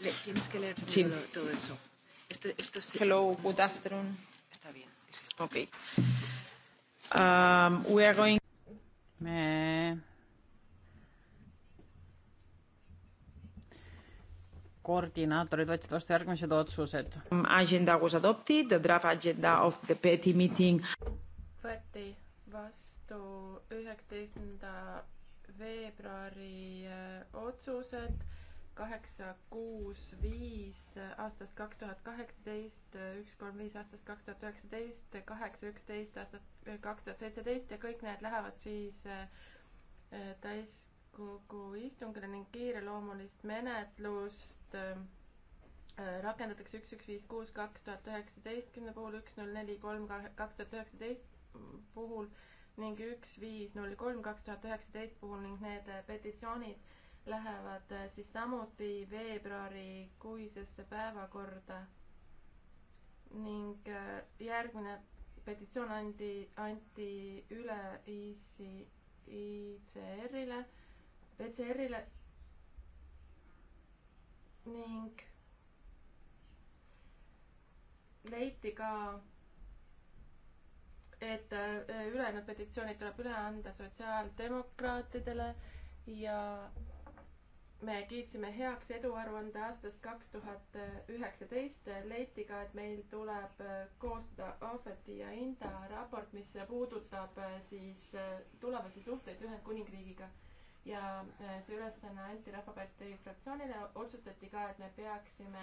Le, tienes que leer sí. todo, todo eso. Esto, esto sí. Hello, good afternoon. Está bien. Es esto. Okay. Um, we are going... Me... koordinaatorid võtsid vastu järgmised otsused. Um, agenda was adopted, the draft agenda of the PETI meeting. võeti vastu üheksateistkümnenda veebruari äh, otsused kaheksa, kuus, viis aastast kaks tuhat kaheksateist, üks, kolm, viis aastast kaks tuhat üheksateist, kaheksa, üksteist aastast kaks tuhat seitseteist ja kõik need lähevad siis äh, täiskogu istungile ning kiireloomulist menetlust äh, rakendatakse üks, üks, viis, kuus, kaks tuhat üheksateistkümne puhul, üks, null, neli, kolm, kaks tuhat üheksateist puhul ning üks, viis, null, kolm, kaks tuhat üheksateist puhul ning need petitsioonid lähevad äh, siis samuti veebruarikuisesse päevakorda ning äh, järgmine petitsioon andi, anti üle IC, ICR-ile, PCR-ile ning leiti ka, et äh, ülejäänud petitsioonid tuleb üle anda sotsiaaldemokraatidele ja me kiitsime heaks eduaruande aastast kaks tuhat üheksateist. leiti ka, et meil tuleb äh, koostada Ahveti ja Inda raport, mis puudutab äh, siis äh, tulevasi suhteid Ühendkuningriigiga. ja see ülesanne anti Rahvapartei fraktsioonile. otsustati ka, et me peaksime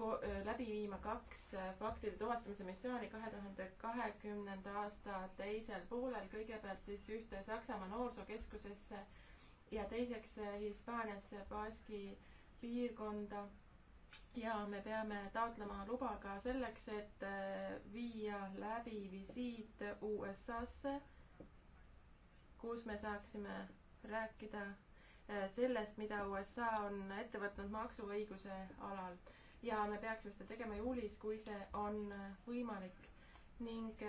ko-, läbi viima kaks faktide tuvastamise missiooni kahe tuhande kahekümnenda aasta teisel poolel. kõigepealt siis ühte Saksamaa noorsookeskusesse ja teiseks eh, Hispaanias Baski piirkonda. ja me peame taotlema luba ka selleks, et eh, viia läbi visiit USA-sse, kus me saaksime rääkida eh, sellest, mida USA on ette võtnud maksuõiguse alal ja me peaksime seda tegema juulis, kui see on võimalik ning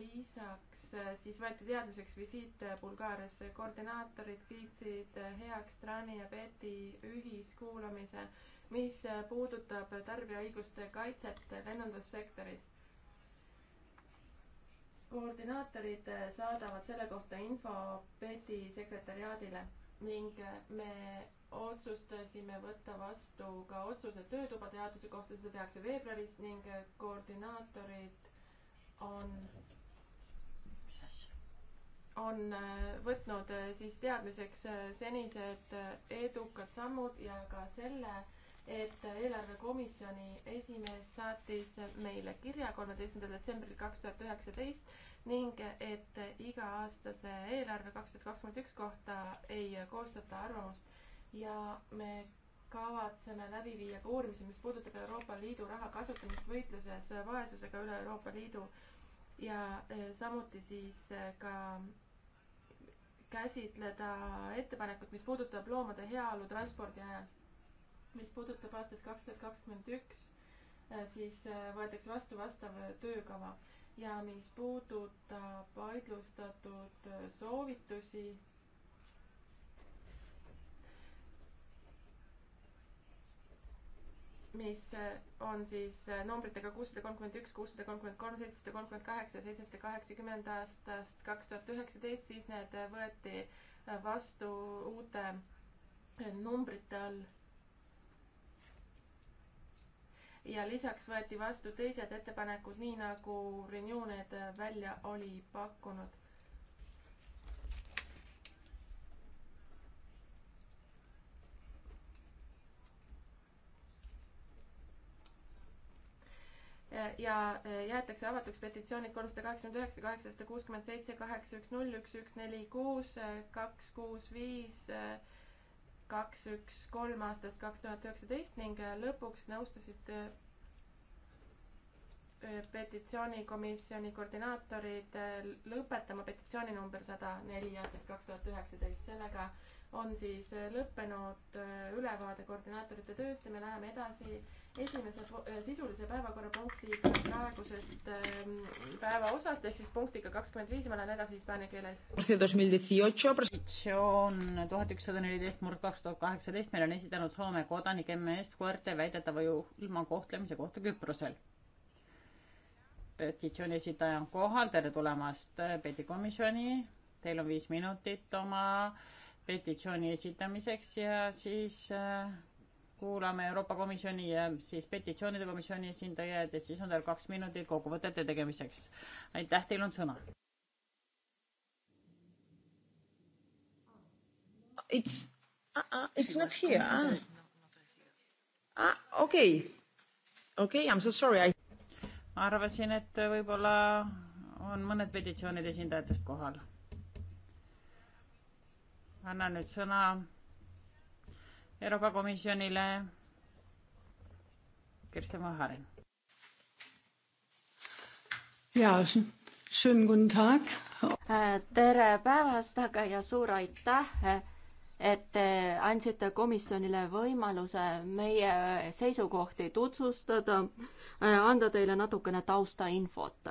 lisaks äh, siis võeti teadmiseks visiit äh, Bulgaariasse. koordinaatorid kiitsid äh, heaks Trani ja Beti ühiskuulamise, mis puudutab tarbijaõiguste kaitset lennundussektoris. koordinaatorid saadavad selle kohta info Beti sekretäriaadile ning me otsustasime võtta vastu ka otsuse töötuba teaduse kohta, seda tehakse veebruaris ning koordinaatorid on on äh, võtnud äh, siis teadmiseks äh, senised edukad sammud ja ka selle, et eelarvekomisjoni esimees saatis meile kirja kolmeteistkümnendal detsembril kaks tuhat üheksateist ning et iga-aastase eelarve kaks tuhat kakskümmend üks kohta ei koostata arvamust ja me kavatseme läbi viia ka uurimise, mis puudutab Euroopa Liidu raha kasutamist võitluses vaesusega üle Euroopa Liidu ja samuti siis ka käsitleda ettepanekut, mis puudutab loomade heaolu transpordi ajal. mis puudutab aastast kaks tuhat kakskümmend üks, eh, siis eh, võetakse vastu vastav töökava ja mis puudutab vaidlustatud eh, soovitusi mis äh, on siis äh, numbritega kuussada kolmkümmend üks, kuussada kolmkümmend kolm, seitsesada kolmkümmend kaheksa ja seitsesada kaheksakümmend aastast kaks tuhat üheksateist, siis need äh, võeti vastu uute numbrite all. ja lisaks võeti vastu teised ettepanekud, nii nagu Renew need välja oli pakkunud ja eh, jäetakse avatuks petitsioonid kolmsada kaheksakümmend üheksa, kaheksasada kuuskümmend seitse, kaheksa, üks, null, üks, üks, neli, kuus, eh, kaks, kuus, viis, eh, kaks, üks, kolm aastast kaks tuhat üheksateist ning lõpuks nõustusid petitsioonikomisjoni koordinaatorid lõpetama petitsiooni number sada neli aastast kaks tuhat üheksateist. sellega on siis lõppenud ülevaade koordinaatorite tööst ja me läheme edasi esimese äh, sisulise päevakorrapunktiga praegusest ähm, päevaosast ehk siis punktiga kakskümmend viis, ma lähen edasi hispaania keeles. petitsioon tuhat ükssada neliteist murd kaks tuhat kaheksateist, mille on esitanud Soome kodanik MS koerte väidetava julma kohtlemise kohta Küprosel. petitsiooni esitaja on kohal, tere tulemast äh, petikomisjoni. Teil on viis minutit oma petitsiooni esitamiseks ja siis äh, kuulame Euroopa Komisjoni ja siis petitsioonide komisjoni esindajaid ja siis on teil kaks minutit kokkuvõtete tegemiseks. aitäh, teil on sõna. It's uh,, uh it's not here ah.. Ah, okei okay., okei okay,, I am so sorry I.... ma arvasin, et võib-olla on mõned petitsioonide esindajatest kohal. annan nüüd sõna Euroopa Komisjonile. Kirsti Maharen. jaa, schönen guten Tag. Äh, tere päevast, aga ja suur aitäh et te andsite komisjonile võimaluse meie seisukohti tutvustada, äh, anda teile natukene taustainfot.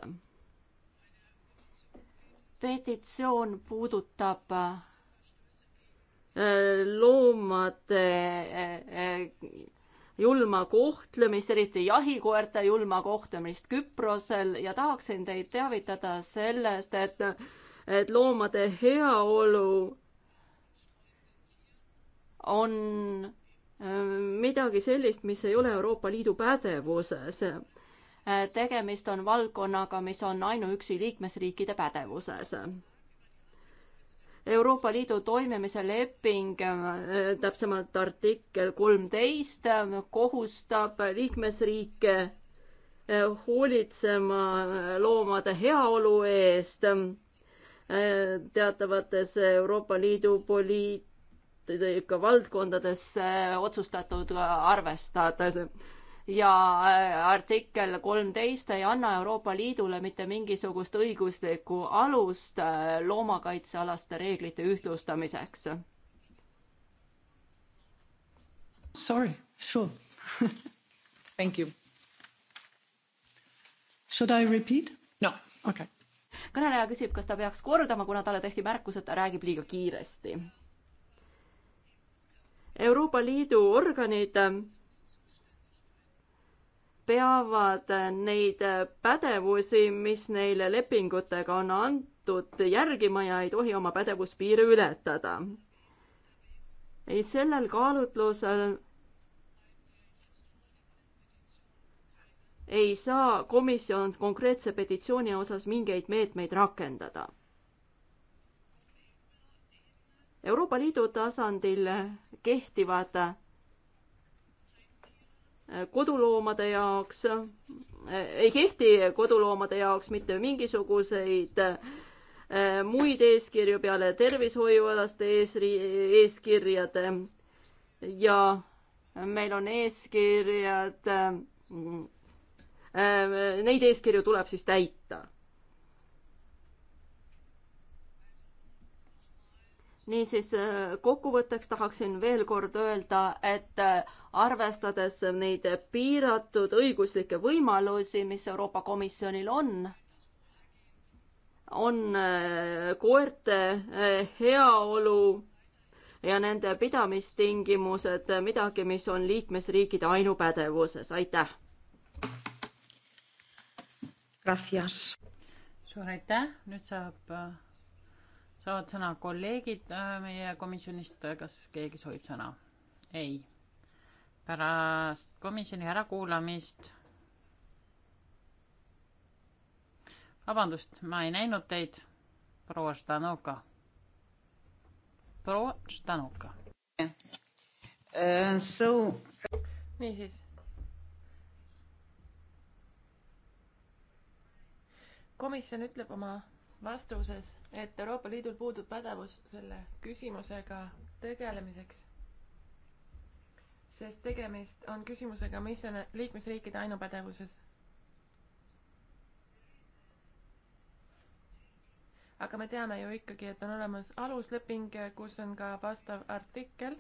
petitsioon puudutab loomade eh, eh, julma kohtlemist, eriti jahikoerte julma kohtlemist Küprosel ja tahaksin teid teavitada sellest, et, et loomade heaolu on eh, midagi sellist, mis ei ole Euroopa Liidu pädevuses. tegemist on valdkonnaga, mis on ainuüksi liikmesriikide pädevuses Euroopa Liidu toimimise leping, äh, täpsemalt artikkel kolmteist, äh, kohustab liikmesriike äh, hoolitsema loomade heaolu eest teatavates Euroopa Liidu poliitika valdkondades otsustatud arvestades ja äh, artikkel kolmteist ei anna Euroopa Liidule mitte mingisugust õiguslikku alust äh, loomakaitsealaste reeglite ühtlustamiseks. Sorry, sure Thank you. Should I repeat? no okay.. kõneleja küsib, kas ta peaks kordama, kuna talle tehti märkus, et ta räägib liiga kiiresti. Euroopa Liidu organid ähm, peavad neid pädevusi, mis neile lepingutega on antud, järgima ja ei tohi oma pädevuspiire ületada. ei, sellel kaalutlusel ei saa komisjon konkreetse petitsiooni osas mingeid meetmeid rakendada. Euroopa Liidu tasandil kehtivad koduloomade jaoks, ei kehti koduloomade jaoks mitte mingisuguseid eh, muid eeskirju peale tervishoiualaste ees, eeskirjade ja meil on eeskirjad, eh, eh, neid eeskirju tuleb siis täita niisiis äh, kokkuvõtteks tahaksin veel kord öelda, et äh, arvestades neid piiratud õiguslikke võimalusi, mis Euroopa Komisjonil on, on äh, koerte heaolu ja nende pidamistingimused midagi, mis on liikmesriikide ainupädevuses, aitäh. suur aitäh, nüüd saab saavad sõna kolleegid äh, meie komisjonist, kas keegi soovib sõna? ei. pärast komisjoni ärakuulamist. vabandust, ma ei näinud teid, proua Ždanuka. proua Ždanuka uh,. Äh, so... niisiis komisjon ütleb oma vastuses, et Euroopa Liidul puudub pädevus selle küsimusega tegelemiseks. sest tegemist on küsimusega, mis on liikmesriikide ainupädevuses. aga me teame ju ikkagi, et on olemas alusleping, kus on ka vastav artikkel.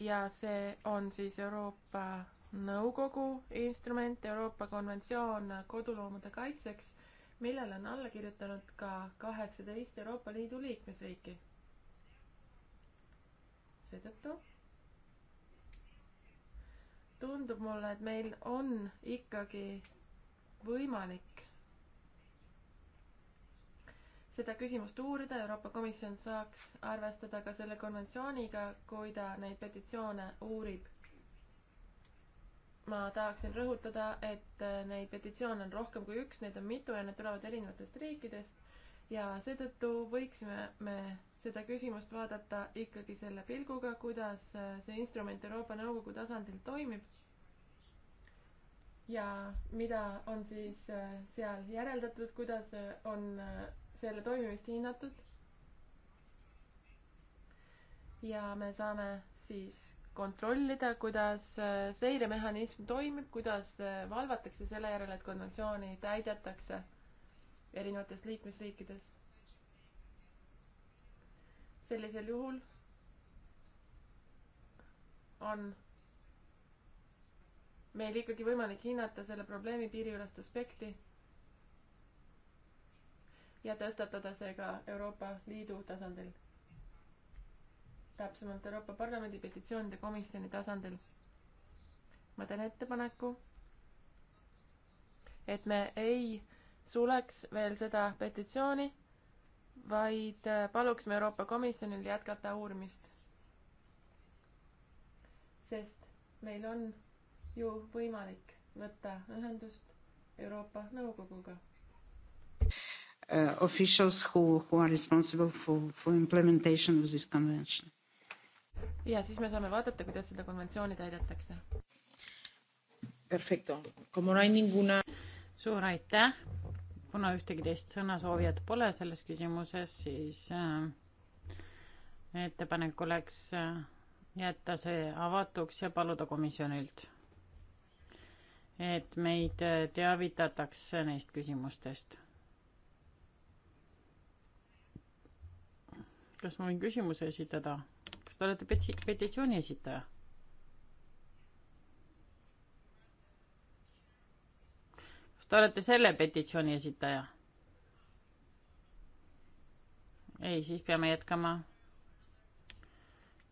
ja see on siis Euroopa Nõukogu instrument, Euroopa konventsioon koduloomade kaitseks millele on alla kirjutanud ka kaheksateist Euroopa Liidu liikmesriiki. seetõttu tundub mulle, et meil on ikkagi võimalik seda küsimust uurida, Euroopa Komisjon saaks arvestada ka selle konventsiooniga, kui ta neid petitsioone uurib ma tahaksin rõhutada, et äh, neid petitsioone on rohkem kui üks, neid on mitu ja need tulevad erinevatest riikidest ja seetõttu võiksime me seda küsimust vaadata ikkagi selle pilguga, kuidas äh, see instrument Euroopa Nõukogu tasandil toimib ja mida on siis äh, seal järeldatud, kuidas on selle toimimist hinnatud. ja me saame siis kontrollida, kuidas äh, seiremehhanism toimib, kuidas äh, valvatakse selle järele, et konventsiooni täidetakse erinevates liikmesriikides. sellisel juhul on meil ikkagi võimalik hinnata selle probleemi piiriülest aspekti ja tõstatada see ka Euroopa Liidu tasandil täpsemalt Euroopa Parlamendi petitsioonide komisjoni tasandil. ma teen ettepaneku, et me ei suleks veel seda petitsiooni, vaid paluksime Euroopa Komisjonil jätkata uurimist. sest meil on ju võimalik võtta ühendust Euroopa Nõukoguga uh,. Officials who, who are responsible for, for implementation of this convention ja siis me saame vaadata, kuidas seda konventsiooni täidetakse. Perfecto, como no hay ninguna. suur aitäh. kuna ühtegi teist sõnasoovijat pole selles küsimuses, siis äh, ettepanek oleks äh, jätta see avatuks ja paluda komisjonilt, et meid äh, teavitatakse neist küsimustest kas ma võin küsimuse esitada? kas te olete petsi-, petitsiooni esitaja? kas te olete selle petitsiooni esitaja? ei, siis peame jätkama.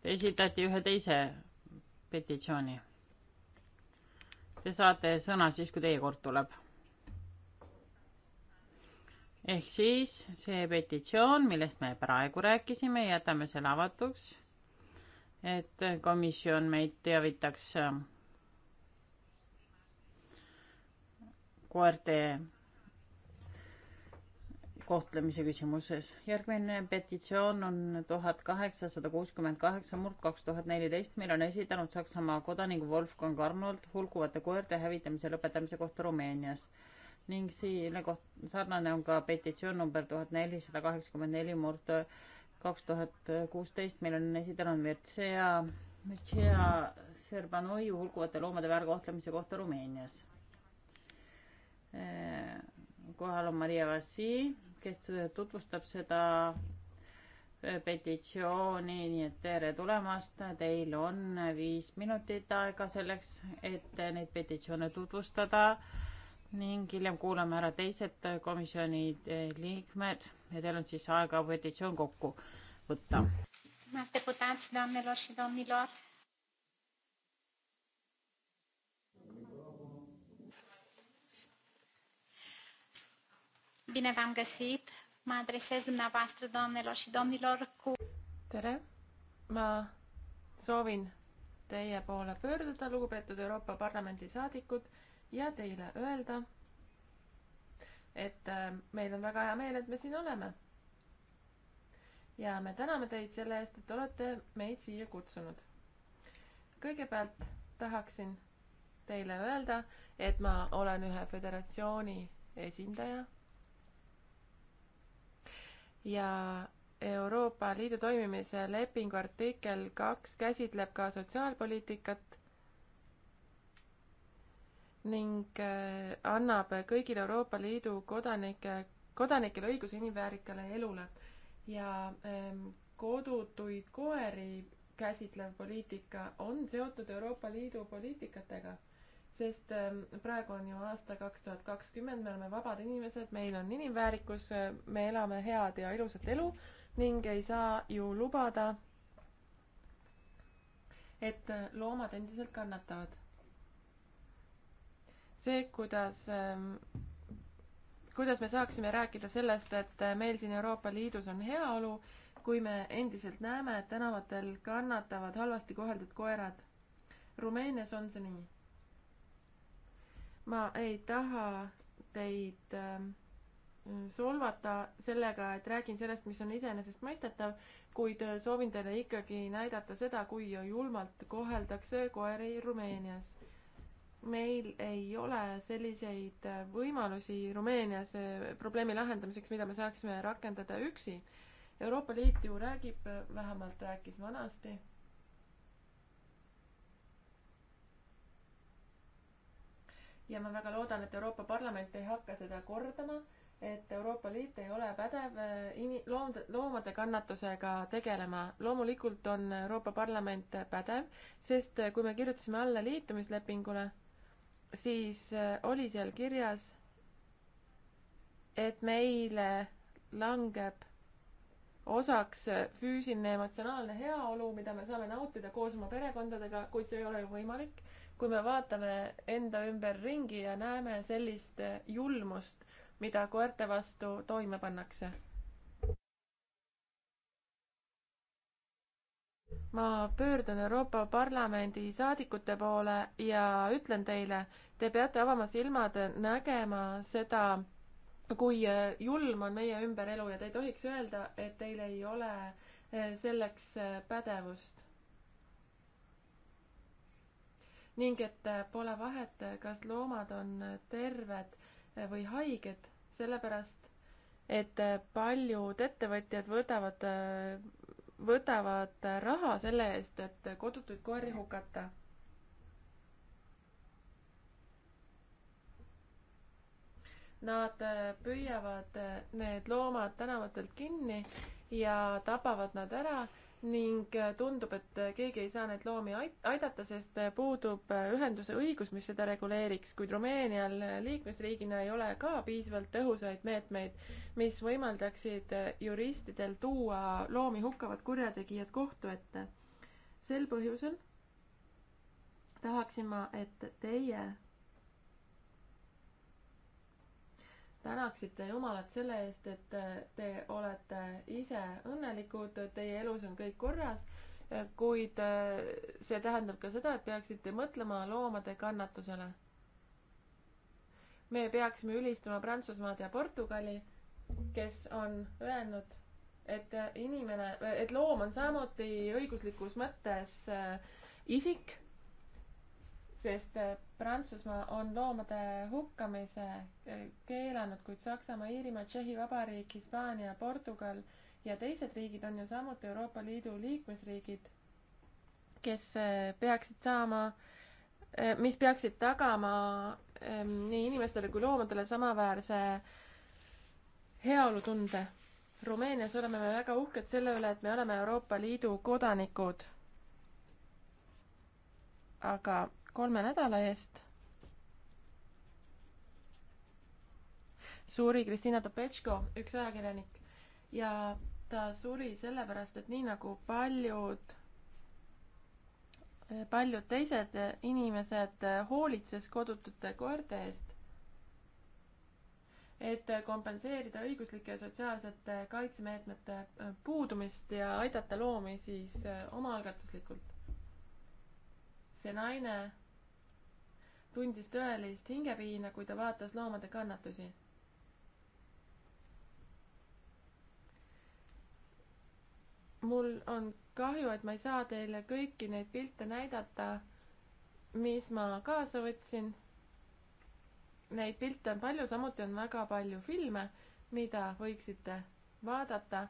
Te esitati ühe teise petitsiooni. Te saate sõna siis, kui teie kord tuleb. ehk siis see petitsioon, millest me praegu rääkisime, jätame selle avatuks et komisjon meid teavitaks äh, koerte kohtlemise küsimuses. järgmine petitsioon on tuhat kaheksasada kuuskümmend kaheksa murd kaks tuhat neliteist, mille on esitanud Saksamaa kodanik Wolfgang Arnold hulkuvate koerte hävitamise lõpetamise kohta Rumeenias ning selle koht-, sarnane on ka petitsioon number tuhat nelisada kaheksakümmend neli murd kaks tuhat kuusteist meil on esitanud Mircea, Mircea Serbanoi hulkuvate loomade väärkohtlemise kohta Rumeenias. Äh, kohal on Maria Vassi, kes tutvustab seda äh, petitsiooni, nii et tere tulemast, teil on viis minutit aega selleks, et neid petitsioone tutvustada ning hiljem kuulame ära teised komisjoni liikmed ja teil on siis aega petitsioon kokku võtta. Bine v-am găsit! Mă adresez dumneavoastră, doamnelor și domnilor, cu... Tere! Ma soovin teie poole pöörduda, lugupeetud Euroopa Parlamendi saadikud ja teile öelda, et äh, meil on väga hea meel, et me siin oleme. ja me täname teid selle eest, et olete meid siia kutsunud. kõigepealt tahaksin teile öelda, et ma olen ühe föderatsiooni esindaja. ja Euroopa Liidu toimimise lepingu artikkel kaks käsitleb ka sotsiaalpoliitikat ning äh, annab kõigile Euroopa Liidu kodanike, kodanikele õiguse inimväärikale elule. ja ähm, kodutuid koeri käsitlev poliitika on seotud Euroopa Liidu poliitikatega, sest ähm, praegu on ju aasta kaks tuhat kakskümmend, me oleme vabad inimesed, meil on inimväärikus, me elame head ja ilusat elu ning ei saa ju lubada, et äh, loomad endiselt kannatavad see, kuidas ähm, kuidas me saaksime rääkida sellest, et meil siin Euroopa Liidus on heaolu, kui me endiselt näeme, et tänavatel kannatavad halvasti koheldud koerad. Rumeenias on see nii. ma ei taha teid äh, solvata sellega, et räägin sellest, mis on iseenesestmõistetav, kuid äh, soovin teile ikkagi näidata seda, kui julmalt koheldakse koeri Rumeenias meil ei ole selliseid äh, võimalusi Rumeenias äh, probleemi lahendamiseks, mida me saaksime rakendada üksi. Euroopa Liit ju räägib, äh, vähemalt rääkis vanasti. ja ma väga loodan, et Euroopa Parlament ei hakka seda kordama, et Euroopa Liit ei ole pädev ini-, loom-, loomade kannatusega tegelema. loomulikult on Euroopa Parlament pädev, sest kui me kirjutasime alla liitumislepingule siis äh, oli seal kirjas, et meile langeb osaks äh, füüsiline emotsionaalne heaolu, mida me saame nautida koos oma perekondadega, kuid see ei ole ju võimalik, kui me vaatame enda ümber ringi ja näeme sellist äh, julmust, mida koerte vastu toime pannakse ma pöördun Euroopa Parlamendi saadikute poole ja ütlen teile, te peate avama silmad nägema seda, kui äh, julm on meie ümber elu ja te ei tohiks öelda, et teil ei ole äh, selleks äh, pädevust. ning et pole vahet, kas loomad on terved või haiged, sellepärast et paljud ettevõtjad võtavad võtavad raha selle eest, et kodutuid koeri hukata. Nad püüavad need loomad tänavatelt kinni ja tapavad nad ära ning äh, tundub, et äh, keegi ei saa neid loomi aidata, sest äh, puudub ühenduse õigus, mis seda reguleeriks, kuid Rumeenial liikmesriigina ei ole ka piisavalt tõhusaid meetmeid, mis võimaldaksid juristidel tuua loomi hukkavad kurjategijad kohtu ette. sel põhjusel tahaksin ma, et teie tänaksite Jumalat selle eest, et äh, te olete ise õnnelikud, teie elus on kõik korras, äh, kuid äh, see tähendab ka seda, et peaksite mõtlema loomade kannatusele. me peaksime ülistama Prantsusmaad ja Portugali, kes on öelnud, et inimene, et loom on samuti õiguslikus mõttes isik sest äh, Prantsusmaa on loomade hukkamise äh, keelanud, kuid Saksamaa, Iirimaa, Tšehhi Vabariik, Hispaania, Portugal ja teised riigid on ju samuti Euroopa Liidu liikmesriigid, kes äh, peaksid saama, mis peaksid tagama ähm, nii inimestele kui loomadele samaväärse heaolutunde. Rumeenias oleme me väga uhked selle üle, et me oleme Euroopa Liidu kodanikud. aga kolme nädala eest suri Kristina Topetško, üks ajakirjanik ja ta suri sellepärast, et nii nagu paljud, paljud teised inimesed hoolitses kodutute koerte eest, et kompenseerida õiguslike ja sotsiaalsete kaitsemeetmete puudumist ja aidata loomi siis omaalgatuslikult. see naine tundis tõelist hingepiina, kui ta vaatas loomade kannatusi. mul on kahju, et ma ei saa teile kõiki neid pilte näidata, mis ma kaasa võtsin. Neid pilte on palju, samuti on väga palju filme, mida võiksite vaadata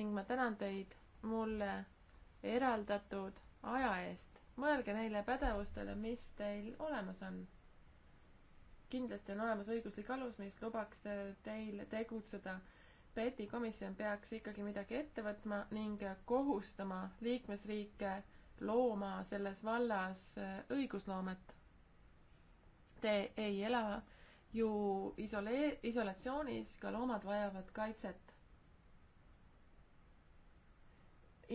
ning ma tänan teid mulle eraldatud aja eest mõelge neile pädevustele, mis teil olemas on. kindlasti on olemas õiguslik alus, mis lubaks teil tegutseda. PETi komisjon peaks ikkagi midagi ette võtma ning kohustama liikmesriike looma selles vallas õigusloomet. Te ei ela ju isolee-, isolatsioonis, ka loomad vajavad kaitset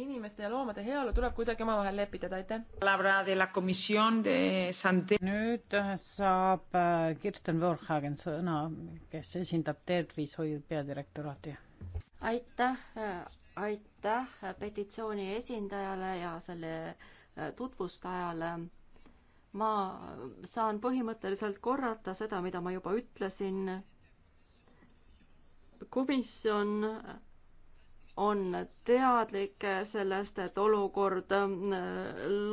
inimeste ja loomade heaolu tuleb kuidagi omavahel lepitada, aitäh. nüüd äh, saab äh, Kirsten Voorhagen sõna, kes esindab tervishoiu peadirektoraati. aitäh, äh, aitäh petitsiooni esindajale ja selle tutvustajale. ma saan põhimõtteliselt korrata seda, mida ma juba ütlesin. komisjon on teadlik sellest, et olukord äh,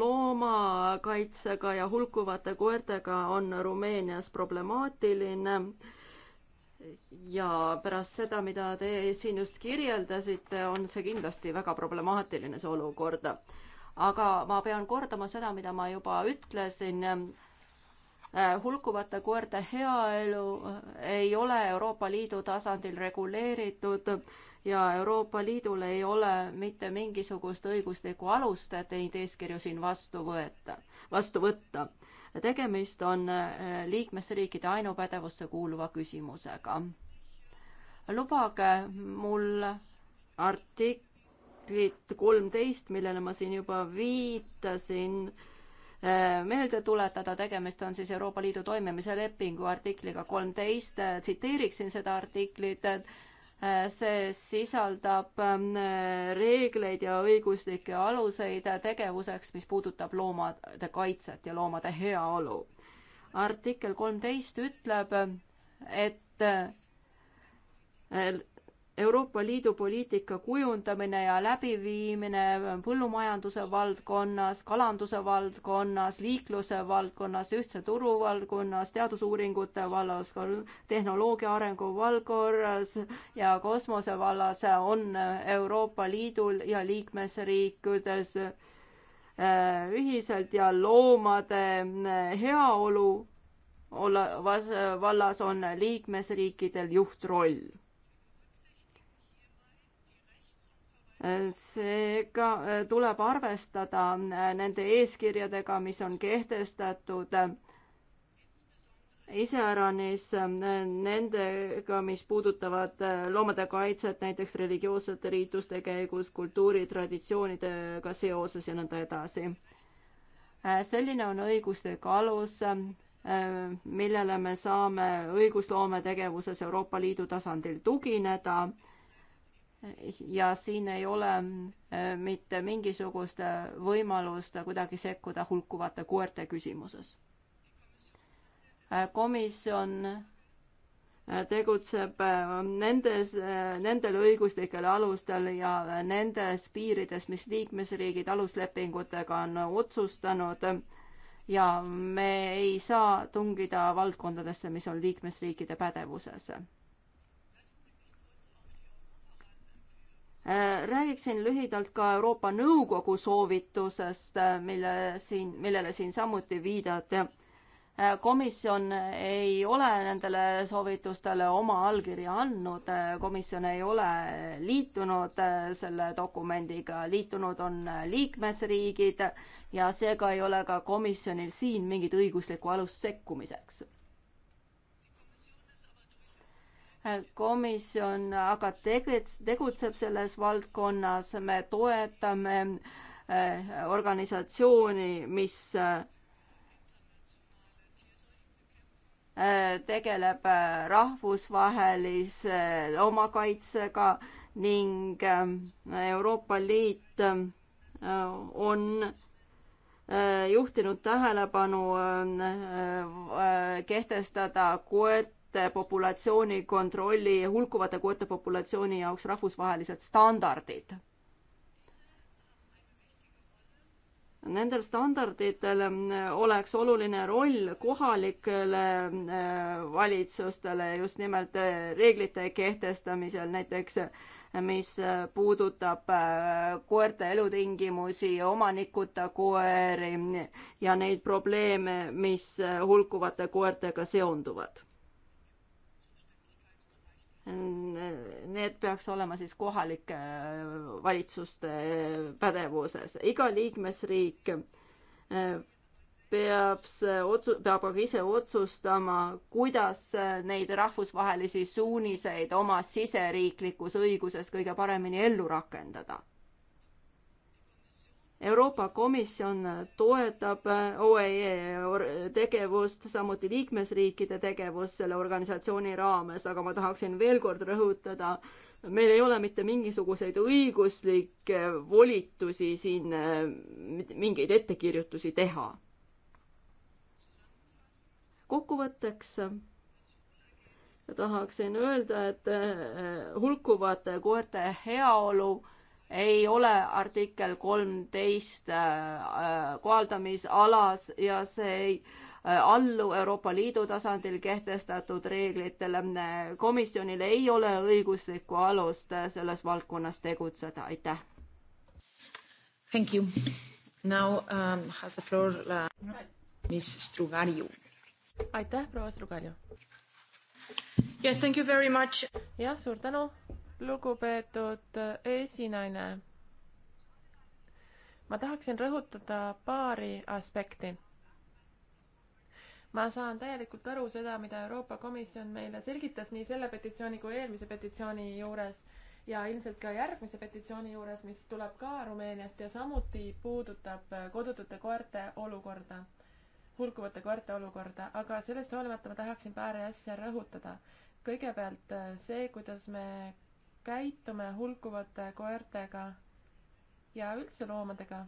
loomakaitsega ja hulkuvate koertega on Rumeenias problemaatiline. ja pärast seda, mida te siin just kirjeldasite, on see kindlasti väga problemaatiline, see olukord. aga ma pean kordama seda, mida ma juba ütlesin äh, hulkuvate koerte heaelu äh, ei ole Euroopa Liidu tasandil reguleeritud ja Euroopa Liidul ei ole mitte mingisugust õiguslikku alust, et neid eeskirju siin vastu võeta, vastu võtta. tegemist on eh, liikmesriikide ainupädevusse kuuluva küsimusega. lubage mul artiklit kolmteist, millele ma siin juba viitasin, eh, meelde tuletada, tegemist on siis Euroopa Liidu toimimise lepingu artikliga kolmteist, tsiteeriksin seda artiklit, et Äh, see sisaldab ähm, reegleid ja õiguslikke aluseid tegevuseks, mis puudutab loomade kaitset ja loomade heaolu. artikkel kolmteist ütleb, et äh, Euroopa Liidu poliitika kujundamine ja läbiviimine põllumajanduse valdkonnas, kalanduse valdkonnas, liikluse valdkonnas, ühtse turu valdkonnas, teadusuuringute vallas, tehnoloogia arengu valdkonnas ja kosmose vallas on Euroopa Liidul ja liikmesriikides äh, ühiselt ja loomade äh, heaolu olla, vallas on liikmesriikidel juhtroll seega äh, tuleb arvestada äh, nende eeskirjadega, mis on kehtestatud iseäranis äh, nendega, mis puudutavad loomade kaitset näiteks religioossete riituste käigus, kultuuritraditsioonidega seoses ja nõnda edasi. selline on õiguslik alus, millele me saame õigusloome tegevuses Euroopa Liidu tasandil tugineda ja siin ei ole äh, mitte mingisugust äh, võimalust kuidagi sekkuda hulkuvate koerte küsimuses. Äh, komisjon tegutseb nendes, nendel õiguslikel alustel ja nendes piirides, mis liikmesriigid aluslepingutega on otsustanud ja me ei saa tungida valdkondadesse, mis on liikmesriikide pädevuses Äh, räägiksin lühidalt ka Euroopa Nõukogu soovitusest, äh, mille siin, millele siin samuti viidati. Äh, komisjon ei ole nendele soovitustele oma allkirja andnud, komisjon ei ole liitunud selle dokumendiga, liitunud on liikmesriigid ja seega ei ole ka komisjonil siin mingit õiguslikku alust sekkumiseks komisjon aga tegutseb selles valdkonnas, me toetame äh, organisatsiooni, mis äh, tegeleb äh, rahvusvahelise loomakaitsega ning Euroopa Liit on juhtinud tähelepanu kehtestada koert, koerte populatsiooni kontrolli, hulkuvate koerte populatsiooni jaoks rahvusvahelised standardid. Nendel standarditel äh, oleks oluline roll kohalikele äh, valitsustele just nimelt äh, reeglite kehtestamisel, näiteks mis puudutab koerte elutingimusi, omanikuta koeri ja neid probleeme, mis hulkuvate koertega seonduvad. Need peaks olema siis kohalike äh, valitsuste äh, pädevuses. iga liikmesriik äh, peab otsu-, peab aga ise otsustama, kuidas neid rahvusvahelisi suuniseid oma siseriiklikus õiguses kõige paremini ellu rakendada. Euroopa Komisjon toetab OEE tegevust, samuti liikmesriikide tegevust selle organisatsiooni raames, aga ma tahaksin veel kord rõhutada, meil ei ole mitte mingisuguseid õiguslikke volitusi siin mingeid ettekirjutusi teha. kokkuvõtteks tahaksin öelda, et eh, hulkuvate koerte heaolu ei ole artikkel kolmteist äh, kohaldamisalas ja see ei äh, allu Euroopa Liidu tasandil kehtestatud reeglitele. komisjonil ei ole õiguslikku alust äh, selles valdkonnas tegutseda, aitäh. Thank you. Now um, has the floor uh, Miss Strugalju. aitäh, proua Strugalju. Yes, thank you very much. jah, suur tänu lugupeetud äh, esinaine. ma tahaksin rõhutada paari aspekti. ma saan täielikult aru seda, mida Euroopa Komisjon meile selgitas nii selle petitsiooni kui eelmise petitsiooni juures ja ilmselt ka järgmise petitsiooni juures, mis tuleb ka Rumeeniast ja samuti puudutab äh, kodutute koerte olukorda, hulkuvate koerte olukorda, aga sellest hoolimata ma tahaksin paari asja rõhutada. kõigepealt äh, see, kuidas me käitume hulkuvate koertega ja üldse loomadega?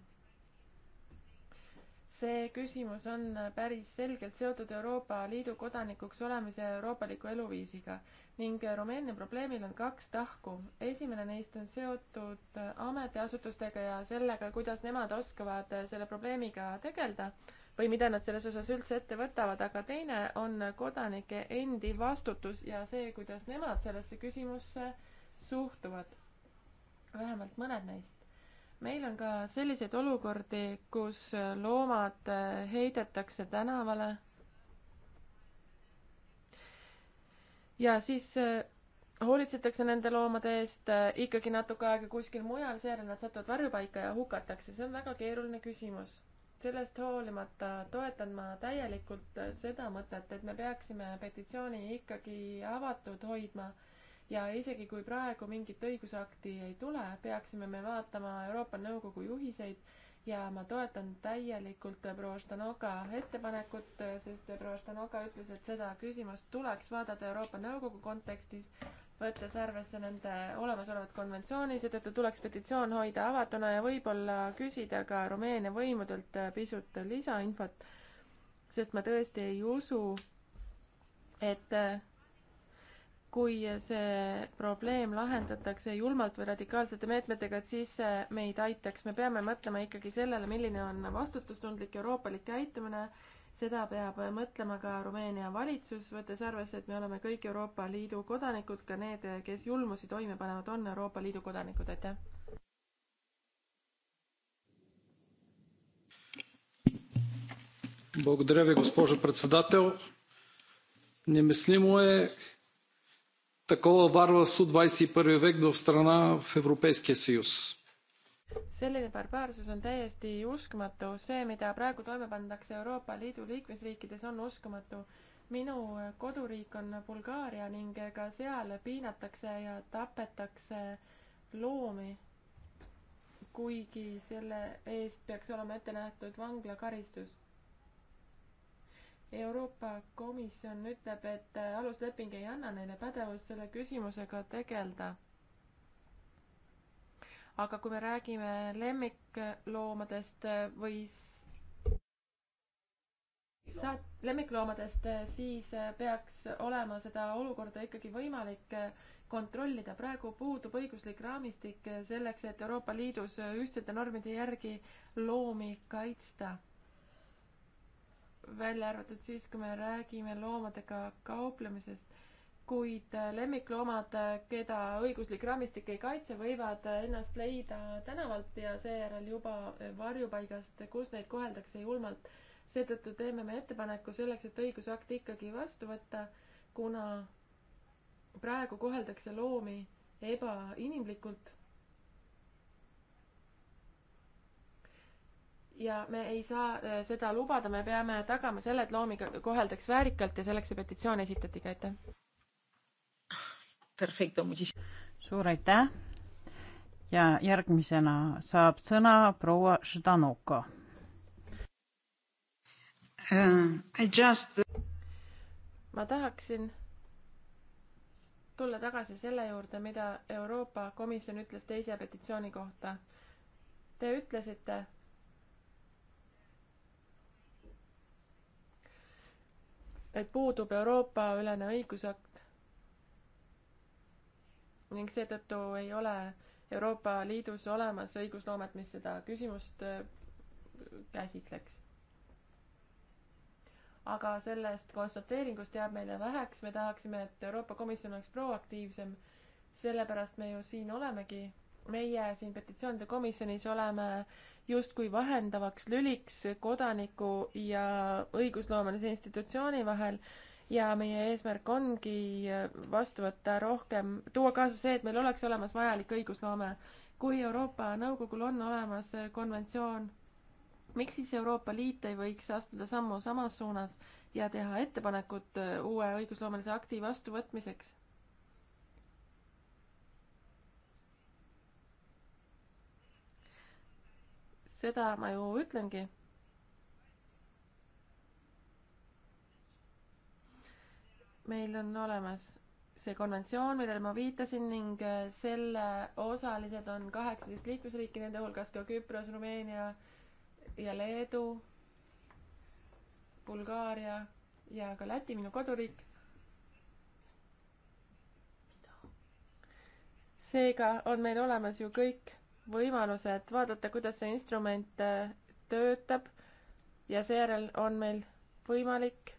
see küsimus on päris selgelt seotud Euroopa Liidu kodanikuks olemise euroopaliku eluviisiga ning Rumeenia probleemil on kaks tahku. esimene neist on seotud ametiasutustega ja sellega, kuidas nemad oskavad selle probleemiga tegeleda või mida nad selles osas üldse ette võtavad, aga teine on kodanike endi vastutus ja see, kuidas nemad sellesse küsimusse äh, suhtuvad, vähemalt mõned neist. meil on ka selliseid olukordi, kus loomad äh, heidetakse tänavale ja siis äh, hoolitsetakse nende loomade eest äh, ikkagi natuke aega kuskil mujal, seejärel nad satuvad varjupaika ja hukatakse, see on väga keeruline küsimus. sellest hoolimata toetan ma täielikult seda mõtet, et me peaksime petitsiooni ikkagi avatud hoidma ja isegi kui praegu mingit õigusakti ei tule, peaksime me vaatama Euroopa Nõukogu juhiseid ja ma toetan täielikult proua Stanoka ettepanekut, sest proua Stanoka ütles, et seda küsimust tuleks vaadata Euroopa Nõukogu kontekstis, võttes arvesse nende olemasolevat konventsiooni, seetõttu tuleks petitsioon hoida avatuna ja võib-olla küsida ka Rumeenia võimudelt pisut lisainfot, sest ma tõesti ei usu, et kui see probleem lahendatakse julmalt või radikaalsete meetmetega, et siis see meid aitaks. me peame mõtlema ikkagi sellele, milline on vastutustundlik euroopalik käitumine. seda peab mõtlema ka Rumeenia valitsus, võttes arvesse, et me oleme kõik Euroopa Liidu kodanikud, ka need, kes julmusi toime panevad, on Euroopa Liidu kodanikud, aitäh. Благодаря ви, госпожо председател. Немислимо е такова варварство 21 век в страна в Европейския съюз. selline barbaarsus on täiesti uskumatu, see, mida praegu toime pandakse Euroopa Liidu liikmesriikides, on uskumatu. minu koduriik on Bulgaaria ning ka seal piinatakse ja tapetakse loomi. kuigi selle eest peaks olema ette nähtud vanglakaristus Euroopa Komisjon ütleb, et alusleping ei anna neile pädevust selle küsimusega tegeleda. aga kui me räägime lemmikloomadest või saat-, lemmikloomadest, siis peaks olema seda olukorda ikkagi võimalik kontrollida. praegu puudub õiguslik raamistik selleks, et Euroopa Liidus ühtsete normide järgi loomi kaitsta välja arvatud siis, kui me räägime loomadega kauplemisest, kuid äh, lemmikloomad, äh, keda õiguslik raamistik ei kaitse, võivad äh, ennast leida tänavalt ja seejärel juba varjupaigast, kus neid koheldakse julmalt. seetõttu teeme me ettepaneku selleks, et õigusakt ikkagi vastu võtta, kuna praegu koheldakse loomi ebainimlikult ja me ei saa äh, seda lubada, me peame tagama selle, et loomi koheldaks väärikalt ja selleks see petitsioon esitati ka, aitäh. Perfecto, muidugi. suur aitäh. ja järgmisena saab sõna proua Ždanoka uh,. I just. ma tahaksin tulla tagasi selle juurde, mida Euroopa Komisjon ütles teise petitsiooni kohta. Te ütlesite et puudub Euroopa-ülene õigusakt ning seetõttu ei ole Euroopa Liidus olemas õigusloomet, mis seda küsimust äh, käsitleks. aga sellest konstateeringust jääb meile väheks, me tahaksime, et Euroopa Komisjon oleks proaktiivsem, sellepärast me ju siin olemegi meie siin petitsioonide komisjonis oleme justkui vahendavaks lüliks kodaniku ja õigusloomelise institutsiooni vahel ja meie eesmärk ongi vastu võtta rohkem, tuua kaasa see, et meil oleks olemas vajalik õigusloome. kui Euroopa Nõukogul on olemas konventsioon, miks siis Euroopa Liit ei võiks astuda sammu samas suunas ja teha ettepanekut uue õigusloomelise akti vastuvõtmiseks? seda ma ju ütlengi. meil on olemas see konventsioon, millele ma viitasin ning äh, selle osalised on kaheksateist liikmesriiki, nende hulgas ka Küpros, Rumeenia ja Leedu, Bulgaaria ja ka Läti, minu koduriik. seega on meil olemas ju kõik võimalused vaadata, kuidas see instrument äh, töötab ja seejärel on meil võimalik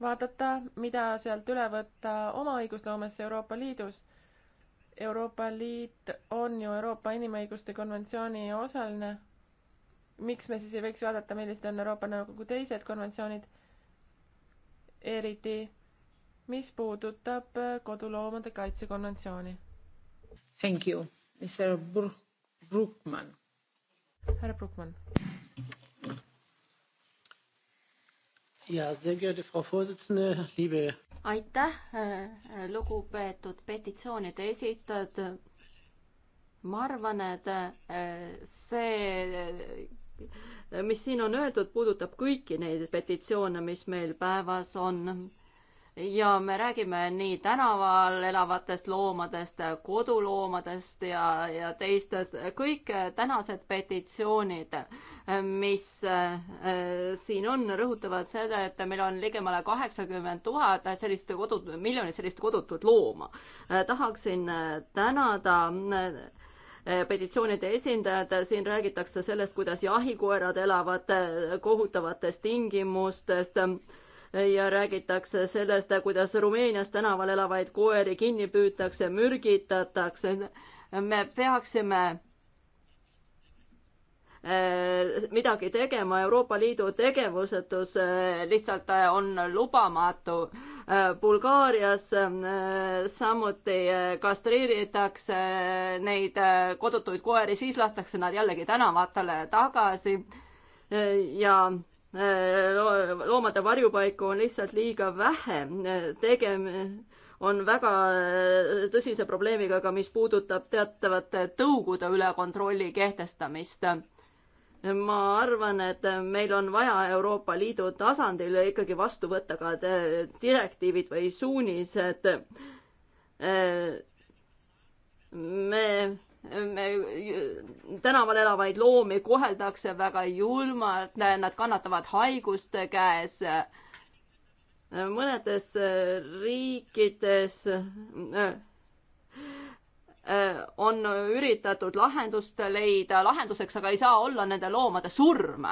vaadata, mida sealt üle võtta oma õigusloomesse Euroopa Liidus. Euroopa Liit on ju Euroopa Inimõiguste konventsiooni osaline. miks me siis ei võiks vaadata, millised on Euroopa Nõukogu teised konventsioonid? eriti, mis puudutab äh, koduloomade kaitse konventsiooni. Thank you, Mr Burk. Brookman. härra Brookman. ja, sehr geehrte Frau Vorsitzende, liebe. aitäh, äh, lugupeetud petitsioonide esitajad. ma arvan, et äh, see mis siin on öeldud, puudutab kõiki neid petitsioone, mis meil päevas on ja me räägime nii tänaval elavatest loomadest, koduloomadest ja, ja teistest, kõik tänased petitsioonid, mis äh, siin on, rõhutavad seda, et meil on ligemale kaheksakümmend tuhat sellist kodu, miljonit sellist kodutut looma. Äh, tahaksin äh, tänada petitsioonide esindajad, siin räägitakse sellest, kuidas jahikoerad elavad kohutavates tingimustest ja räägitakse sellest, kuidas Rumeenias tänaval elavaid koeri kinni püütakse, mürgitatakse. me peaksime eh, midagi tegema, Euroopa Liidu tegevusetus eh, lihtsalt eh, on lubamatu. Bulgaarias samuti kastreeritakse neid kodutuid koeri, siis lastakse nad jällegi tänavatele tagasi ja loomade varjupaiku on lihtsalt liiga vähe. tegem-, on väga tõsise probleemiga ka, mis puudutab teatavate tõugude üle kontrolli kehtestamist. ma arvan, et meil on vaja Euroopa Liidu tasandil ikkagi vastu võtta ka direktiivid või suunised. me me tänaval elavaid loomi koheldakse väga julmalt, nad kannatavad haiguste käes. mõnedes riikides äh, on üritatud lahendust leida, lahenduseks aga ei saa olla nende loomade surm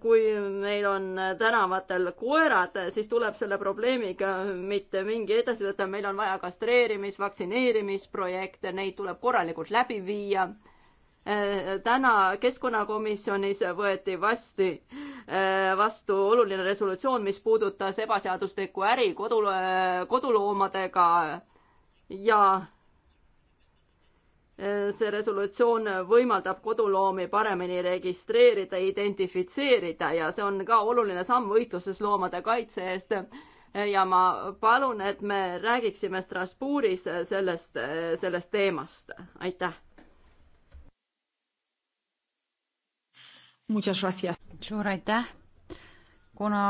kui meil on tänavatel koerad, siis tuleb selle probleemiga mitte mingi edasi võtta, meil on vaja kastreerimis, vaktsineerimisprojekte, neid tuleb korralikult läbi viia täna keskkonnakomisjonis võeti vasti, vastu oluline resolutsioon, mis puudutas ebaseaduslikku äri kodu, koduloomadega ja Äh, see resolutsioon võimaldab koduloomi paremini registreerida, identifitseerida ja see on ka oluline samm võitluses loomade kaitse eest. Äh, ja ma palun, et me räägiksime Strasbourgis sellest, äh, sellest teemast. aitäh. suur aitäh. kuna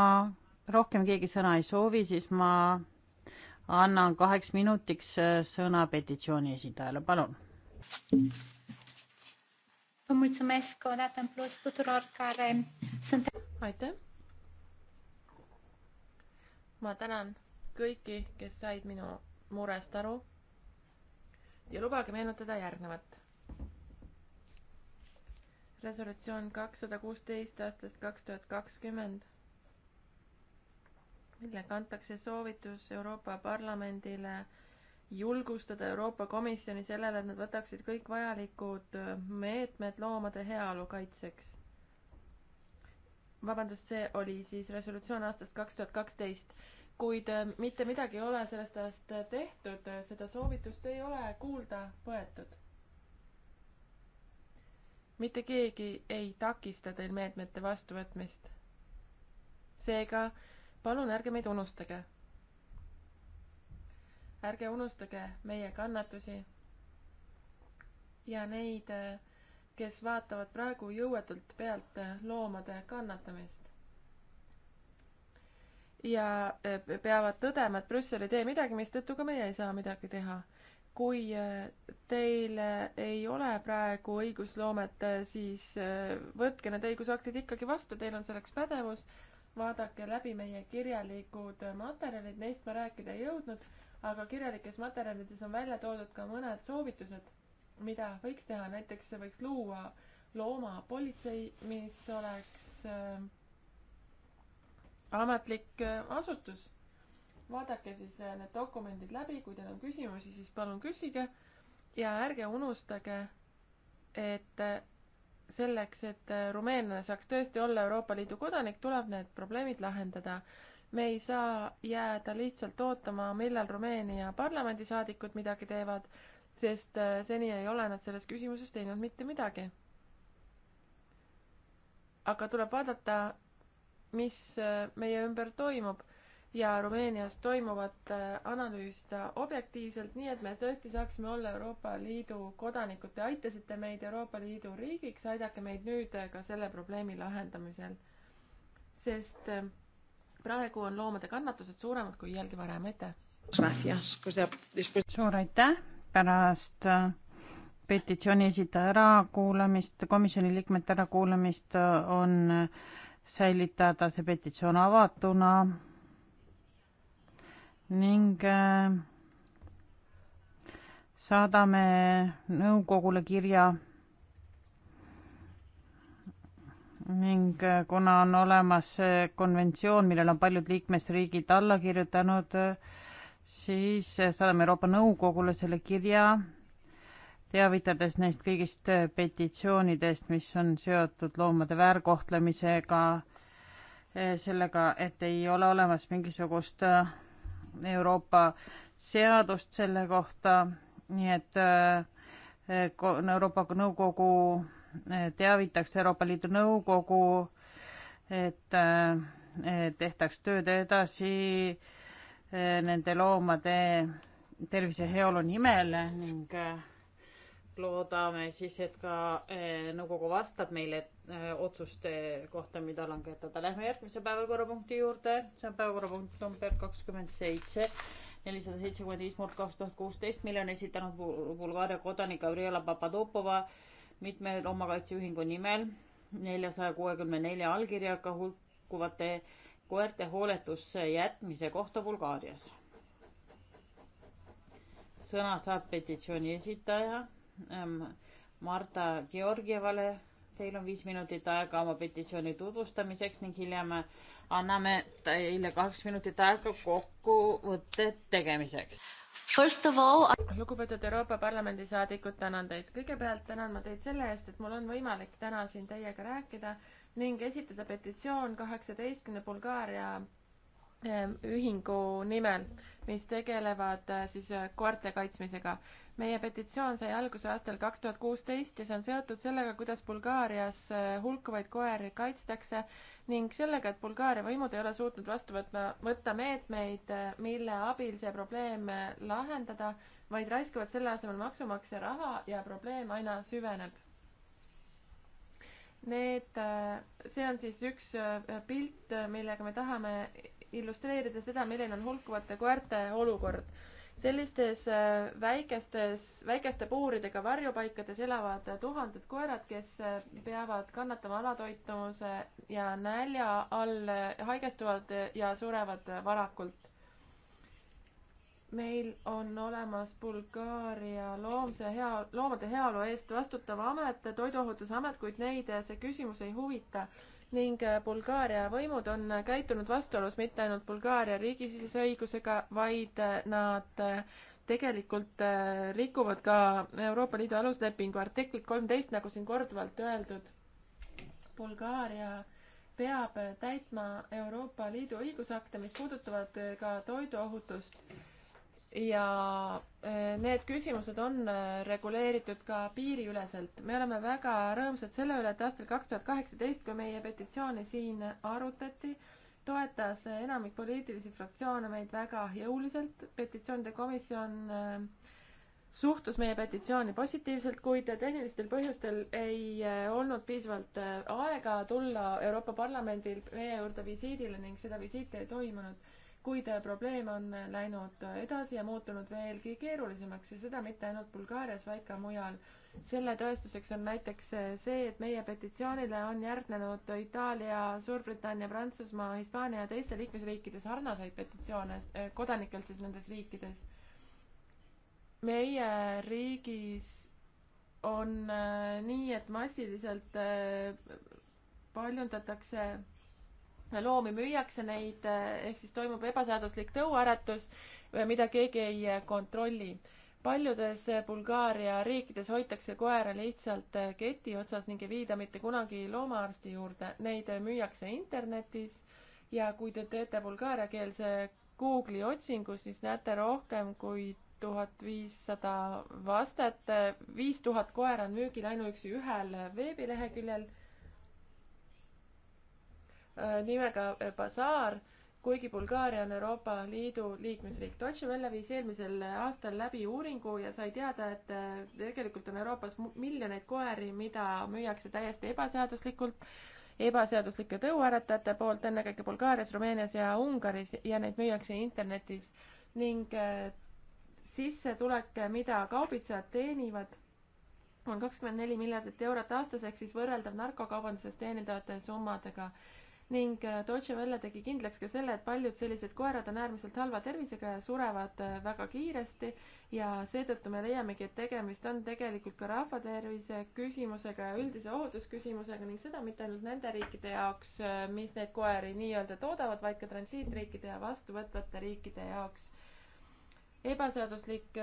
rohkem keegi sõna ei soovi, siis ma annan kaheks minutiks sõna petitsiooni esindajale, palun Vă mulțumesc o dată în plus tuturor care sunt... Aitäh! ma tänan kõiki, kes said minu murest aru. ja lubage meenutada järgnevat. resolutsioon kakssada kuusteist aastast kaks tuhat kakskümmend, millega antakse soovitus Euroopa Parlamendile julgustada Euroopa Komisjoni sellele, et nad võtaksid kõik vajalikud äh, meetmed loomade heaolu kaitseks. vabandust, see oli siis resolutsioon aastast kaks tuhat kaksteist, kuid äh, mitte midagi ei ole sellest ajast äh, tehtud, seda soovitust ei ole kuulda võetud. mitte keegi ei takista teil meetmete vastuvõtmist. seega palun ärge meid unustage ärge unustage meie kannatusi ja neid, kes vaatavad praegu jõuetult pealt loomade kannatamist. ja e, peavad tõdema, et Brüssel ei tee midagi, mistõttu ka meie ei saa midagi teha. kui e, teil ei ole praegu õigusloomet, e, siis võtke need õigusaktid ikkagi vastu, teil on selleks pädevus, vaadake läbi meie kirjalikud materjalid, neist ma rääkida ei jõudnud aga kirjalikes materjalides on välja toodud ka mõned soovitused, mida võiks teha, näiteks võiks luua loomapolitsei, mis oleks äh, ametlik äh, asutus. vaadake siis äh, need dokumendid läbi, kui teil on küsimusi, siis palun küsige ja ärge unustage, et äh, selleks, et äh, rumeenlane saaks tõesti olla Euroopa Liidu kodanik, tuleb need probleemid lahendada me ei saa jääda lihtsalt ootama, millal Rumeenia parlamendisaadikud midagi teevad, sest äh, seni ei ole nad selles küsimuses teinud mitte midagi. aga tuleb vaadata, mis äh, meie ümber toimub ja Rumeenias toimuvat äh, analüüsida objektiivselt, nii et me tõesti saaksime olla Euroopa Liidu kodanikud. Te aitasite meid Euroopa Liidu riigiks, aidake meid nüüd ka selle probleemi lahendamisel. sest äh, praegu on loomade kannatused suuremad kui iialgi varem, aitäh! suur aitäh, pärast äh, petitsiooni esitaja ärakuulamist, komisjoni liikmete ärakuulamist äh, on äh, säilitada see petitsioon avatuna ning saadame nõukogule kirja ning äh, kuna on olemas konventsioon, millele on paljud liikmesriigid alla kirjutanud, siis äh, saadame Euroopa Nõukogule selle kirja, teavitades neist kõigist äh, petitsioonidest, mis on seotud loomade väärkohtlemisega, sellega, et ei ole olemas mingisugust Euroopa seadust selle kohta, nii et Euroopa Nõukogu teavitaks Euroopa Liidu Nõukogu, et eh, tehtaks tööd edasi eh, nende loomade tervise ja heaolu nimel ning eh, loodame siis, et ka nõukogu vastab meile otsuste kohta, mida langetada. Lähme järgmise päevakorrapunkti juurde, see on päevakorrapunkt number kakskümmend seitse, nelisada seitsekümmend viis murd kaks tuhat kuusteist, mille on esitanud Bulgaaria kodanik Gabriela Papadopova mitme loomakaitseühingu nimel neljasaja kuuekümne nelja allkirjaga hulkuvate koerte hooletusse jätmise kohta Bulgaarias. sõna saab petitsiooni esitaja ähm, Marta Georgievale. Teil on viis minutit aega oma petitsiooni tutvustamiseks ning hiljem anname teile kaks minutit aega kokkuvõtte tegemiseks First of all I... lugupeetud Euroopa Parlamendi saadikud, tänan teid. kõigepealt tänan ma teid selle eest, et mul on võimalik täna siin teiega rääkida ning esitada petitsioon kaheksateistkümne Bulgaaria eh, ühingu nimel, mis tegelevad eh, siis eh, koerte kaitsmisega meie petitsioon sai alguse aastal kaks tuhat kuusteist ja see on seotud sellega, kuidas Bulgaarias äh, hulkuvaid koeri kaitstakse ning sellega, et Bulgaaria võimud ei ole suutnud vastu võtma, võtta meetmeid, äh, mille abil see probleem äh, lahendada, vaid raiskavad selle asemel maksumaksja raha ja probleem aina süveneb. Need, see on siis üks pilt, millega me tahame illustreerida seda, milline on hulkuvate koerte olukord sellistes äh, väikestes, väikeste puuridega varjupaikades elavad tuhanded koerad, kes äh, peavad kannatama alatoitumuse ja nälja all, äh, haigestuvad ja surevad varakult meil on olemas Bulgaaria loomse hea, loomade heaolu eest vastutav amet, Toiduohutusamet, kuid neid see küsimus ei huvita ning äh, Bulgaaria võimud on käitunud vastuolus mitte ainult Bulgaaria riigisisese õigusega, vaid äh, nad äh, tegelikult rikuvad ka Euroopa Liidu aluslepingu artiklit kolmteist, nagu siin korduvalt öeldud. Bulgaaria peab täitma Euroopa Liidu õigusakte, mis puudutavad ka toiduohutust ja äh, need küsimused on äh, reguleeritud ka piiriüleselt. me oleme väga rõõmsad selle üle, et aastal kaks tuhat kaheksateist, kui meie petitsiooni siin arutati, toetas enamik poliitilisi fraktsioone meid väga jõuliselt. petitsioonide komisjon äh, suhtus meie petitsiooni positiivselt, kuid tehnilistel põhjustel ei olnud piisavalt aega tulla Euroopa Parlamendil meie juurde visiidile ning seda visiiti ei toimunud kuid äh, probleem on äh, läinud äh, edasi ja muutunud veelgi keerulisemaks ja seda mitte ainult Bulgaarias, vaid ka mujal. selle tõestuseks on näiteks see, et meie petitsioonile on järgnenud Itaalia, Suurbritannia, Prantsusmaa, Hispaania ja teiste liikmesriikide sarnaseid petitsioone kodanikelt siis nendes riikides. meie riigis on nii, et massiliselt paljundatakse loomi müüakse neid, eh, ehk siis toimub ebaseaduslik tõuaretus, eh, mida keegi ei eh, kontrolli. paljudes Bulgaaria riikides hoitakse koera lihtsalt keti otsas ning ei viida mitte kunagi loomaarsti juurde, neid müüakse internetis ja kui te teete bulgaariakeelse Google'i otsingu, siis näete rohkem kui tuhat viissada vastet, viis tuhat koera on müügil ainuüksi ühel veebileheküljel Äh, nimega äh, Bazaar, kuigi Bulgaaria on Euroopa Liidu liikmesriik. Deutsche Welle viis eelmisel aastal läbi uuringu ja sai teada, et äh, tegelikult on Euroopas miljoneid koeri, mida müüakse täiesti ebaseaduslikult ebaseaduslike tõuaretajate poolt, ennekõike Bulgaarias, Rumeenias ja Ungaris ja neid müüakse internetis ning sissetulek, mida kaubitsejad teenivad, on kakskümmend neli miljardit eurot aastas ehk siis võrreldav narkokaubandusest teenindavate summadega ning äh, Deutsche Welle tegi kindlaks ka selle, et paljud sellised koerad on äärmiselt halva tervisega ja surevad äh, väga kiiresti ja seetõttu me leiamegi, et tegemist on tegelikult ka rahvatervise küsimusega ja üldise ohutusküsimusega ning seda mitte ainult nende riikide jaoks, äh, mis neid koeri nii-öelda toodavad, vaid ka transiitriikide ja vastuvõtvate riikide jaoks ebaseaduslik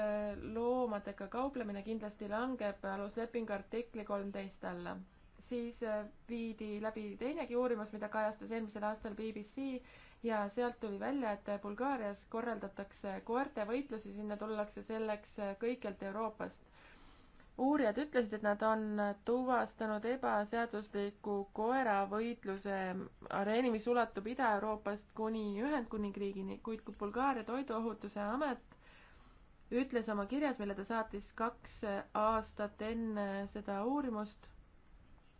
loomadega kauplemine kindlasti langeb aluslepingu artikli kolmteist alla siis äh, viidi läbi teinegi uurimus, mida kajastas eelmisel aastal BBC ja sealt tuli välja, et Bulgaarias korraldatakse koertevõitlusi, sinna tullakse selleks äh, kõikjalt Euroopast. uurijad ütlesid, et nad on tuvastanud ebaseadusliku koeravõitluse areeni, mis ulatub Ida-Euroopast kuni Ühendkuningriigini, kuid kui Bulgaaria Toiduohutuse Amet ütles oma kirjas, mille ta saatis kaks aastat enne seda uurimust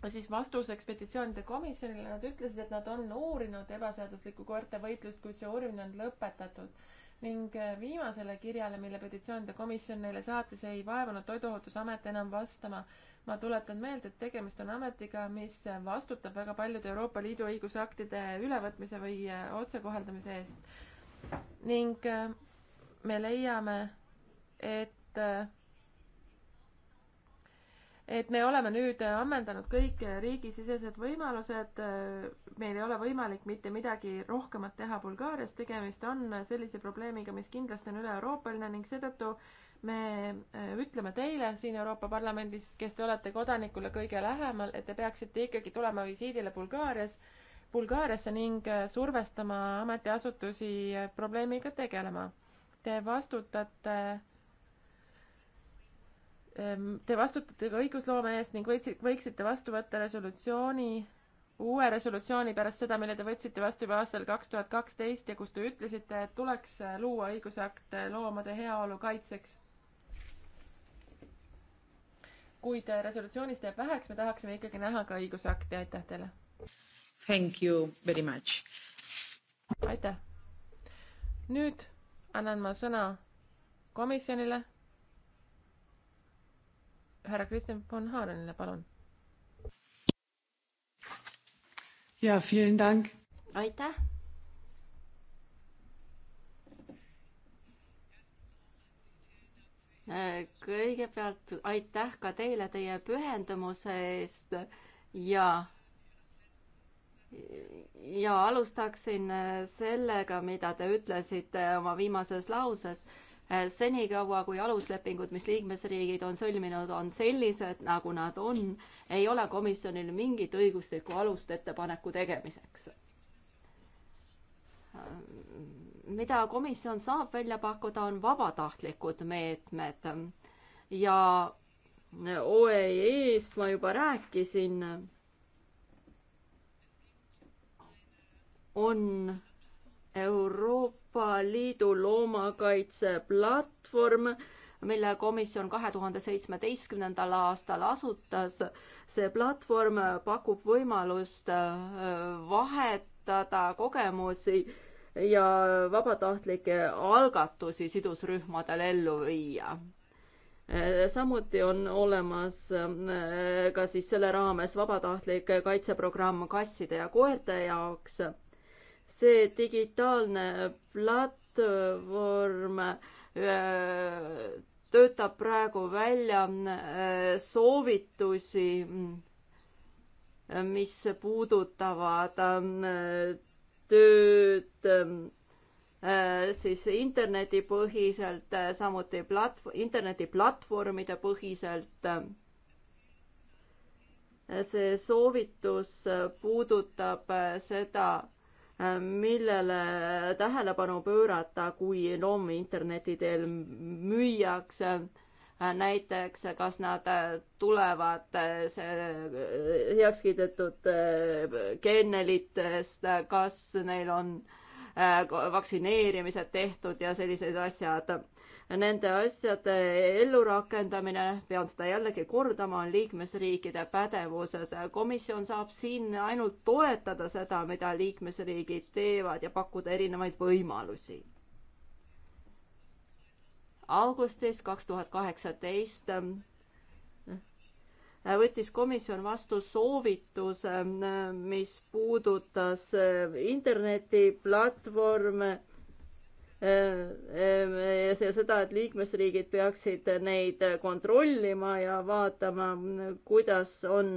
siis vastuseks petitsioonide komisjonile nad ütlesid, et nad on uurinud ebaseaduslikku koerte võitlust, kuid see uurimine on lõpetatud. ning äh, viimasele kirjale, mille petitsioonide komisjon neile saatis, ei vaevanud Toiduohutusamet enam vastama. ma tuletan meelde, et tegemist on ametiga, mis vastutab väga paljude Euroopa Liidu õigusaktide ülevõtmise või äh, otsekohaldamise eest. ning äh, me leiame, et et me oleme nüüd ammendanud kõik riigisisesed võimalused, meil ei ole võimalik mitte midagi rohkemat teha Bulgaarias, tegemist on sellise probleemiga, mis kindlasti on üle-euroopaline ning seetõttu me äh, ütleme teile siin Euroopa Parlamendis, kes te olete kodanikule kõige lähemal, et te peaksite ikkagi tulema visiidile Bulgaarias, Bulgaariasse ning äh, survestama ametiasutusi äh, probleemiga tegelema. Te vastutate Ehm, te vastutate ka õigusloome eest ning võiksite vastu võtta resolutsiooni, uue resolutsiooni pärast seda, mille te võtsite vastu juba aastal kaks tuhat kaksteist ja kus te ütlesite, et tuleks äh, luua õigusakt äh, loomade heaolu kaitseks. kuid äh, resolutsioonist jääb väheks, me tahaksime ikkagi näha ka õigusakti, aitäh teile! Thank you very much! aitäh! nüüd annan ma sõna komisjonile härra Kristjan von Haarenile, palun. ja, aitäh. kõigepealt aitäh ka teile teie pühendumuse eest ja ja alustaksin sellega, mida te ütlesite oma viimases lauses Äh, senikaua, kui aluslepingud, mis liikmesriigid on sõlminud, on sellised, nagu nad on, ei ole komisjonil mingit õiguslikku alust ettepaneku tegemiseks. Äh, mida komisjon saab välja pakkuda, on vabatahtlikud meetmed ja OEE-st ma juba rääkisin, on Euroopa Liidu loomakaitseplatvorm, mille komisjon kahe tuhande seitsmeteistkümnendal aastal asutas. see platvorm pakub võimalust äh, vahetada kogemusi ja vabatahtlikke algatusi sidusrühmadel ellu viia äh, samuti on olemas äh, ka siis selle raames vabatahtlik kaitseprogramm kasside ja koerte jaoks see digitaalne platvorm äh, töötab praegu välja äh, soovitusi, mis puudutavad äh, tööd siis internetipõhiselt, samuti platv-, internetiplatvormide põhiselt. see soovitus puudutab seda, millele tähelepanu pöörata, kui loomi interneti teel müüakse näiteks, kas nad tulevad eh, eh, heaks kiidetud eh, geenelitest, kas neil on vaktsineerimised tehtud ja sellised asjad nende asjade ellurakendamine, pean seda jällegi kordama, on liikmesriikide pädevuses. komisjon saab siin ainult toetada seda, mida liikmesriigid teevad ja pakkuda erinevaid võimalusi. augustis kaks tuhat kaheksateist võttis komisjon vastu soovituse, mis puudutas internetiplatvorme Ehm, ehm, ja seda, et liikmesriigid peaksid neid kontrollima ja vaatama, kuidas on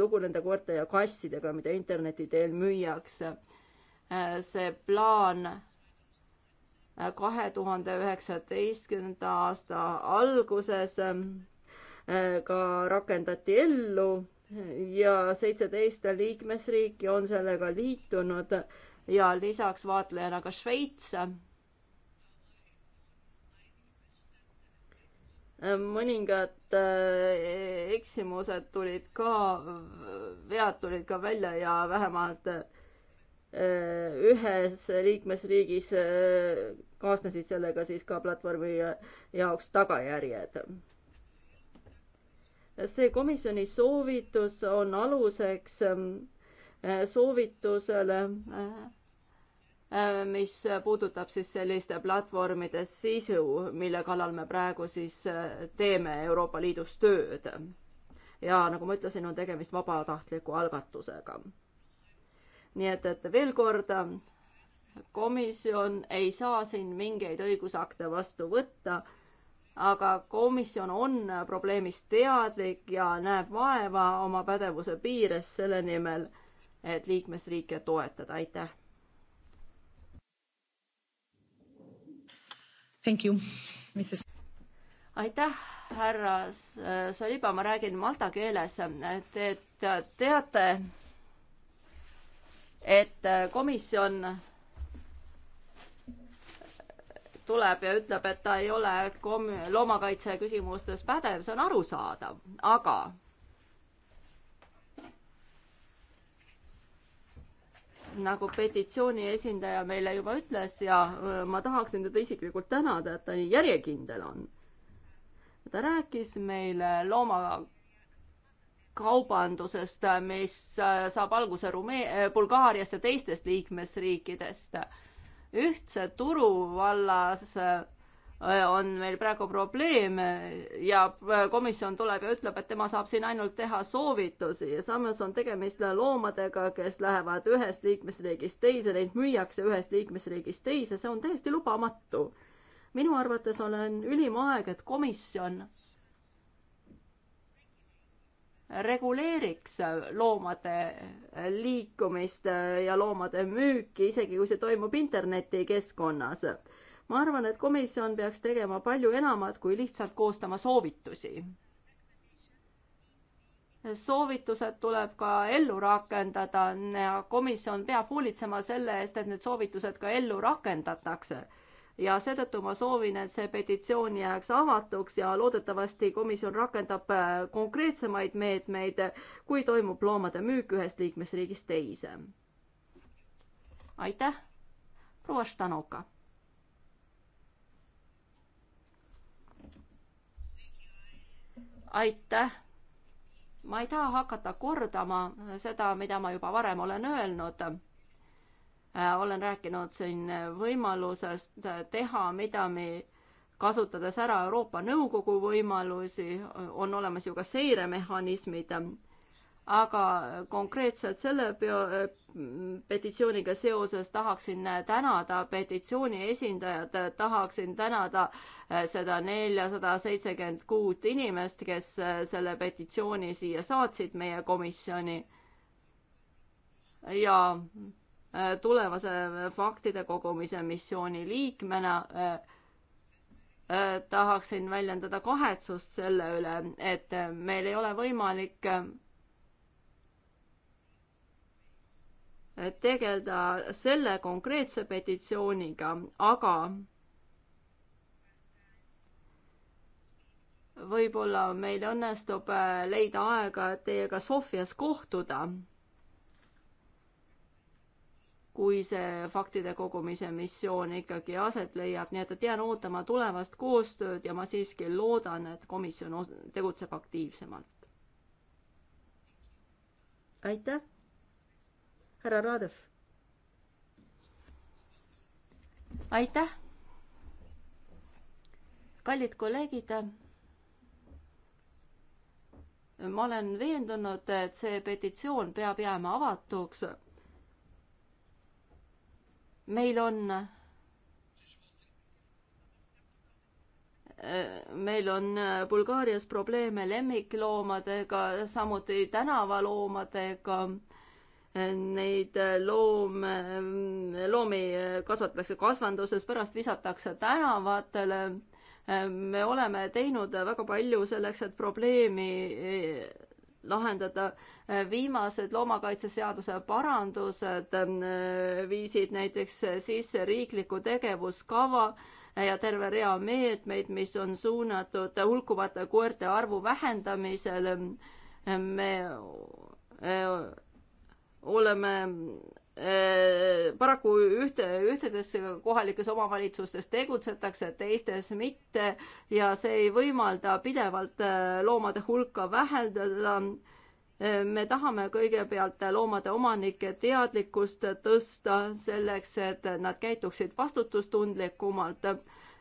lugu nende koerte ja kassidega, mida interneti teel müüakse. Ehm, see plaan kahe tuhande üheksateistkümnenda aasta alguses ka rakendati ellu ja seitseteist liikmesriiki on sellega liitunud ja lisaks vaatlejana ka Šveits mõningad äh, eksimused tulid ka, vead tulid ka välja ja vähemalt äh, ühes liikmesriigis äh, kaasnesid sellega siis ka platvormi jaoks tagajärjed. see komisjoni soovitus on aluseks soovitusele Äh, mis puudutab siis selliste platvormide sisu, mille kallal me praegu siis äh, teeme Euroopa Liidus tööd. ja nagu ma ütlesin, on tegemist vabatahtliku algatusega. nii et, et veel kord, komisjon ei saa siin mingeid õigusakte vastu võtta, aga komisjon on probleemist teadlik ja näeb vaeva oma pädevuse piires selle nimel, et liikmesriike toetada, aitäh Thank you, Mrs. aitäh, härra Saliba, ma räägin malta keeles, te teate, et komisjon tuleb ja ütleb, et ta ei ole kom-, loomakaitse küsimustes pädev, see on arusaadav, aga nagu petitsiooni esindaja meile juba ütles ja ma tahaksin teda isiklikult tänada, et ta nii järjekindel on. ta rääkis meile loomakaubandusest, mis saab alguse Rumee-, Bulgaariast ja teistest liikmesriikidest. ühtse turu vallas Äh, on meil praegu probleem ja äh, komisjon tuleb ja ütleb, et tema saab siin ainult teha soovitusi ja samas on tegemist loomadega, kes lähevad ühest liikmesriigist teise, neid müüakse ühest liikmesriigist teise, see on täiesti lubamatu. minu arvates olen ülim aeg, et komisjon reguleeriks loomade liikumist ja loomade müüki, isegi kui see toimub internetikeskkonnas ma arvan, et komisjon peaks tegema palju enamat kui lihtsalt koostama soovitusi. soovitused tuleb ka ellu rakendada ja komisjon peab hoolitsema selle eest, et need soovitused ka ellu rakendatakse ja seetõttu ma soovin, et see petitsioon jääks avatuks ja loodetavasti komisjon rakendab äh, konkreetsemaid meetmeid, kui toimub loomade müük ühest liikmesriigist teise. aitäh, proua Štanoka aitäh! ma ei taha hakata kordama seda, mida ma juba varem olen öelnud. Äh, olen rääkinud siin võimalusest teha midagi, kasutades ära Euroopa Nõukogu võimalusi, on olemas ju ka seiremehhanismid aga konkreetselt selle peo-, petitsiooniga seoses tahaksin tänada petitsiooni esindajat, tahaksin tänada äh, seda neljasada seitsekümmend kuut inimest, kes äh, selle petitsiooni siia saatsid meie komisjoni. ja äh, tulevase faktide kogumise missiooni liikmena tahaksin väljendada kahetsust selle üle, et meil ei ole võimalik tegeleda selle konkreetse petitsiooniga, aga võib-olla meil õnnestub äh, leida aega teiega Sofias kohtuda. kui see faktide kogumise missioon ikkagi aset leiab, nii et jään ootama tulevast koostööd ja ma siiski loodan, et komisjon tegutseb aktiivsemalt. aitäh härra Radev. aitäh. kallid kolleegid. ma olen veendunud, et see petitsioon peab jääma avatuks. meil on äh, meil on Bulgaarias probleeme lemmikloomadega, samuti tänavaloomadega neid äh, loom, äh, loomi kasvatatakse kasvanduses, pärast visatakse tänavatele. Äh, me oleme teinud väga palju selleks, et probleemi lahendada. viimased loomakaitseseaduse parandused viisid näiteks sisse riikliku tegevuskava ja terve rea meetmeid, mis on suunatud hulkuvate koerte arvu vähendamisele. me oleme eh, paraku ühte, ühtedes kohalikes omavalitsustes tegutsetakse, teistes mitte ja see ei võimalda pidevalt eh, loomade hulka vähendada. Eh, me tahame kõigepealt loomade omanike teadlikkust tõsta selleks, et nad käituksid vastutustundlikumalt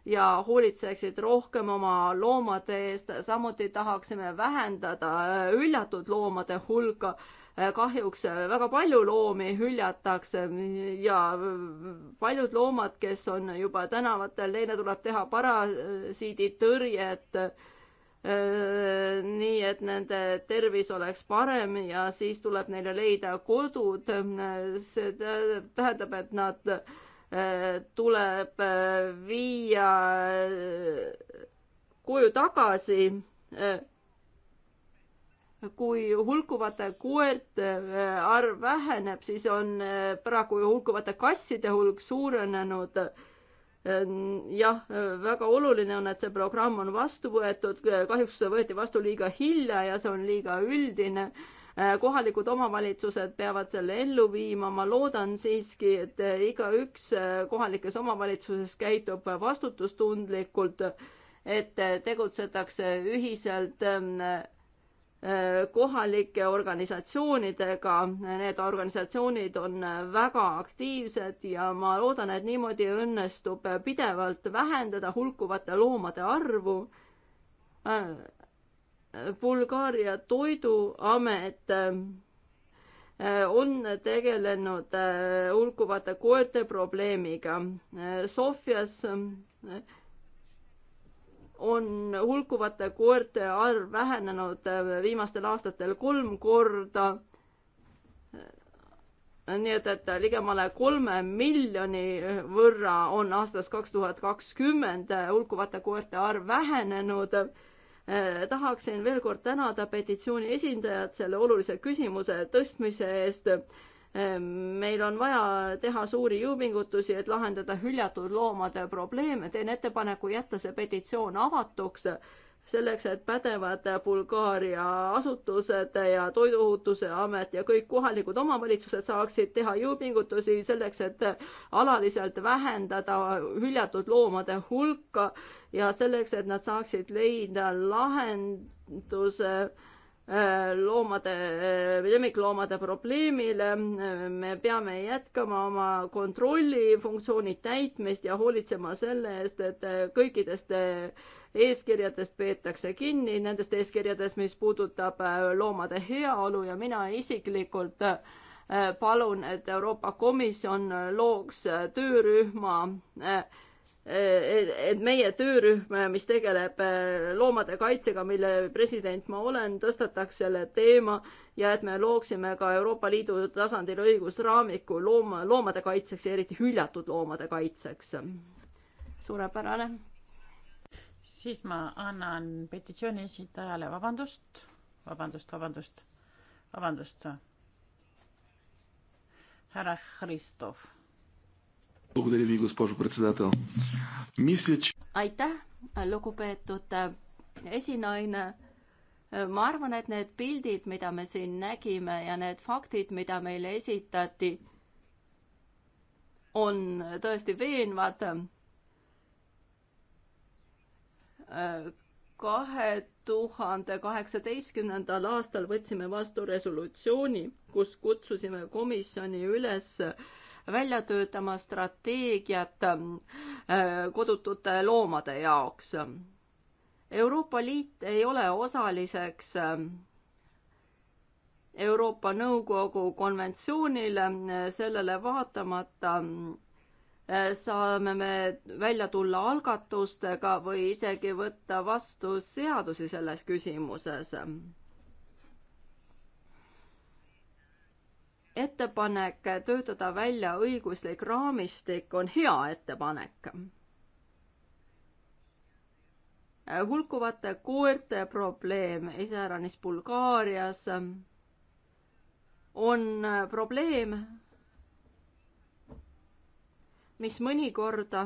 ja hoolitseksid rohkem oma loomade eest, samuti tahaksime vähendada hüljatud loomade hulka Äh, kahjuks äh, väga palju loomi hüljatakse äh, ja paljud loomad, kes on juba tänavatel, neile tuleb teha parasiiditõrjet nii, et nende tervis oleks parem ja siis tuleb neile leida kodud. see tähendab, et nad tuleb viia koju tagasi kui hulkuvate koerte äh, arv väheneb, siis on äh, paraku hulkuvate kasside hulk suurenenud. Äh, jah, väga oluline on, et see programm on vastu võetud, kahjuks see võeti vastu liiga hilja ja see on liiga üldine. kohalikud omavalitsused peavad selle ellu viima, ma loodan siiski, et igaüks kohalikes omavalitsuses käitub vastutustundlikult, et tegutsetakse ühiselt ähm, kohalike organisatsioonidega, need organisatsioonid on väga aktiivsed ja ma loodan, et niimoodi õnnestub pidevalt vähendada hulkuvate loomade arvu. Bulgaaria toiduamet eh, on tegelenud eh, hulkuvate koerte probleemiga. Eh, Sofias on hulkuvate koerte arv vähenenud äh, viimastel aastatel kolm korda. Äh, nii et, et ligemale kolme miljoni võrra on aastast kaks tuhat kakskümmend äh, hulkuvate koerte arv vähenenud tahaksin veel kord tänada petitsiooni esindajat selle olulise küsimuse tõstmise eest meil on vaja teha suuri jõupingutusi, et lahendada hüljatud loomade probleeme. teen ettepaneku jätta see petitsioon avatuks selleks, et pädevad Bulgaaria asutused ja Toiduohutuse Amet ja kõik kohalikud omavalitsused saaksid teha jõupingutusi selleks, et alaliselt vähendada hüljatud loomade hulka ja selleks, et nad saaksid leida lahenduse äh, Äh, loomade, äh, lemmikloomade probleemile. me peame jätkama oma kontrollifunktsiooni täitmist ja hoolitsema selle eest, et äh, kõikidest eeskirjadest peetakse kinni, nendest eeskirjadest, mis puudutab loomade heaolu ja mina isiklikult palun, et Euroopa Komisjon looks töörühma et meie töörühm, mis tegeleb äh, loomade kaitsega, mille president ma olen, tõstataks selle teema ja et me looksime ka Euroopa Liidu tasandil õigusraamiku looma, loomade kaitseks ja eriti hüljatud loomade kaitseks. suurepärane. siis ma annan petitsiooni esitajale vabandust, vabandust, vabandust, vabandust. härra Hristov aitäh, lugupeetud э, esinaine. Э, ma arvan, et need pildid, mida me siin nägime ja need faktid, mida meile esitati, on tõesti veenvad äh, kahe tuhande kaheksateistkümnendal aastal võtsime vastu resolutsiooni, kus kutsusime komisjoni üles välja töötama strateegiat äh, kodutute loomade jaoks. Euroopa Liit ei ole osaliseks äh, Euroopa Nõukogu konventsioonile, sellele vaatamata äh, saame me välja tulla algatustega või isegi võtta vastu seadusi selles küsimuses. ettepanek töötada välja õiguslik raamistik on hea ettepanek. hulkuvate koerte probleem iseäranis Bulgaarias on probleem, mis mõnikorda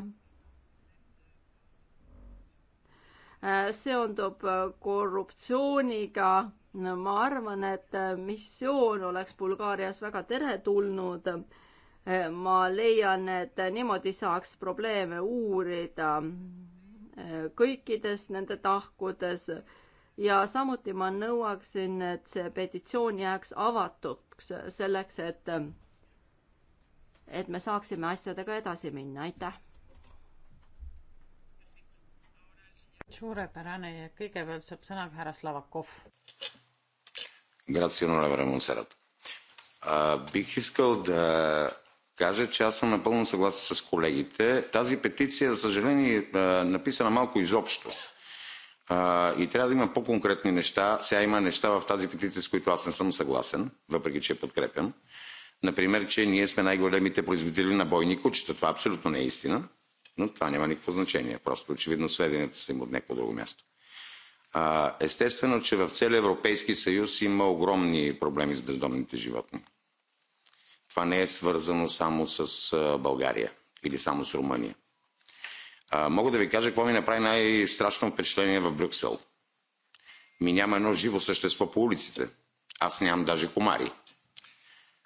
seondub korruptsiooniga ma arvan, et äh, missioon oleks Bulgaarias väga teretulnud. Äh, ma leian, et niimoodi saaks probleeme uurida äh, kõikides nende tahkudes ja samuti ma nõuaksin, et see petitsioon jääks avatuks selleks, et, et me saaksime asjadega edasi minna, aitäh. suurepärane ja kõigepealt saab sõna härra Slavakov. Grazie, onorevole Monserrat. Uh, бих искал да кажа, че аз съм напълно съгласен с колегите. Тази петиция, за съжаление, е написана малко изобщо. А, и трябва да има по-конкретни неща. Сега има неща в тази петиция, с които аз не съм съгласен, въпреки че я подкрепям. Например, че ние сме най-големите производители на бойни кучета. Това абсолютно не е истина, но това няма никакво значение. Просто очевидно сведенията са им от някакво друго място. Естествено, че в целия Европейски съюз има огромни проблеми с бездомните животни. Това не е свързано само с България или само с Румъния. Мога да ви кажа какво ми направи най-страшно впечатление в Брюксел. Ми няма едно живо същество по улиците. Аз нямам даже комари.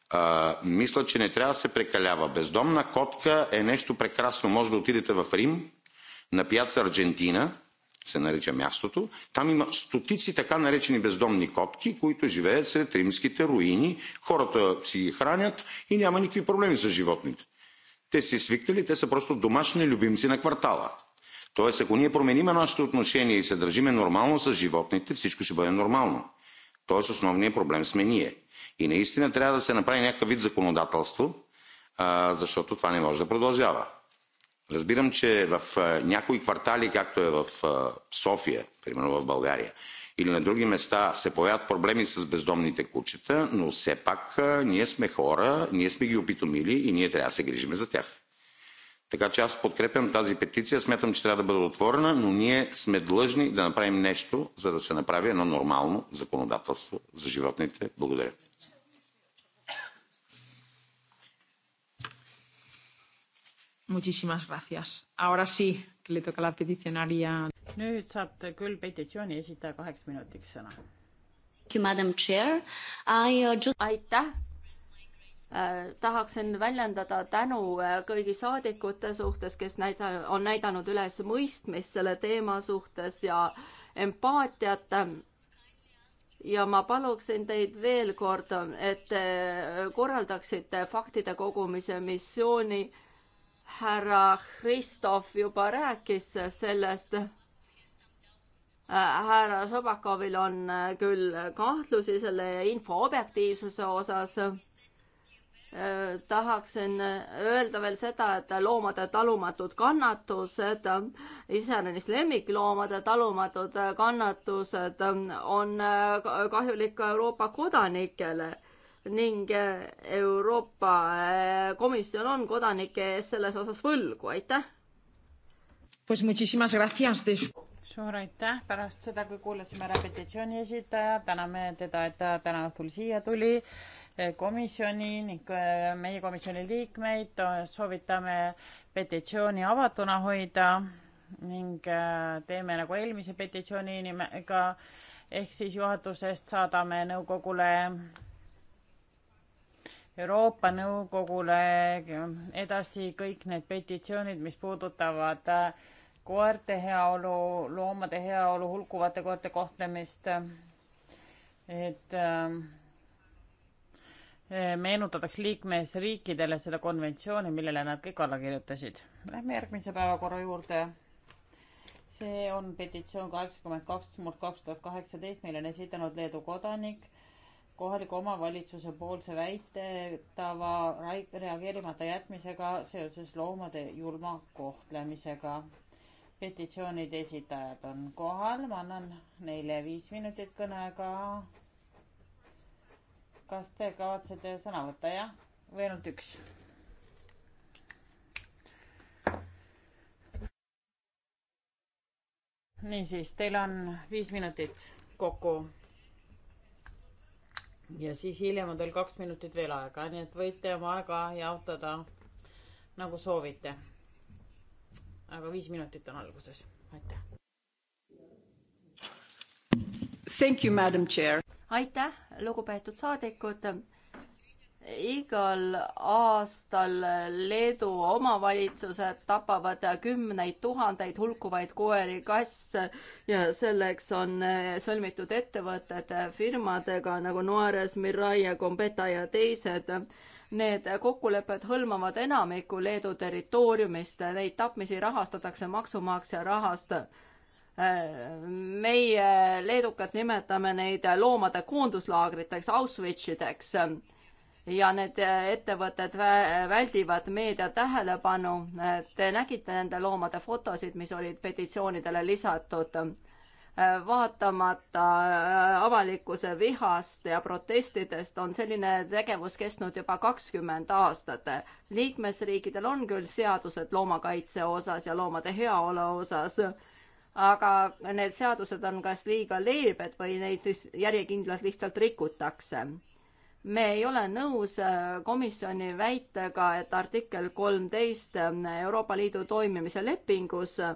А, мисля, че не трябва да се прекалява. Бездомна котка е нещо прекрасно. Може да отидете в Рим, на пияца Аржентина се нарича мястото, там има стотици така наречени бездомни котки, които живеят сред римските руини, хората си ги хранят и няма никакви проблеми с животните. Те си свикнали, те са просто домашни любимци на квартала. Тоест, ако ние промениме нашето отношение и се държиме нормално с животните, всичко ще бъде нормално. Тоест, основният проблем сме ние. И наистина трябва да се направи някакъв вид законодателство, защото това не може да продължава. Разбирам, че в някои квартали, както е в София, примерно в България, или на други места се появяват проблеми с бездомните кучета, но все пак ние сме хора, ние сме ги опитомили и ние трябва да се грижим за тях. Така че аз подкрепям тази петиция, смятам, че трябва да бъде отворена, но ние сме длъжни да направим нещо, за да се направи едно нормално законодателство за животните. Благодаря. Muchísimas gracias. Ahora sí, le toca la peticionaria. nüüd saab küll petitsiooni esitaja kaheks minutiks sõna. Uh, aitäh äh, tahaksin väljendada tänu äh, kõigi saadikute suhtes, kes näida-, on näidanud üles mõistmist selle teema suhtes ja empaatiat. ja ma paluksin teid veel kord, et te korraldaksite faktide kogumise missiooni härra Kristov juba rääkis sellest. härra Sobakovil on küll kahtlusi selle info objektiivsuse osas. tahaksin öelda veel seda, et loomade talumatud kannatused, iseäranis lemmikloomade talumatud kannatused on kahjulik ka Euroopa kodanikele ning eh, Euroopa eh, Komisjon on kodanike ees selles osas võlgu, aitäh! Pues muchísimas gracias de suur aitäh, pärast seda, kui kuulasime repetitsiooni esitaja, täname teda, et ta täna õhtul siia tuli, eh, komisjoni ning meie komisjoni liikmeid, soovitame petitsiooni avatuna hoida ning teeme nagu eelmise petitsiooni nimega, ehk siis juhatusest saadame nõukogule Euroopa Nõukogule edasi kõik need petitsioonid, mis puudutavad äh, koerte heaolu, loomade heaolu, hulkuvate koerte kohtlemist. et äh, äh, meenutataks liikmesriikidele seda konventsiooni, millele nad kõik alla kirjutasid. Lähme järgmise päevakorra juurde. see on petitsioon kaheksakümmend kaks, kaks tuhat kaheksateist, mille on esitanud Leedu kodanik kohaliku omavalitsuse poolse väitetava reageerimata jätmisega seoses loomade julma kohtlemisega. petitsioonide esitajad on kohal, ma annan neile viis minutit kõneaega. kas te kavatsete sõna võtta, jah? või ainult üks? niisiis, teil on viis minutit kokku ja siis hiljem on teil kaks minutit veel aega, nii et võite oma aega jaotada nagu soovite. aga viis minutit on alguses, aitäh. Thank you, madam chair. aitäh, lugupeetud saadikud igal aastal Leedu omavalitsused tapavad kümneid tuhandeid hulkuvaid koeri, kasse ja selleks on sõlmitud ettevõtete firmadega nagu Noares, Mirai ja Combeta ja teised. Need kokkulepped hõlmavad enamikku Leedu territooriumist, neid tapmisi rahastatakse maksumaksja rahast meie leedukad nimetame neid loomade koonduslaagriteks, Auschwitzideks ja need äh, ettevõtted väldivad meedia tähelepanu. Te nägite nende loomade fotosid, mis olid petitsioonidele lisatud. Äh, vaatamata äh, avalikkuse vihast ja protestidest on selline tegevus kestnud juba kakskümmend aastat. liikmesriikidel on küll seadused loomakaitse osas ja loomade heaolu osas aga need seadused on kas liiga leebed või neid siis järjekindlalt lihtsalt rikutakse me ei ole nõus äh, komisjoni väitega, et artikkel kolmteist äh, Euroopa Liidu toimimise lepingus äh,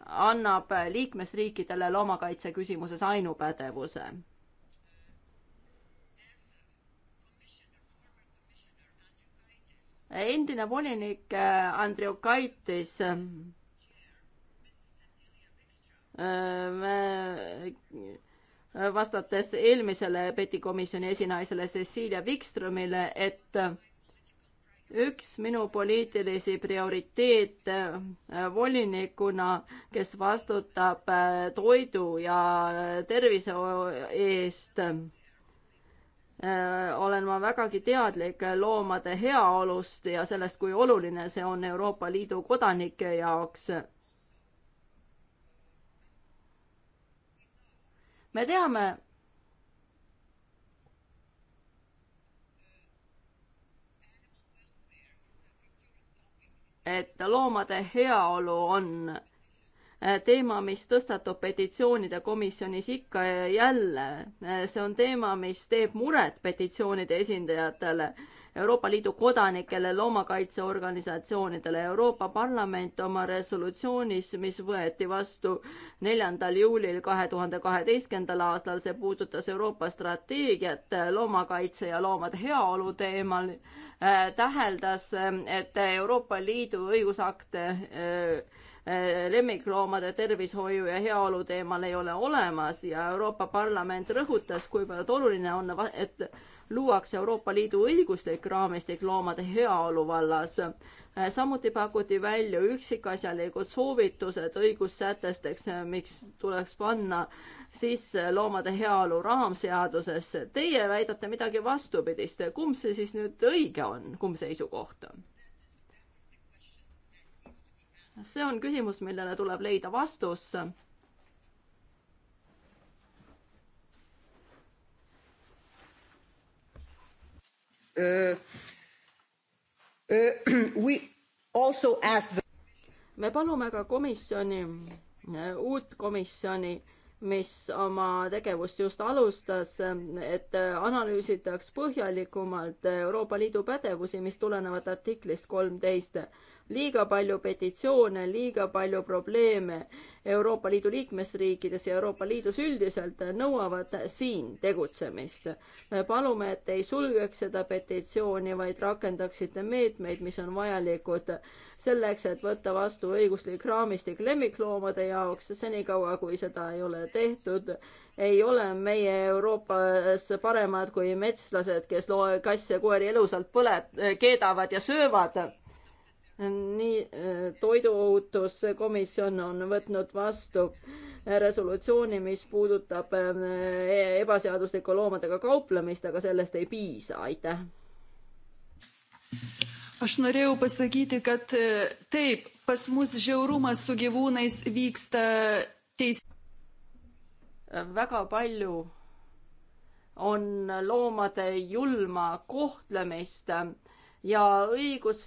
annab liikmesriikidele loomakaitse küsimuses ainupädevuse. endine volinik Andriukaitis me vastates eelmisele PETi komisjoni esinaisele Cecilia Wikströmile, et üks minu poliitilisi prioriteete äh, volinikuna, kes vastutab äh, toidu ja tervise eest, äh, olen ma vägagi teadlik loomade heaolust ja sellest, kui oluline see on Euroopa Liidu kodanike jaoks me teame, et loomade heaolu on äh, teema, mis tõstatub petitsioonide komisjonis ikka ja jälle. Äh, see on teema, mis teeb muret petitsioonide esindajatele Euroopa Liidu kodanikele, loomakaitseorganisatsioonidele. Euroopa Parlament oma resolutsioonis, mis võeti vastu neljandal juulil kahe tuhande kaheteistkümnendal aastal, see puudutas Euroopa strateegiat loomakaitse ja loomade heaolu teemal, äh, täheldas, et Euroopa Liidu õigusakte äh, äh, lemmikloomade tervishoiu ja heaolu teemal ei ole olemas ja Euroopa Parlament rõhutas, kuivõrd oluline on, et luuakse Euroopa Liidu õiguslik raamistik loomade heaolu vallas. samuti pakuti välja üksikasjalikud soovitused õigussätesteks, miks tuleks panna sisse loomade heaolu raamseadusesse. Teie väidate midagi vastupidist, kumb see siis nüüd õige on, kumb seisukoht? see on küsimus, millele tuleb leida vastus Äh, äh, the... me palume ka komisjoni, äh, uut komisjoni, mis oma tegevust just alustas, et analüüsitaks põhjalikumalt Euroopa Liidu pädevusi, mis tulenevad artiklist kolmteist liiga palju petitsioone, liiga palju probleeme Euroopa Liidu liikmesriikides ja Euroopa Liidus üldiselt nõuavad siin tegutsemist. me palume, et ei sulgeks seda petitsiooni, vaid rakendaksite meetmeid, mis on vajalikud selleks, et võtta vastu õiguslik raamistik lemmikloomade jaoks, senikaua kui seda ei ole tehtud, ei ole meie Euroopas paremad kui metslased, kes kasse-koeri elusalt põle-, keedavad ja söövad nii äh, Toiduohutuskomisjon on võtnud vastu äh, resolutsiooni, mis puudutab äh, e-, ebaseaduslikku loomadega kauplemist, aga sellest ei piisa, aitäh. Aš norėjau pasakyti, kad e, taip, pas mus žiaurumas su gyvūnais vyksta teis-. väga palju on loomade julma kohtlemist ja õigus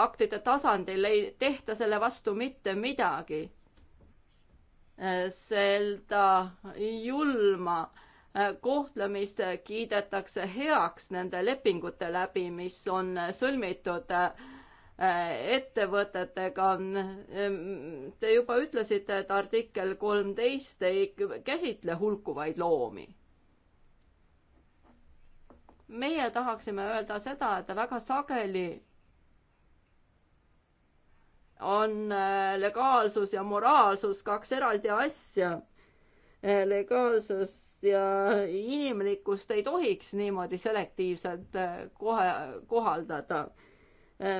aktide tasandil ei tehta selle vastu mitte midagi. seda julma äh, kohtlemist kiidetakse heaks nende lepingute läbi, mis on sõlmitud äh, ettevõtetega. Ehm, te juba ütlesite, et artikkel kolmteist ei käsitle hulkuvaid loomi. meie tahaksime öelda seda, et väga sageli on äh, legaalsus ja moraalsus, kaks eraldi asja. Äh, legaalsust ja inimlikkust ei tohiks niimoodi selektiivselt äh, kohe kohaldada.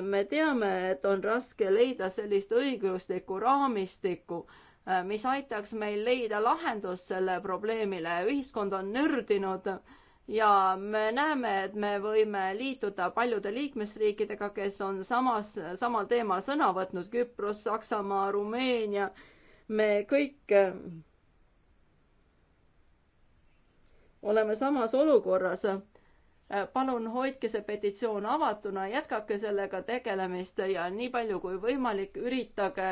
me teame, et on raske leida sellist õiguslikku raamistikku, mis aitaks meil leida lahendust selle probleemile. ühiskond on nördinud ja me näeme, et me võime liituda paljude liikmesriikidega, kes on samas, samal teemal sõna võtnud, Küpros, Saksamaa, Rumeenia, me kõik äh, oleme samas olukorras. Äh, palun hoidke see petitsioon avatuna, jätkake sellega tegelemist ja nii palju kui võimalik, üritage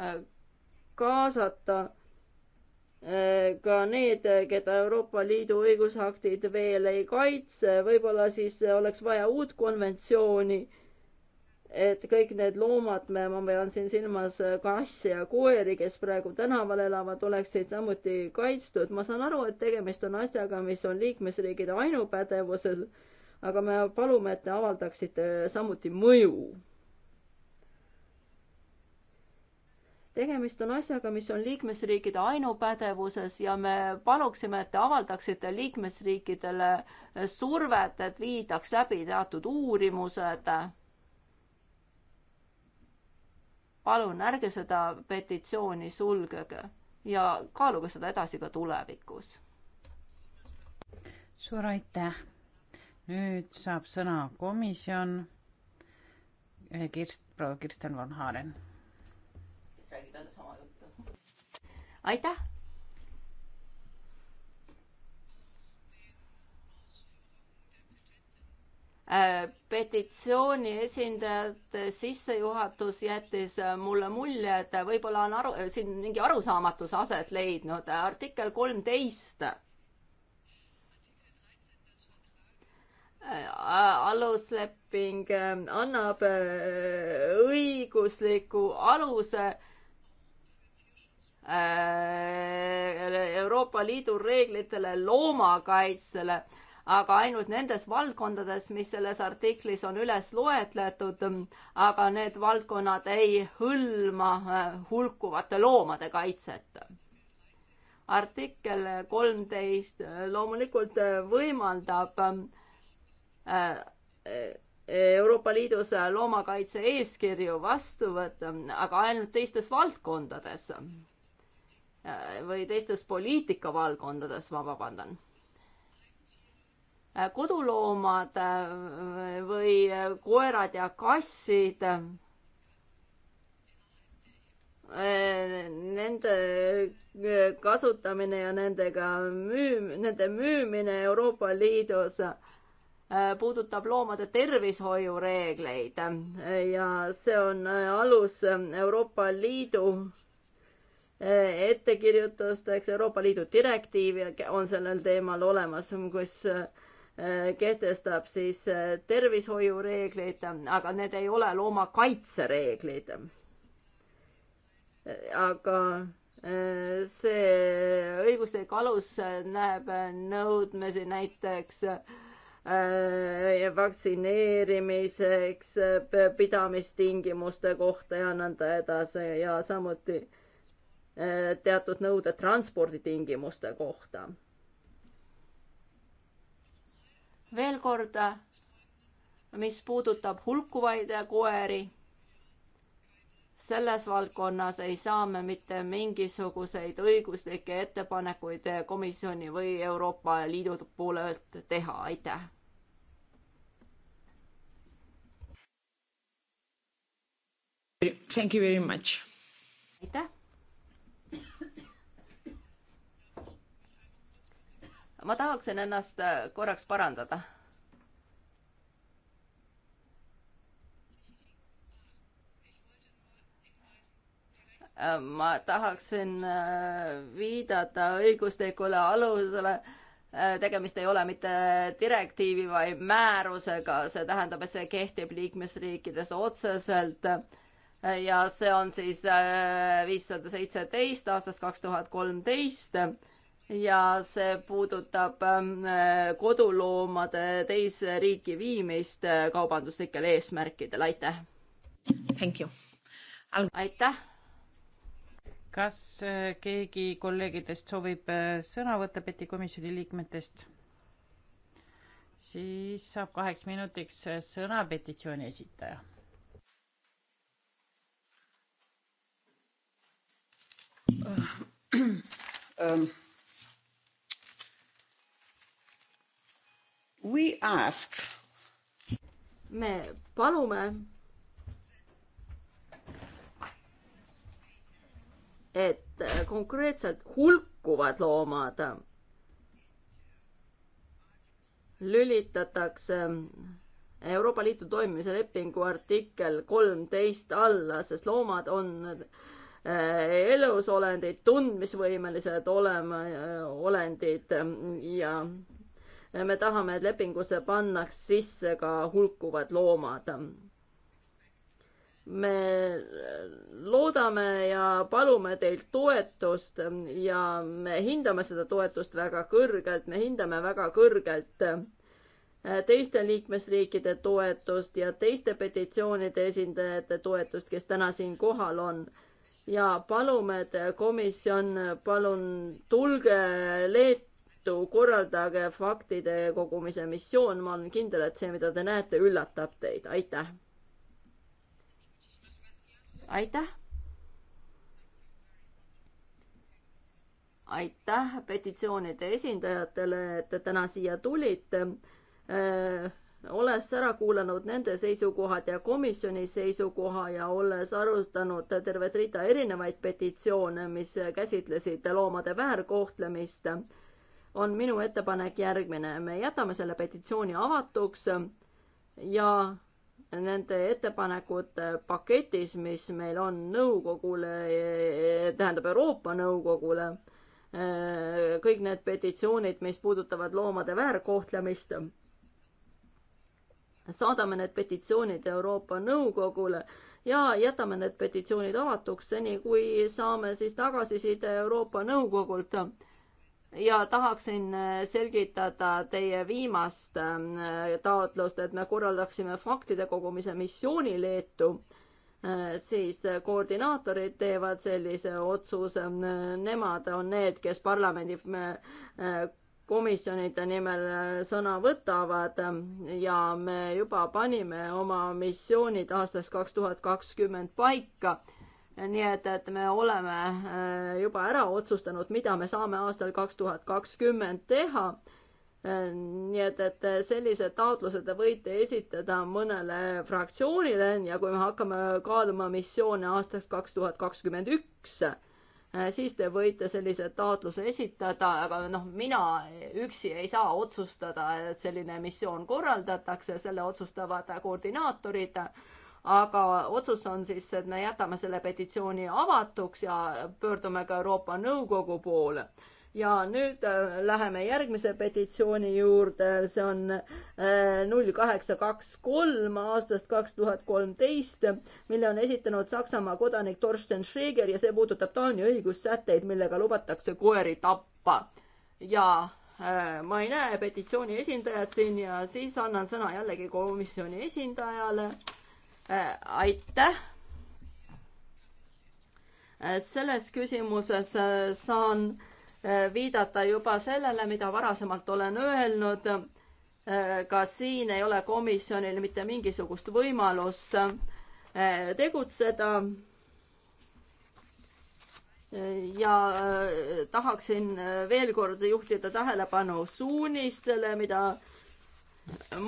Äh, kaasata äh, ka need, keda Euroopa Liidu õigusaktid veel ei kaitse, võib-olla siis oleks vaja uut konventsiooni, et kõik need loomad, ma pean siin silmas äh, kasse ja koeri, kes praegu tänaval elavad, oleksid samuti kaitstud. ma saan aru, et tegemist on asjaga, mis on liikmesriigide ainupädevuses, aga me palume, et te avaldaksite samuti mõju tegemist on asjaga, mis on liikmesriikide ainupädevuses ja me paluksime, et te avaldaksite liikmesriikidele survet, et viidaks läbi teatud uurimused. palun ärge seda petitsiooni sulgege ja kaaluge seda edasi ka tulevikus. suur aitäh. nüüd saab sõna komisjon eh, Kirst, proua Kirsten von Haaren rääkida sama juttu. aitäh! Äh, petitsiooni esindajate sissejuhatus jättis äh, mulle mulje, et võib-olla on aru, äh, siin mingi arusaamatus aset leidnud. artikkel kolmteist alusleping annab õigusliku aluse Äh, Euroopa Liidu reeglitele, loomakaitsele, aga ainult nendes valdkondades, mis selles artiklis on üles loetletud, aga need valdkonnad ei hõlma äh, hulkuvate loomade kaitset. artikkel kolmteist äh, loomulikult võimaldab Euroopa Liidus loomakaitse eeskirju vastu võtta, aga ainult teistes valdkondades Äh, või teistes poliitikavaldkondades, ma vabandan. Äh, koduloomad äh, või koerad ja kassid. Nende kasutamine ja nendega müüm-, nende müümine Euroopa Liidus puudutab loomade tervishoiureegleid ja see on alus Euroopa Liidu ettekirjutusteks, Euroopa Liidu direktiiv on sellel teemal olemas, kus äh, kehtestab siis äh, tervishoiureeglid, aga need ei ole loomakaitsereeglid. aga äh, see õiguslik alus näeb nõudmisi näiteks vaktsineerimiseks, pidamistingimuste kohta ja nõnda edasi ja samuti äh, Äh, teatud nõuded transporditingimuste kohta. veel kord, mis puudutab hulkuvaid koeri, selles valdkonnas ei saa me mitte mingisuguseid õiguslikke ettepanekuid komisjoni või Euroopa Liidu poolelt teha, aitäh Thank you very much. aitäh. ma tahaksin ennast äh, korraks parandada. Äh, ma tahaksin äh, viidata õiguslikule alusele tegemist ei ole mitte direktiivi, vaid määrusega, see tähendab, et see kehtib liikmesriikides otseselt ja see on siis viissada seitseteist aastast kaks tuhat kolmteist ja see puudutab ähm, koduloomade teise riiki viimist äh, kaubanduslikel eesmärkidel, aitäh! aitäh! kas äh, keegi kolleegidest soovib äh, sõna võtta Peti komisjoni liikmetest? siis saab kaheks minutiks sõna petitsiooni esitaja. Um, We ask. me palume, et konkreetselt hulkuvad loomad lülitatakse Euroopa Liidu toimimise lepingu artikkel kolmteist alla, sest loomad on äh, elusolendid, tundmisvõimelised olema, äh, olendid ja me tahame, et lepingusse pannaks sisse ka hulkuvad loomad me loodame ja palume teilt toetust ja me hindame seda toetust väga kõrgelt, me hindame väga kõrgelt teiste liikmesriikide toetust ja teiste petitsioonide esindajate toetust, kes täna siin kohal on. ja palume, et komisjon, palun tulge Leet-, tõttu korraldage faktide kogumise missioon, ma olen kindel, et see, mida te näete, üllatab teid, aitäh. aitäh. aitäh petitsioonide esindajatele, et te täna siia tulite. Äh, olles ära kuulanud nende seisukohad ja komisjoni seisukoha ja olles arutanud tervet rida erinevaid petitsioone, mis käsitlesid loomade väärkohtlemist on minu ettepanek järgmine. me jätame selle petitsiooni avatuks ja nende ettepanekute paketis, mis meil on nõukogule, tähendab Euroopa Nõukogule, kõik need petitsioonid, mis puudutavad loomade väärkohtlemist, saadame need petitsioonid Euroopa Nõukogule ja jätame need petitsioonid avatuks seni, kui saame siis tagasiside Euroopa Nõukogult ja tahaksin äh, selgitada teie viimast ähm, taotlust, et me korraldaksime faktide kogumise missiooni Leetu, äh, siis äh, koordinaatorid teevad sellise otsuse, nemad on need, kes parlamendi komisjonide nimel sõna võtavad ja me juba panime oma missioonid aastast kaks tuhat kakskümmend paika nii et, et me oleme äh, juba ära otsustanud, mida me saame aastal kaks tuhat kakskümmend teha. Äh, nii et, et sellised taotlused te võite esitada mõnele fraktsioonile ja kui me hakkame kaaluma missioone aastaks kaks tuhat kakskümmend üks, äh, siis te võite sellise taotluse esitada, aga noh, mina üksi ei saa otsustada, et selline missioon korraldatakse, selle otsustavad koordinaatorid aga otsus on siis, et me jätame selle petitsiooni avatuks ja pöördume ka Euroopa Nõukogu poole. ja nüüd äh, läheme järgmise petitsiooni juurde, see on äh, null kaheksa kaks kolm aastast kaks tuhat kolmteist, mille on esitanud Saksamaa kodanik Torsten Schreger ja see puudutab Taani õigussätteid, millega lubatakse koeri tappa. ja äh, ma ei näe petitsiooni esindajat siin ja siis annan sõna jällegi komisjoni esindajale Äh, aitäh! Äh, selles küsimuses äh, saan viidata juba sellele, mida varasemalt olen öelnud. ka siin ei ole komisjonil mitte mingisugust võimalust tegutseda. ja tahaksin veel kord juhtida tähelepanu suunistele, mida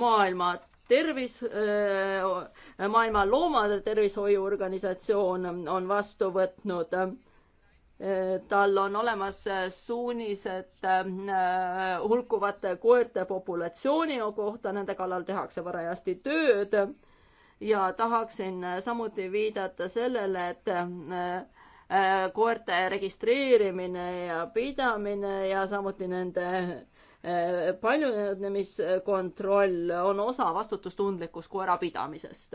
maailma tervis, maailma loomade tervishoiuorganisatsioon on vastu võtnud tal on olemas suunised hulkuvate koerte populatsiooni kohta, nende kallal tehakse varajasti tööd. ja tahaksin samuti viidata sellele, et koerte registreerimine ja pidamine ja samuti nende paljunemiskontroll on osa vastutustundlikust koerapidamisest.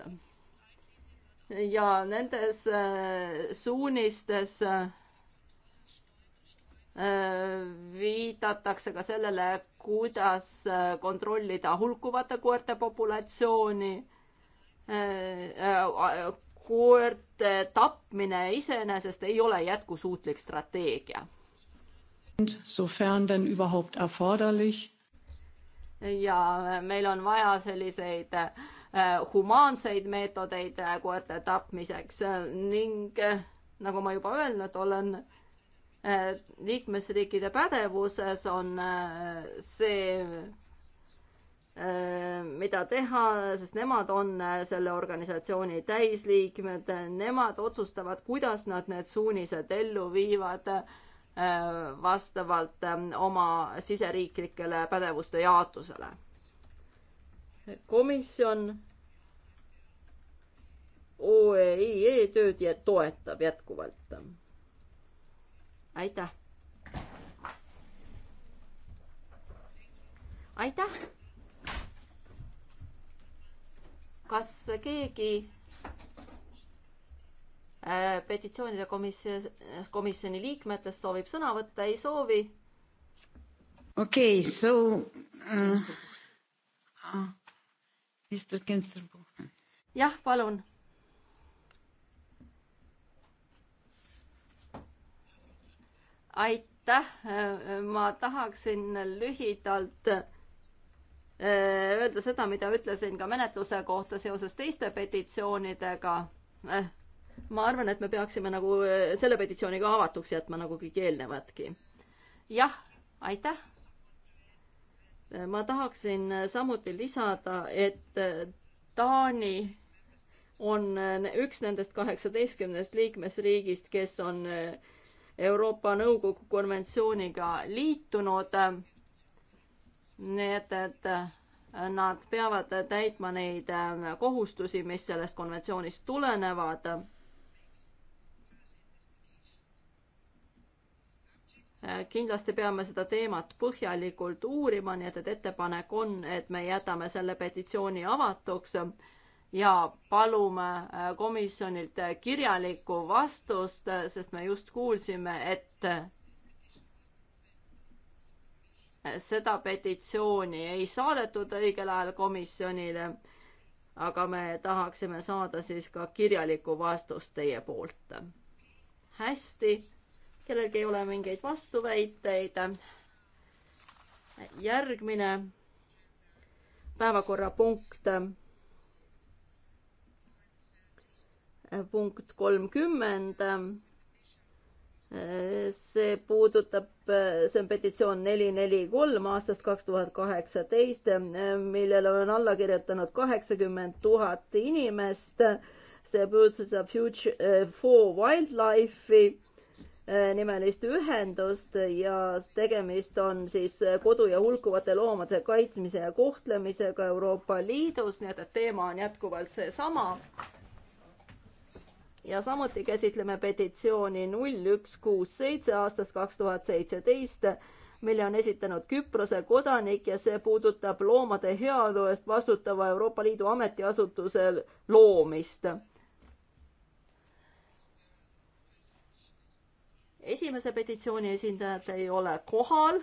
ja nendes äh, suunistes äh, viidatakse ka sellele, kuidas äh, kontrollida hulkuvate koerte populatsiooni. koerte tapmine iseenesest ei ole jätkusuutlik strateegia sofern denn überhaupt erforderlich. ja meil on vaja selliseid äh, humaanseid meetodeid äh, koerte tapmiseks äh, ning äh, nagu ma juba öelnud olen äh,, liikmesriikide pädevuses on äh, see äh, mida teha, sest nemad on äh, selle organisatsiooni täisliikmed, nemad otsustavad, kuidas nad need suunised ellu viivad Äh, vastavalt ähm, oma siseriiklikele pädevuste jaotusele. komisjon OEIE e tööd ja toetab jätkuvalt. aitäh. aitäh. kas keegi Äh, petitsioonide komisjon, komisjoni liikmetest soovib sõna võtta, ei soovi. okei okay,, so uh,. Äh, Mr Kensterbu. jah, palun. aitäh, äh, ma tahaksin lühidalt öelda seda, mida ütlesin ka menetluse kohta seoses teiste petitsioonidega ma arvan, et me peaksime nagu e, selle petitsiooni ka avatuks jätma, nagu kõik eelnevadki. jah, aitäh. E, ma tahaksin samuti lisada, et e, Taani on üks nendest kaheksateistkümnest liikmesriigist, kes on Euroopa Nõukogu konventsiooniga liitunud. nii et, et nad peavad täitma neid kohustusi, mis sellest konventsioonist tulenevad Äh, kindlasti peame seda teemat põhjalikult uurima, nii et, et ettepanek on, et me jätame selle petitsiooni avatuks ja palume äh, komisjonilt kirjalikku vastust, sest me just kuulsime, et äh, seda petitsiooni ei saadetud õigel ajal komisjonile. aga me tahaksime saada siis ka kirjalikku vastust teie poolt. hästi kellelgi ei ole mingeid vastuväiteid. järgmine päevakorrapunkt. punkt kolmkümmend see puudutab, see on petitsioon neli, neli, kolm aastast kaks tuhat kaheksateist, millele on alla kirjutanud kaheksakümmend tuhat inimest. see puudutab Future eh, for Wildlife'i Äh, nimelist ühendust ja tegemist on siis kodu ja hulkuvate loomade kaitsmise ja kohtlemisega Euroopa Liidus, nii et, et teema on jätkuvalt seesama. ja samuti käsitleme petitsiooni null üks kuus seitse aastast kaks tuhat seitseteist, mille on esitanud Küprose kodanik ja see puudutab loomade heaolu eest vastutava Euroopa Liidu ametiasutuse loomist esimese petitsiooni esindajat ei ole kohal.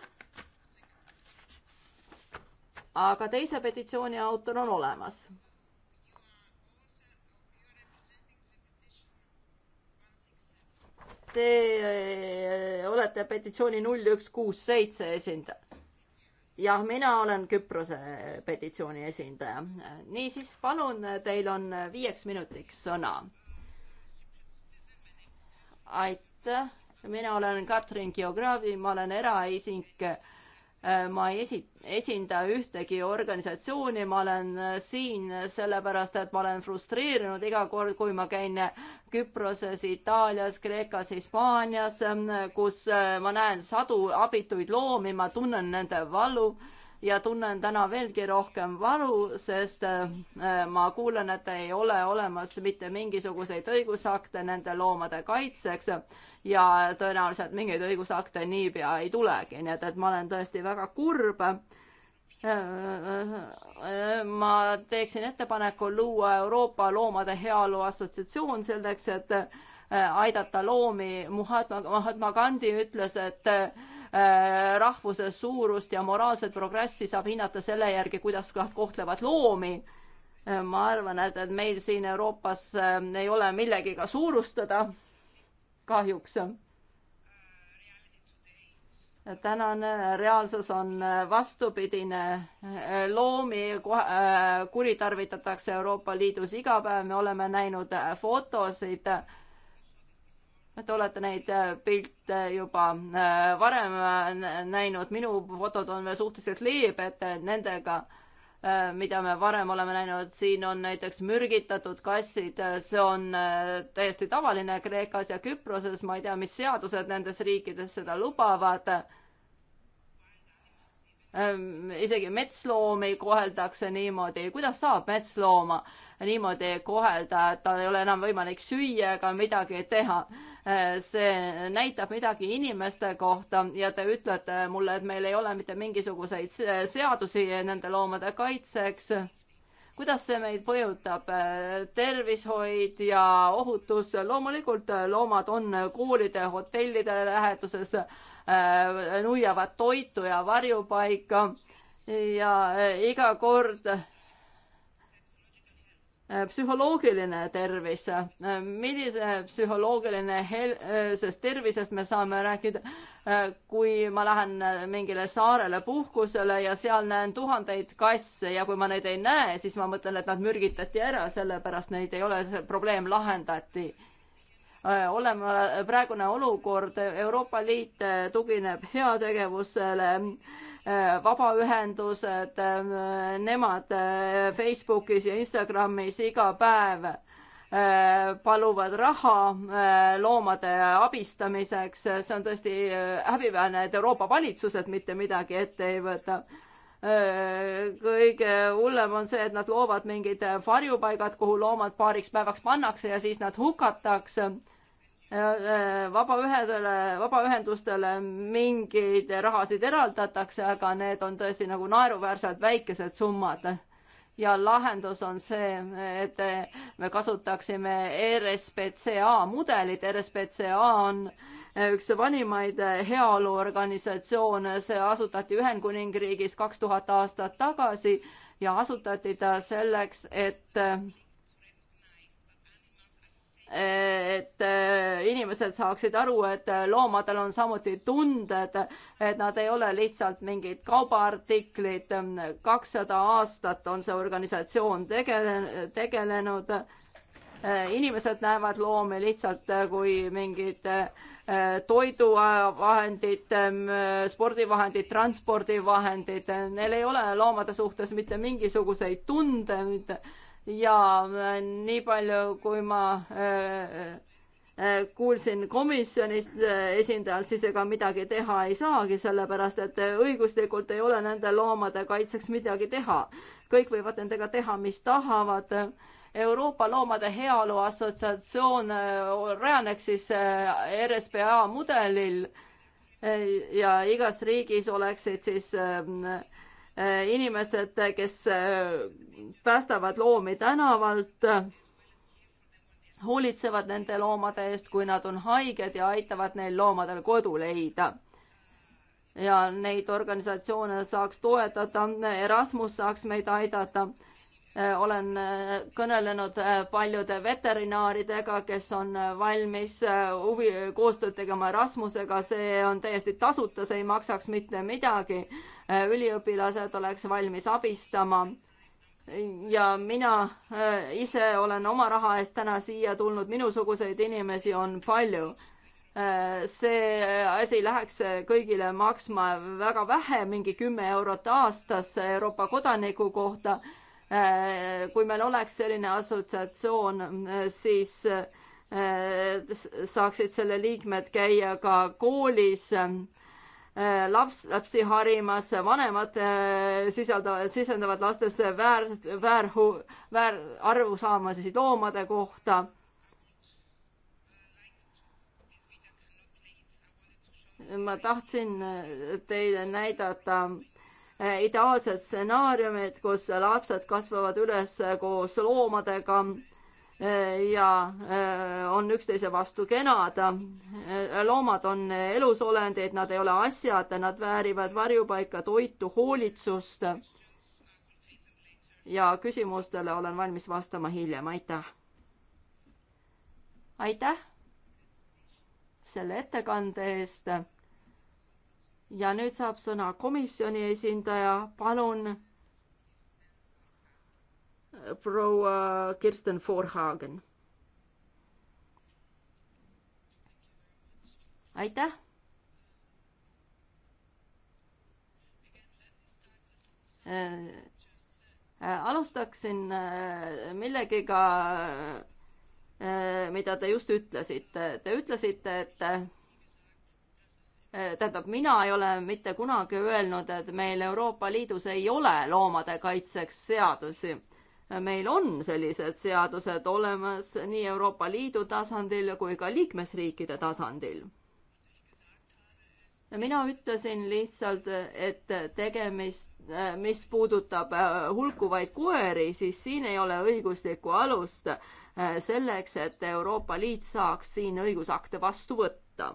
aga teise petitsiooni autor on olemas. Te eh, olete petitsiooni null üks kuus seitse esindaja. jah, mina olen Küprose petitsiooni esindaja. niisiis, palun, teil on viieks minutiks sõna. aitäh mina olen Katrin Geograafi, ma olen eraisik. Äh, ma ei esi-, esinda ühtegi organisatsiooni, ma olen äh, siin sellepärast, et ma olen frustreerunud iga kord, kui ma käin äh, Küproses, Itaalias, Kreekas, Hispaanias, kus ma näen sadu abituid loomi, ma tunnen nende valu ja tunnen täna veelgi rohkem valu, sest äh, ma kuulen, et ei ole olemas mitte mingisuguseid õigusakte nende loomade kaitseks ja tõenäoliselt mingeid õigusakte niipea ei tulegi, nii et, et ma olen tõesti väga kurb äh, äh, ma teeksin ettepaneku luua Euroopa Loomade Heaolu Assotsiatsioon selleks, et aidata loomi. Mahatma, Mahatma Gandhi ütles, et Äh, rahvuse suurust ja moraalset progressi saab hinnata selle järgi, kuidas nad kohtlevad loomi. Äh, ma arvan, et, et meil siin Euroopas äh, ei ole millegiga suurustada, kahjuks. tänane reaalsus on vastupidine. loomi kuritarvitatakse Euroopa Liidus iga päev, me oleme näinud fotosid Te olete neid äh, pilte juba äh, varem äh, näinud, minu fotod on veel suhteliselt leebed nendega, mida me varem oleme näinud. siin on näiteks mürgitatud kassid, see on täiesti tavaline Kreekas ja Küproses, ma ei tea, mis seadused nendes riikides seda lubavad. Ähm, isegi metsloomi koheldakse niimoodi, kuidas saab metslooma niimoodi kohelda, et tal ei ole enam võimalik süüa ega midagi teha Äh, see näitab midagi inimeste kohta ja te ütlete mulle, et meil ei ole mitte mingisuguseid seadusi nende loomade kaitseks. kuidas see meid mõjutab, äh, tervishoid ja ohutus, loomulikult äh, loomad on koolide, hotellide läheduses, nuiavad toitu ja varjupaika ja iga kord Äh, psühholoogiline tervis, äh, millise psühholoogiline hel-, äh, sest tervisest me saame rääkida, kui ma lähen mingile saarele puhkusele ja seal näen tuhandeid kasse ja kui ma neid ei näe, siis ma mõtlen, et nad mürgitati ära, sellepärast neid ei ole, see probleem lahendati. oleme, praegune olukord, Euroopa Liit tugineb heategevusele Äh, vabaühendused, äh, nemad äh, Facebookis ja Instagramis iga päev paluvad raha loomade abistamiseks, see on tõesti häbiväärne, et Euroopa valitsused mitte midagi ette ei võta. kõige hullem on see, et nad loovad mingid varjupaigad, kuhu loomad paariks päevaks pannakse ja siis nad hukatakse vabaühendele, vabaühendustele mingeid rahasid eraldatakse, aga need on tõesti nagu naeruväärselt väikesed summad ja lahendus on see, et me kasutaksime RSPCA mudelit, RSPCA on üks vanimaid heaoluorganisatsioone, see asutati Ühendkuningriigis kaks tuhat aastat tagasi ja asutati ta selleks, et et äh, inimesed saaksid aru, et äh, loomadel on samuti tunded, et nad ei ole lihtsalt mingid kaubaartiklid. kakssada aastat on see organisatsioon tegele-, tegelenud. Äh, inimesed näevad loomi lihtsalt kui mingid toiduvahendid, ähm, spordivahendid, transpordivahendid, neil ei ole loomade suhtes mitte mingisuguseid tundeid ja äh, nii palju, kui ma äh, äh, kuulsin komisjonist esindajalt, siis ega midagi teha ei saagi, sellepärast et õiguslikult ei ole nende loomade kaitseks midagi teha. kõik võivad nendega teha, mis tahavad. Euroopa Loomade Heaolu Assotsiatsioon rajaneks siis RSPA mudelil ja igas riigis oleksid siis äh, Äh, inimesed, kes äh, päästavad loomi tänavalt, hoolitsevad nende loomade eest, kui nad on haiged ja aitavad neil loomadel kodu leida ja neid organisatsioone saaks toetada, Erasmus saaks meid aidata Äh, olen äh, kõnelenud äh, paljude veterinaaridega, kes on valmis huvi, koostööd tegema Erasmusega, see on täiesti tasuta, see ei maksaks mitte midagi. üliõpilased oleks valmis abistama. ja mina ise olen oma raha eest täna siia tulnud, minusuguseid inimesi on palju see asi läheks kõigile maksma väga vähe, mingi kümme eurot aastas Euroopa kodaniku kohta Äh, kui meil oleks selline assotsiatsioon, äh, siis äh, saaksid selle liikmed käia ka koolis laps, lapsi harimas, vanemad sisaldavad, sisendavad lastesse väär, väärhu, väär, arusaamasi loomade kohta. ma tahtsin teile näidata Äh, ideaalsed stsenaariumid, kus lapsed kasvavad üles äh, koos loomadega äh, ja on üksteise vastu kenad. loomad on elusolendid, nad ei ole asjad, nad väärivad varjupaika, toitu, hoolitsust. ja küsimustele olen valmis vastama hiljem, aitäh. aitäh selle ettekande eest ja nüüd saab sõna komisjoni esindaja, palun. proua Kirsten Forhagen. aitäh. Äh, alustaksin äh, millegiga, äh, mida te just ütlesite. Te ütlesite, et tähendab, mina ei ole mitte kunagi öelnud, et meil Euroopa Liidus ei ole loomade kaitseks seadusi. meil on sellised seadused olemas nii Euroopa Liidu tasandil kui ka liikmesriikide tasandil mina ütlesin lihtsalt, et tegemist, mis puudutab äh, hulkuvaid koeri, siis siin ei ole õiguslikku alust äh, selleks, et Euroopa Liit saaks siin õigusakte vastu võtta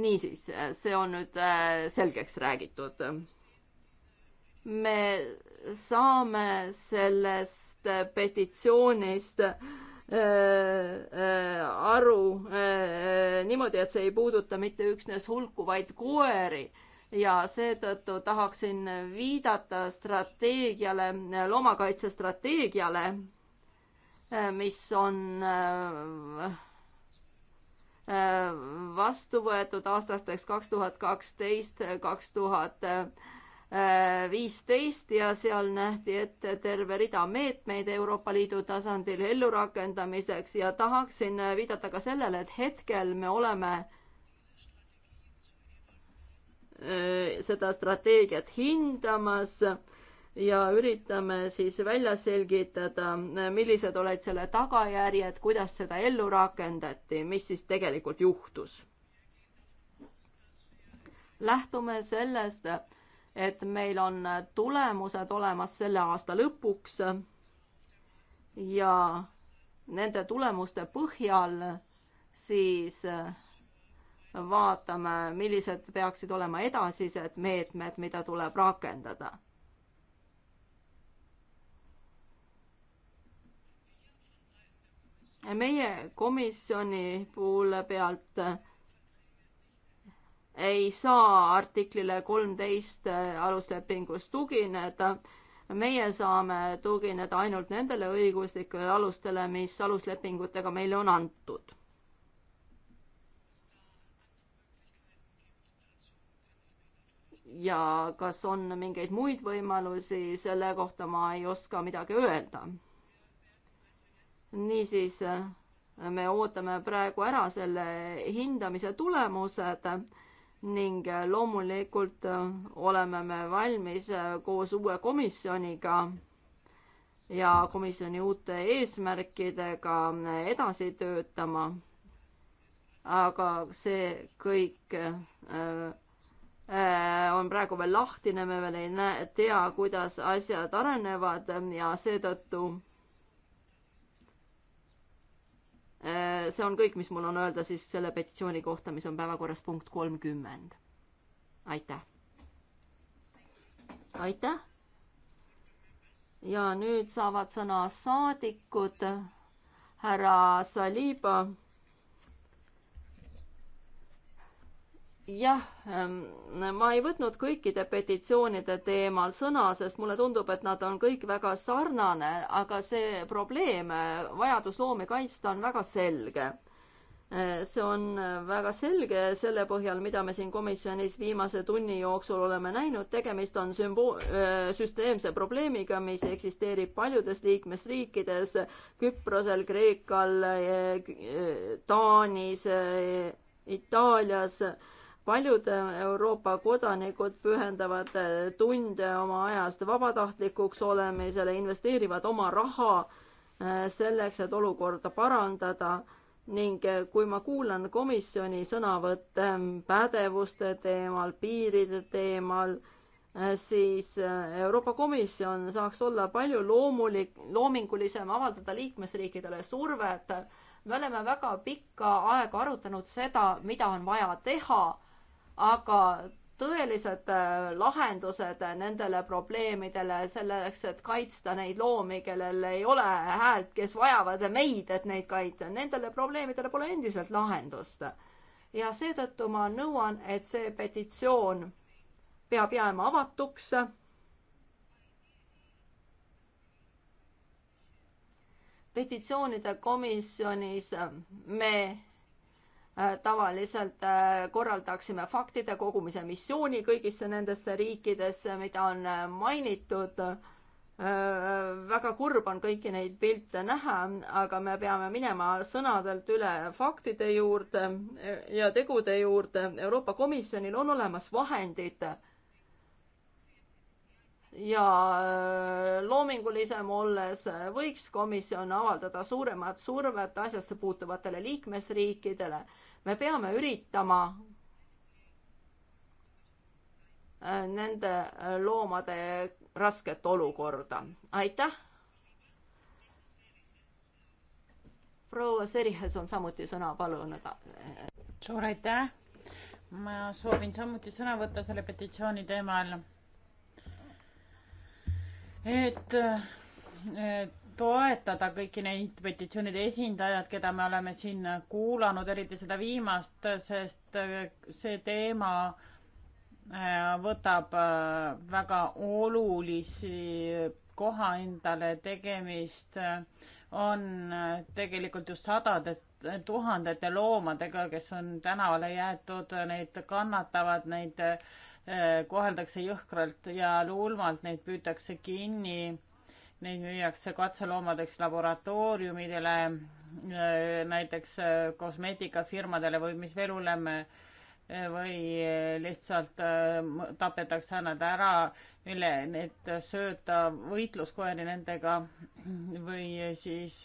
niisiis, äh, see on nüüd äh, selgeks räägitud. me saame sellest äh, petitsioonist aru niimoodi, et see ei puuduta mitte üksnes hulku, vaid koeri ja seetõttu tahaksin viidata strateegiale, loomakaitsestrateegiale, mis on äh, vastu võetud aastasteks kaks tuhat kaksteist, kaks tuhat viisteist ja seal nähti ette terve rida meetmeid Euroopa Liidu tasandil ellurakendamiseks ja tahaksin viidata ka sellele, et hetkel me oleme äh, seda strateegiat hindamas ja üritame siis välja selgitada, millised olid selle tagajärjed, kuidas seda ellu rakendati, mis siis tegelikult juhtus. lähtume sellest, et meil on tulemused olemas selle aasta lõpuks ja nende tulemuste põhjal siis vaatame, millised peaksid olema edasised meetmed, mida tuleb rakendada meie komisjoni poole pealt eh, ei saa artiklile kolmteist eh, aluslepingus tugineda. meie saame tugineda ainult nendele õiguslikele alustele, mis aluslepingutega meile on antud. ja kas on mingeid muid võimalusi, selle kohta ma ei oska midagi öelda niisiis me ootame praegu ära selle hindamise tulemused ning loomulikult oleme me valmis koos uue komisjoniga ja komisjoni uute eesmärkidega edasi töötama. aga see kõik äh, on praegu veel lahtine, me veel ei näe, tea, kuidas asjad arenevad ja seetõttu Äh, see on kõik, mis mul on öelda siis selle petitsiooni kohta, mis on päevakorras punkt kolmkümmend. aitäh. aitäh. ja nüüd saavad sõna saadikud. härra Saliba jah, ähm, ma ei võtnud kõikide petitsioonide teemal sõna, sest mulle tundub, et nad on kõik väga sarnane, aga see probleem, äh, vajadus loomi kaitsta on väga selge äh, see on äh, väga selge selle põhjal, mida me siin komisjonis viimase tunni jooksul oleme näinud, tegemist on sümbo-, süsteemse probleemiga, mis eksisteerib paljudes liikmesriikides, Küprosel, Kreekal, Taanis, Itaalias paljud äh, Euroopa kodanikud pühendavad äh, tunde oma ajast vabatahtlikuks olemisele, investeerivad oma raha äh, selleks, et olukorda parandada ning kui ma kuulan komisjoni sõnavõtte ähm, pädevuste teemal, piiride teemal, siis Euroopa Komisjon saaks olla palju loomulik, loomingulisem, avaldada liikmesriikidele survet. me oleme väga pikka aega arutanud seda, mida on vaja teha aga tõelised äh, lahendused nendele probleemidele selleks, et kaitsta neid loomi, kellel ei ole häält, kes vajavad meid, et neid kaitsta, nendele probleemidele pole endiselt lahendust. ja seetõttu ma nõuan, et see petitsioon peab jääma avatuks. petitsioonide komisjonis me Äh, tavaliselt äh, korraldaksime faktide kogumise missiooni kõigisse nendesse riikidesse, mida on äh, mainitud. väga kurb on kõiki neid pilte näha, aga me peame minema sõnadelt üle faktide juurde ja tegude juurde. Euroopa Komisjonil on olemas vahendid ja äh, loomingulisem olles äh, võiks komisjon avaldada suuremat survet asjasse puutuvatele liikmesriikidele. me peame üritama äh, nende loomade rasket olukorda. aitäh! proua Serihes on samuti sõna palunud. suur aitäh! ma soovin samuti sõna võtta selle petitsiooni teemal et toetada kõiki neid petitsioonide esindajad, keda me oleme siin kuulanud, eriti seda viimast, sest see teema äh, võtab äh, väga olulisi koha endale tegemist äh, on tegelikult just sadade tuhandete loomadega, kes on tänavale jäetud, neid kannatavad, neid Äh, koheldakse jõhkralt ja julmalt, neid püütakse kinni, neid müüakse katseloomadeks laboratooriumidele, äh, näiteks äh, kosmeetikafirmadele või mis veel hullem, või lihtsalt tapetakse nad ära, mille, need sööta võitluskoeri nendega või siis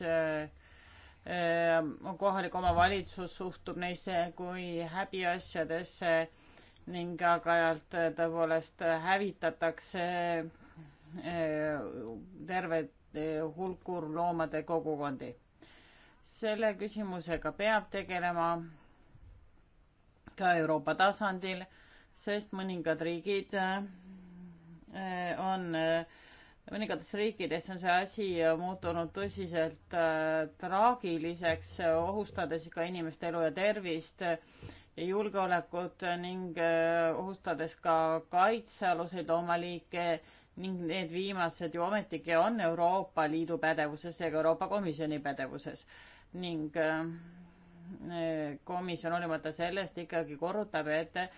kohalik omavalitsus suhtub neisse kui häbiasjadesse ning aeg-ajalt äh, tõepoolest äh, hävitatakse äh, terve hulk loomade kogukondi. selle küsimusega peab tegelema ka Euroopa tasandil, sest mõningad riigid on, mõningates riikides on see asi muutunud tõsiselt traagiliseks, ohustades ka inimeste elu ja tervist julgeolekut ning äh, ohustades ka kaitsealuseid loomaliike ning need viimased ju ometigi on Euroopa Liidu pädevuses ja ka Euroopa Komisjoni pädevuses. ning äh, komisjon hoolimata sellest ikkagi korrutab, et äh,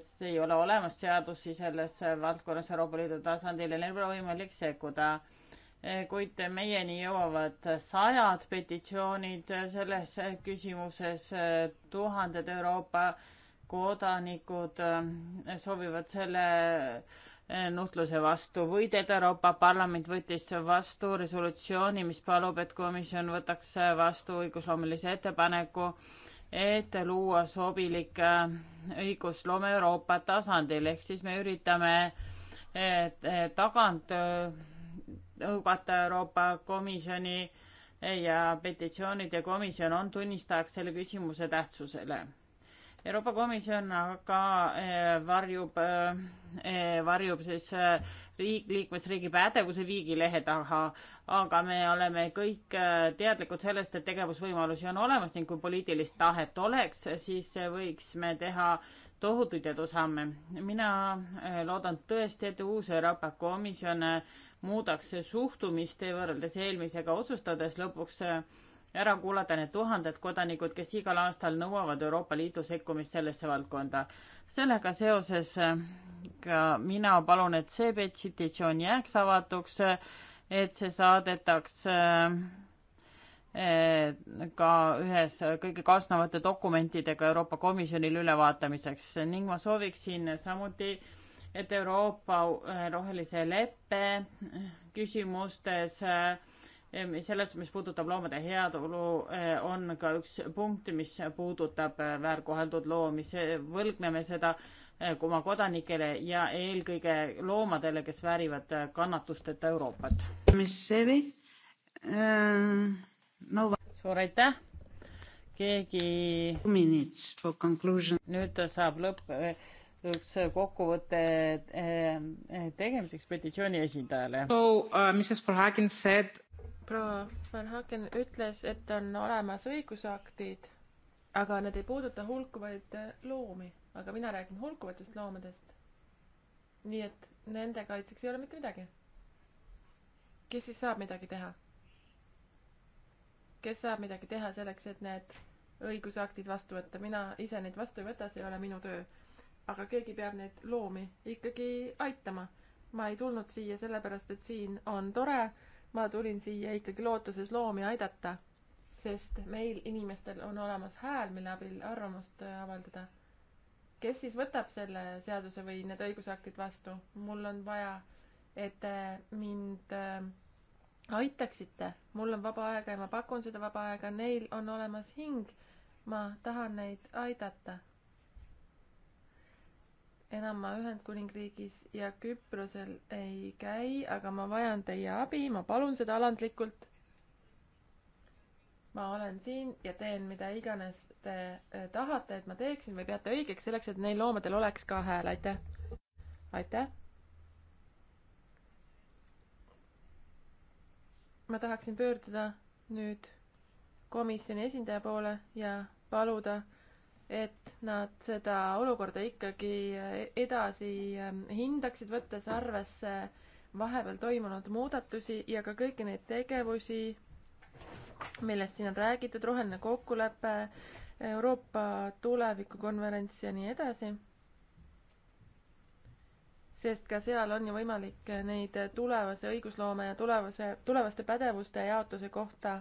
see ei ole olemas seadusi selles valdkonnas Euroopa Liidu tasandil ja neil pole võimalik sekkuda. Eh, kuid meieni jõuavad sajad petitsioonid selles küsimuses, tuhanded Euroopa kodanikud eh, soovivad selle eh, nuhtluse vastu võidelda. Euroopa Parlament võttis vastu resolutsiooni, mis palub, et komisjon võtaks vastu õigusloomelise ettepaneku, et luua sobilik õigusloome Euroopa tasandil, ehk siis me üritame tagant tõugata Euroopa Komisjoni ja petitsioonide komisjon on tunnistajaks selle küsimuse tähtsusele. Euroopa Komisjon aga eh, varjub, eh, eh, varjub siis riik, liikmesriigi pädevuse viigilehe taha, aga me oleme kõik teadlikud sellest, et tegevusvõimalusi on olemas ning kui poliitilist tahet oleks, siis võiks me teha tohutuid edusamme. mina loodan tõesti, et uus Euroopa Komisjon muudaks suhtumist võrreldes eelmisega, otsustades lõpuks äh, ära kuulata need tuhanded kodanikud, kes igal aastal nõuavad Euroopa Liidu sekkumist sellesse valdkonda. sellega seoses äh, ka mina palun, et see petitsioon jääks avatuks, äh, et see saadetaks ka ühes kõige kaasnevate dokumentidega Euroopa Komisjonile ülevaatamiseks ning ma sooviksin samuti äh, et Euroopa äh, rohelise leppe äh, küsimustes äh, selles, mis puudutab loomade heaolu, on ka üks punkt, mis puudutab väärkoheldud loomi, see, võlgneme seda oma kodanikele ja eelkõige loomadele, kes väärivad kannatusteta Euroopat. mis see või uh,? no suur aitäh! keegi. nüüd saab lõpp üks kokkuvõte eh, eh, tegemiseks petitsiooni esindajale. So uh, Mrs Verhagen said. proua Verhagen ütles, et on olemas õigusaktid, aga need ei puuduta hulkuvaid eh, loomi, aga mina räägin hulkuvatest loomadest. nii et nende kaitseks ei ole mitte midagi. kes siis saab midagi teha? kes saab midagi teha selleks, et need õigusaktid vastu võtta, mina ise neid vastu ei võta, see ei ole minu töö aga keegi peab neid loomi ikkagi aitama. ma ei tulnud siia sellepärast, et siin on tore, ma tulin siia ikkagi lootuses loomi aidata, sest meil inimestel on olemas hääl, mille abil arvamust avaldada. kes siis võtab selle seaduse või need õigusaktid vastu? mul on vaja, et te mind äh, aitaksite, mul on vaba aega ja ma pakun seda vaba aega, neil on olemas hing, ma tahan neid aidata enam ma Ühendkuningriigis ja Küprosel ei käi, aga ma vajan teie abi, ma palun seda alandlikult. ma olen siin ja teen mida iganes te eh, tahate, et ma teeksin või peate õigeks selleks, et neil loomadel oleks ka hääl, aitäh. aitäh. ma tahaksin pöörduda nüüd komisjoni esindaja poole ja paluda et nad seda olukorda ikkagi edasi ähm, hindaksid, võttes arvesse vahepeal toimunud muudatusi ja ka kõiki neid tegevusi, millest siin on räägitud, roheline kokkulepe, Euroopa tulevikukonverents ja nii edasi. sest ka seal on ju võimalik neid tulevase õigusloome ja tulevase, tulevaste pädevuste jaotuse kohta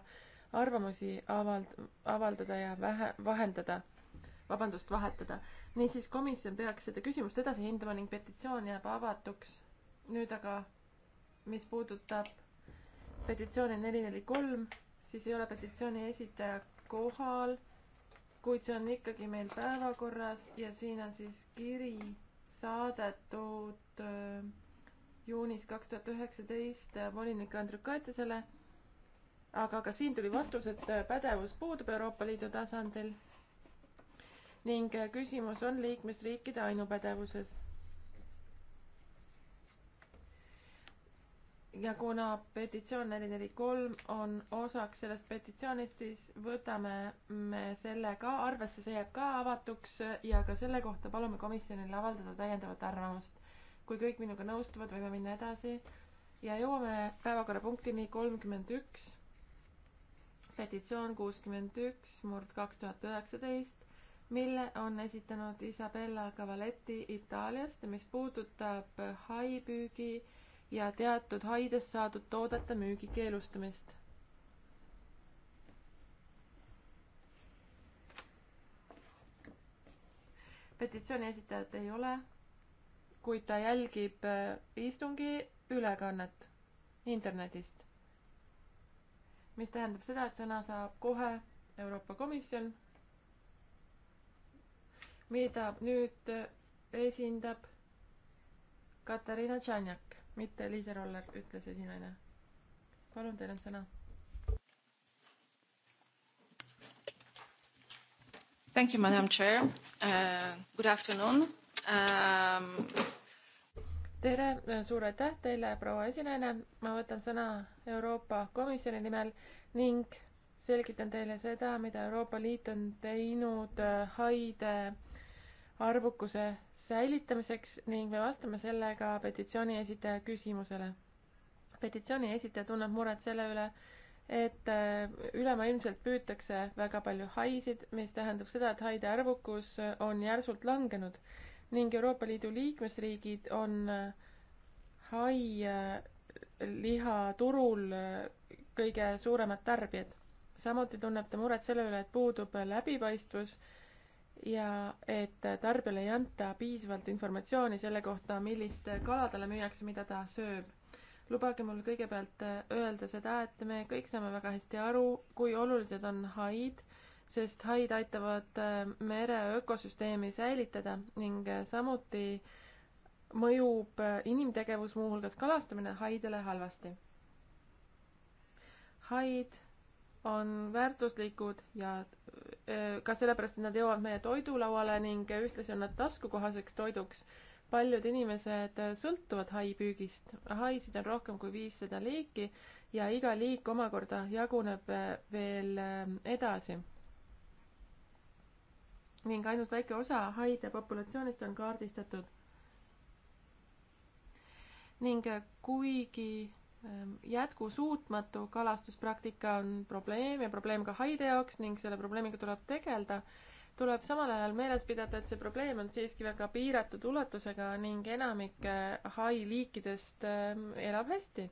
arvamusi avald-, avaldada ja vähe, vahendada vabandust, vahetada. niisiis, komisjon peaks seda küsimust edasi hindama ning petitsioon jääb avatuks. nüüd aga, mis puudutab petitsiooni neli, neli, kolm, siis ei ole petitsiooni esitaja kohal, kuid see on ikkagi meil päevakorras ja siin on siis kiri saadetud äh, juunis kaks tuhat üheksateist volinik Andrukaitisele aga ka siin tuli vastus, et äh, pädevus puudub Euroopa Liidu tasandil ning äh, küsimus on liikmesriikide ainupädevuses. ja kuna petitsioon neli neli kolm on osaks sellest petitsioonist, siis võtame me selle ka arvesse, see jääb ka avatuks ja ka selle kohta palume komisjonile avaldada täiendavat arvamust. kui kõik minuga nõustuvad, võime minna edasi ja jõuame päevakorrapunktini kolmkümmend üks petitsioon kuuskümmend üks murd kaks tuhat üheksateist mille on esitanud Isabella Cavaletti Itaaliast, mis puudutab haipüügi ja teatud haidest saadud toodete müügi keelustamist. petitsiooni esitajat ei ole, kuid ta jälgib äh, istungi ülekannet internetist, mis tähendab seda, et sõna saab kohe Euroopa Komisjon mida nüüd esindab Katariina Tšanjak, mitte Liise Roller, ütles esinaine. palun, teil on sõna. Thank you, madam chair uh,. Good afternoon um.... tere, suur aitäh teile, proua esinaine. ma võtan sõna Euroopa Komisjoni nimel ning selgitan teile seda, mida Euroopa Liit on teinud uh, haide uh, arvukuse säilitamiseks ning me vastame sellega petitsiooni esitaja küsimusele. petitsiooni esitaja tunneb muret selle üle, et äh, ülemaailmselt püütakse väga palju haisid, mis tähendab seda, et haide arvukus on järsult langenud ning Euroopa Liidu liikmesriigid on äh, hailihaturul äh, kõige suuremad tarbijad. samuti tunneb ta muret selle üle, et puudub läbipaistvus ja et tarbijale ei anta piisavalt informatsiooni selle kohta, millist kala talle müüakse, mida ta sööb. lubage mul kõigepealt öelda seda, et me kõik saame väga hästi aru, kui olulised on haid, sest haid aitavad äh, mere ökosüsteemi säilitada ning äh, samuti mõjub äh, inimtegevus, muuhulgas kalastamine, haidele halvasti. haid on väärtuslikud ja ka sellepärast, et nad jõuavad meie toidulauale ning ühtlasi on nad taskukohaseks toiduks. paljud inimesed sõltuvad haipüügist, haisid on rohkem kui viissada liiki ja iga liik omakorda jaguneb veel ehm, edasi. ning ainult väike osa haide populatsioonist on kaardistatud. ning kuigi Ehm, jätkusuutmatu kalastuspraktika on probleem ja probleem ka haide jaoks ning selle probleemiga tuleb tegeleda, tuleb samal ajal meeles pidada, et see probleem on siiski väga piiratud ulatusega ning enamik eh, hai liikidest ehm, elab hästi.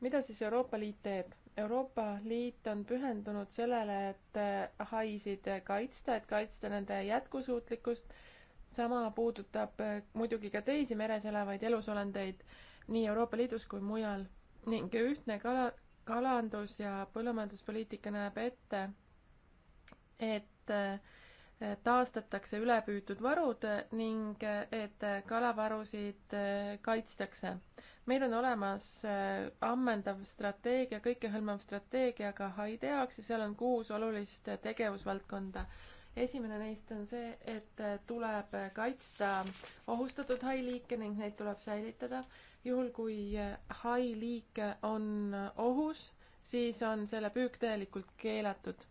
mida siis Euroopa Liit teeb? Euroopa Liit on pühendunud sellele, et eh, haisid kaitsta, et kaitsta nende jätkusuutlikkust. sama puudutab eh, muidugi ka teisi meres elavaid elusolendeid nii Euroopa Liidus kui mujal ning ühtne kala, kalandus- ja põllumajanduspoliitika näeb ette, et eh, taastatakse ülepüütud varud ning eh, et kalavarusid eh, kaitstakse. meil on olemas ammendav strateegia, kõikehõlmav strateegia ka Haide jaoks ja seal on kuus olulist tegevusvaldkonda esimene neist on see, et tuleb kaitsta ohustatud hailiike ning neid tuleb säilitada juhul, kui hai liik on ohus, siis on selle püük täielikult keelatud.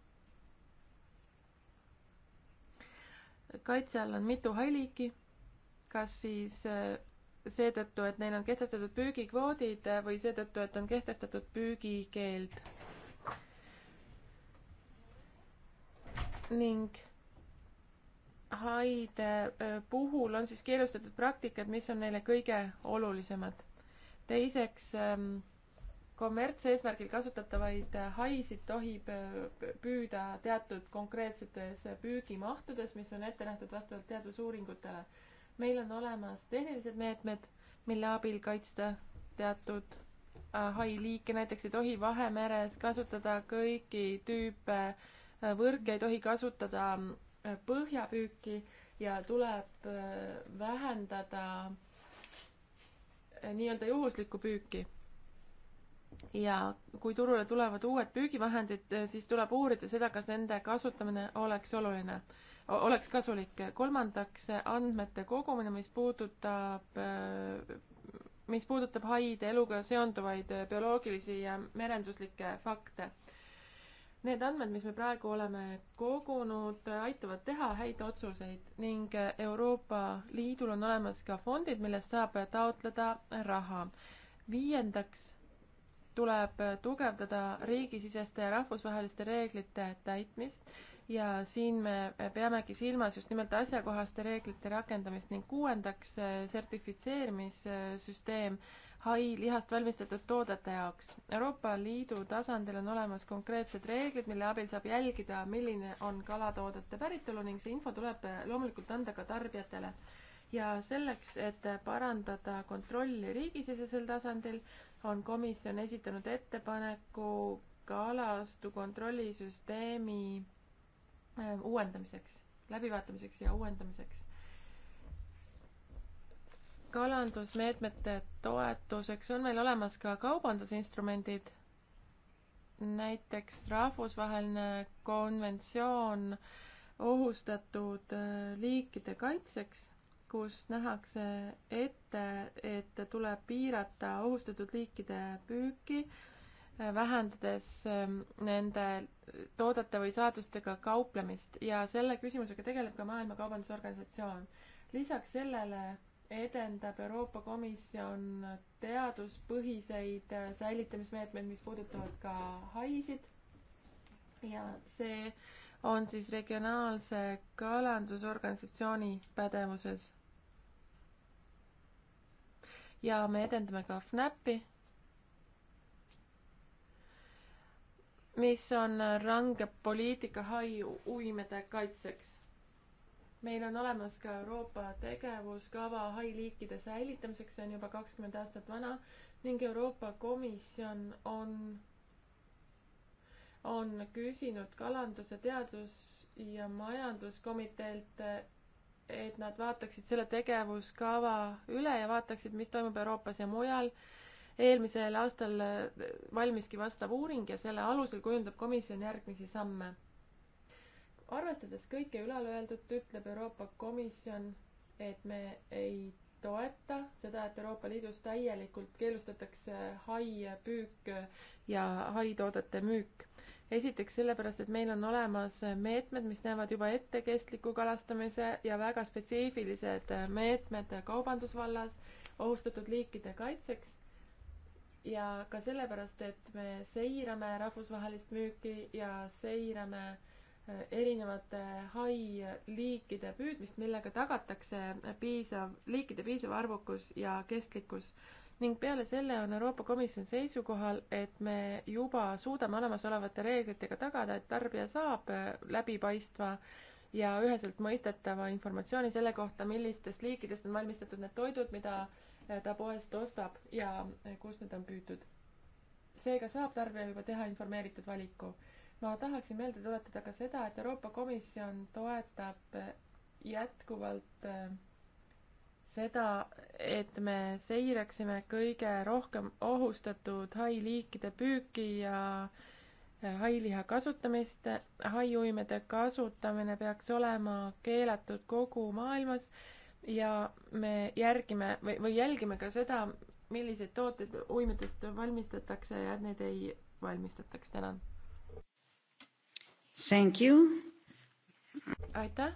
kaitse all on mitu hai liiki, kas siis eh, seetõttu, et neil on kehtestatud püügikvoodid või seetõttu, et on kehtestatud püügikeeld. ning haide äh, puhul on siis keelustatud praktikad, mis on neile kõige olulisemad. teiseks, ähm, kommertseesmärgil kasutatavaid äh, haisid tohib äh, püüda teatud konkreetsetes püügimahtudes, mis on ette nähtud vastavalt teadusuuringutele. meil on olemas tehnilised meetmed, mille abil kaitsta teatud hailiike, näiteks ei tohi Vahemeres kasutada kõiki tüüpe võrke, ei tohi kasutada mm, põhjapüüki ja tuleb äh, vähendada äh, nii-öelda juhuslikku püüki. ja kui turule tulevad uued püügivahendid, äh, siis tuleb uurida seda, kas nende kasutamine oleks oluline, oleks kasulik. kolmandaks, andmete kogumine, mis puudutab mis puudutab haide eluga seonduvaid bioloogilisi ja merenduslikke fakte Need andmed, mis me praegu oleme kogunud, aitavad teha häid otsuseid ning Euroopa Liidul on olemas ka fondid, millest saab taotleda raha. viiendaks tuleb tugevdada riigisiseste ja rahvusvaheliste reeglite täitmist ja siin me peamegi silmas just nimelt asjakohaste reeglite rakendamist ning kuuendaks sertifitseerimissüsteem hai lihast valmistatud toodete jaoks. Euroopa Liidu tasandil on olemas konkreetsed reeglid, mille abil saab jälgida, milline on kalatoodete päritolu ning see info tuleb eh, loomulikult anda ka tarbijatele. ja selleks, et parandada kontrolli riigisisesel tasandil, on komisjon esitanud ettepaneku kalastukontrollisüsteemi eh, uuendamiseks, läbivaatamiseks ja uuendamiseks kalandusmeetmete toetuseks on meil olemas ka kaubandusinstrumendid, näiteks rahvusvaheline konventsioon ohustatud äh, liikide kaitseks, kus nähakse ette, et tuleb piirata ohustatud liikide püüki, äh, vähendades ähm, nende toodete või saadustega kauplemist ja selle küsimusega tegeleb ka Maailma Kaubandusorganisatsioon. lisaks sellele edendab Euroopa Komisjon teaduspõhiseid äh, säilitamismeetmeid, mis puudutavad ka haisid. ja see on siis regionaalse kalandusorganisatsiooni pädevuses. ja me edendame ka FNAP-i, mis on range poliitika hai uimede kaitseks meil on olemas ka Euroopa tegevuskava hai liikide säilitamiseks, see on juba kakskümmend aastat vana ning Euroopa Komisjon on, on küsinud kalanduse teadus- ja majanduskomiteelt, et nad vaataksid selle tegevuskava üle ja vaataksid, mis toimub Euroopas ja mujal. eelmisel aastal valmiski vastav uuring ja selle alusel kujundab komisjon järgmisi samme arvestades kõike ülalöeldut, ütleb Euroopa Komisjon, et me ei toeta seda, et Euroopa Liidus täielikult keelustatakse hai püük ja haitoodete müük. esiteks sellepärast, et meil on olemas meetmed, mis näevad juba ette kestliku kalastamise ja väga spetsiifilised meetmed kaubandusvallas ohustatud liikide kaitseks ja ka sellepärast, et me seirame rahvusvahelist müüki ja seirame äh, erinevate hai liikide püüdmist, millega tagatakse piisav, liikide piisav arvukus ja kestlikkus. ning peale selle on Euroopa Komisjon seisukohal, et me juba suudame olemasolevate reeglitega tagada, et tarbija saab läbipaistva ja üheselt mõistetava informatsiooni selle kohta, millistest liikidest on valmistatud need toidud, mida ta poest ostab ja kust need on püütud. seega saab tarbija juba teha informeeritud valiku ma tahaksin meelde tuletada ka seda, et Euroopa Komisjon toetab jätkuvalt äh, seda, et me seiraksime kõige rohkem ohustatud hai liikide püüki ja äh, hailiha kasutamist. haiuimede kasutamine peaks olema keelatud kogu maailmas ja me järgime või, või jälgime ka seda, milliseid tooteid uimedest valmistatakse ja et neid ei valmistataks. tänan Thank you. aitäh,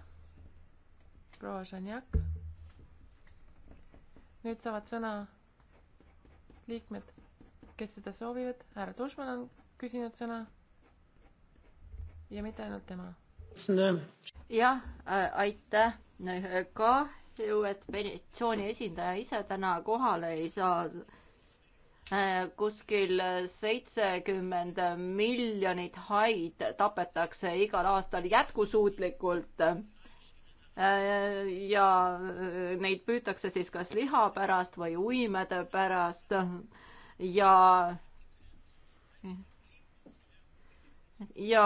proua Žanjak. nüüd saavad sõna liikmed, kes seda soovivad. härra Tušman on küsinud sõna. ja mitte ainult tema. jah, aitäh no,. kahju, et petitsiooni esindaja ise täna kohale ei saa kuskil seitsekümmend miljonit haid tapetakse igal aastal jätkusuutlikult. ja neid püütakse siis kas liha pärast või uimede pärast ja ja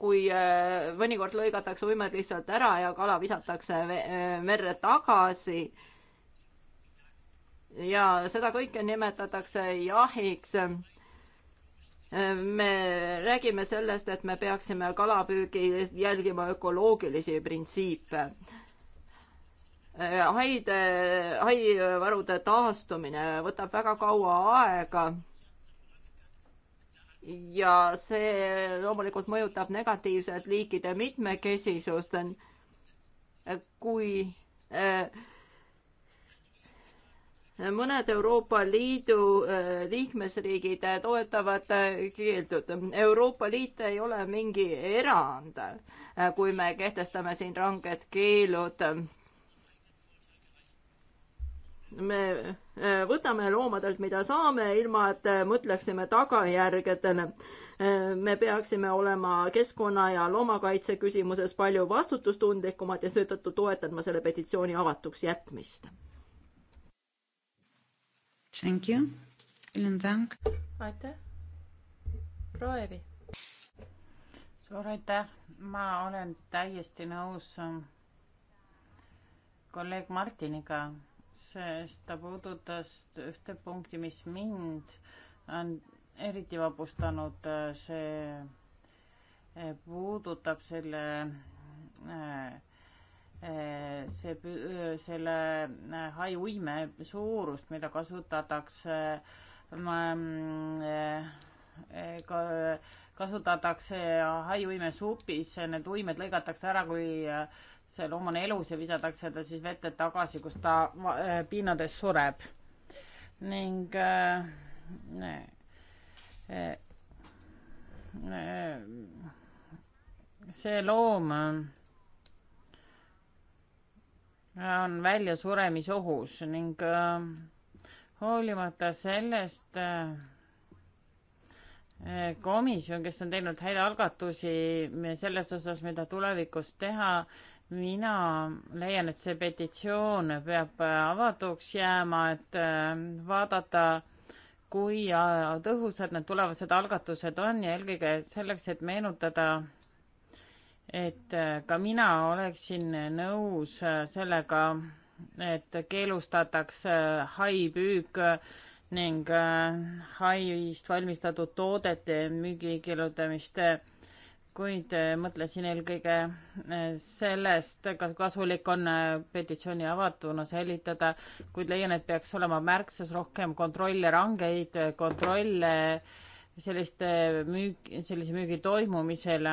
kui eh, mõnikord lõigatakse uimed lihtsalt ära ja kala visatakse eh, merre tagasi ja seda kõike nimetatakse jahiks. me räägime sellest, et me peaksime kalapüügi jälgima ökoloogilisi printsiipe. haide, haivarude taastumine võtab väga kaua aega ja see loomulikult mõjutab negatiivselt liikide mitmekesisust. kui äh, mõned Euroopa Liidu äh, liikmesriigid äh, toetavad äh, keeldud. Euroopa Liit ei ole mingi erand, kui me kehtestame siin ranged keelud. me võtame loomadelt, mida saame, ilma et mõtleksime tagajärgedele. me peaksime olema keskkonna ja loomakaitse küsimuses palju vastutustundlikumad ja seetõttu toetan ma selle petitsiooni avatuks jätmist Thank you. Vielen Dank. aitäh. proua Evi. suur aitäh, ma olen täiesti nõus ähm, kolleeg Martiniga, sest ta puudutas ühte punkti, mis mind on eriti vapustanud, äh, see äh, puudutab selle äh, Eh, see, selle eh, hai uime suurust, mida kasutatakse mm, eh, ka kasutatakse hai uime supis, need uimed lõigatakse ära, kui see loom on elus ja visatakse ta siis vette tagasi, kus ta pinnades sureb. ning äh, äh, äh, see loom on väljasuremisohus ning äh, hoolimata sellest äh, äh, komisjon, kes on teinud häid algatusi selles osas, mida tulevikus teha, mina leian, et see petitsioon peab avatuks jääma, et vaadata, kui tõhusad need tulevased algatused on ja eelkõige selleks, et meenutada et äh, ka mina oleksin nõus äh, sellega, et keelustataks äh, hai püük ning haist valmistatud toodete müügi keelutamist, kuid mõtlesin eelkõige sellest, kas kasulik on petitsiooni avatuna säilitada, kuid leian, et peaks olema märksa rohkem kontrolle, rangeid kontrolle äh, selliste müük, sellise müügi toimumisel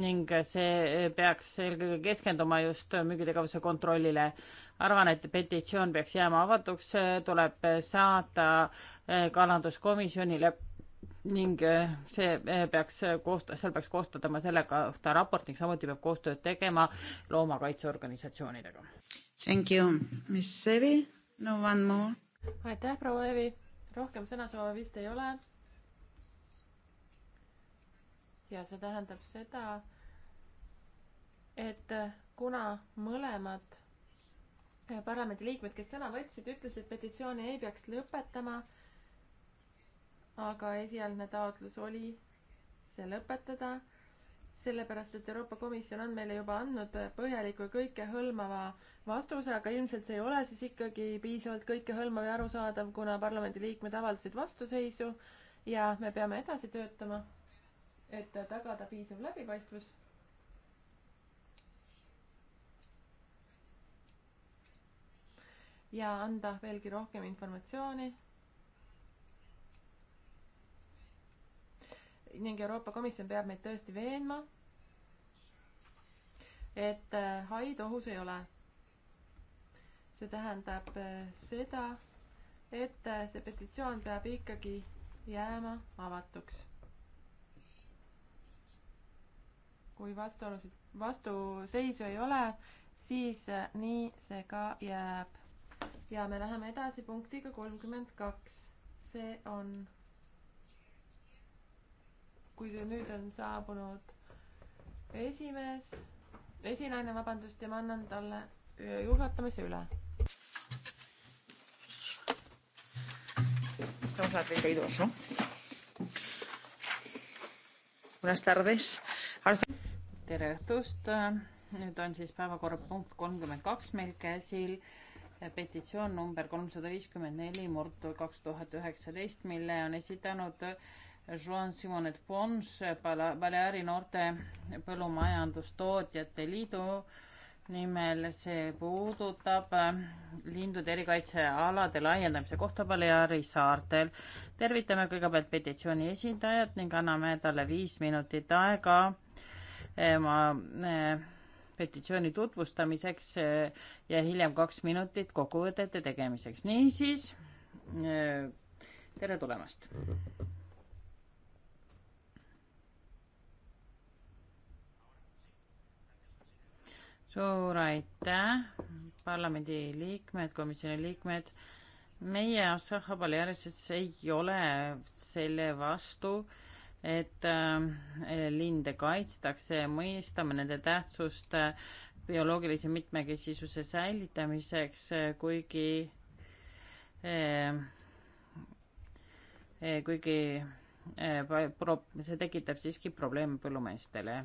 ning see peaks eelkõige keskenduma just müügitegevuse kontrollile. arvan, et petitsioon peaks jääma avatuks, tuleb saata eh, kalanduskomisjonile ning eh, see eh, peaks koost-, seal peaks koostatama selle kohta raport ning samuti peab koostööd tegema loomakaitseorganisatsioonidega. Thank you, Miss Evi, no one more. aitäh, proua Evi, rohkem sõnasoove vist ei ole ja see tähendab seda, et kuna mõlemad parlamendiliikmed, kes sõna võtsid, ütlesid, et petitsiooni ei peaks lõpetama, aga esialgne taotlus oli see lõpetada, sellepärast et Euroopa Komisjon on meile juba andnud põhjaliku ja kõikehõlmava vastuse, aga ilmselt see ei ole siis ikkagi piisavalt kõikehõlmav ja arusaadav, kuna parlamendiliikmed avaldasid vastuseisu ja me peame edasi töötama et tagada piisav läbipaistvus. ja anda veelgi rohkem informatsiooni. ning Euroopa Komisjon peab meid tõesti veenma, et äh, haid ohus ei ole. see tähendab äh, seda, et äh, see petitsioon peab ikkagi jääma avatuks kui vastuolusid, vastuseisu ei ole, siis äh, nii see ka jääb. ja me läheme edasi punktiga kolmkümmend kaks. see on, kui nüüd on saabunud esimees, esinaine, vabandust, ja ma annan talle äh, juhatamise üle. Estamos a 32, ¿no? Buenas tardes tere õhtust, nüüd on siis päevakorrapunkt kolmkümmend kaks meil käsil, petitsioon number kolmsada viiskümmend neli murd kaks tuhat üheksateist, mille on esitanud Juan Simonet Pons, Baleari noorte põllumajandustootjate liidu nimel, see puudutab lindude erikaitsealade laiendamise kohta Baleari saartel. tervitame kõigepealt petitsiooni esindajat ning anname talle viis minutit aega oma eh, petitsiooni tutvustamiseks eh, ja hiljem kaks minutit kokkuvõtete tegemiseks. niisiis, eh, tere tulemast. suur aitäh, parlamendi liikmed, komisjoni liikmed. meie Assahha Balearises ei ole selle vastu äh, et äh, linde kaitstakse ja mõistame nende tähtsust äh, bioloogilise mitmekesisuse säilitamiseks, äh, kuigi kuigi see tekitab siiski probleeme põllumeestele.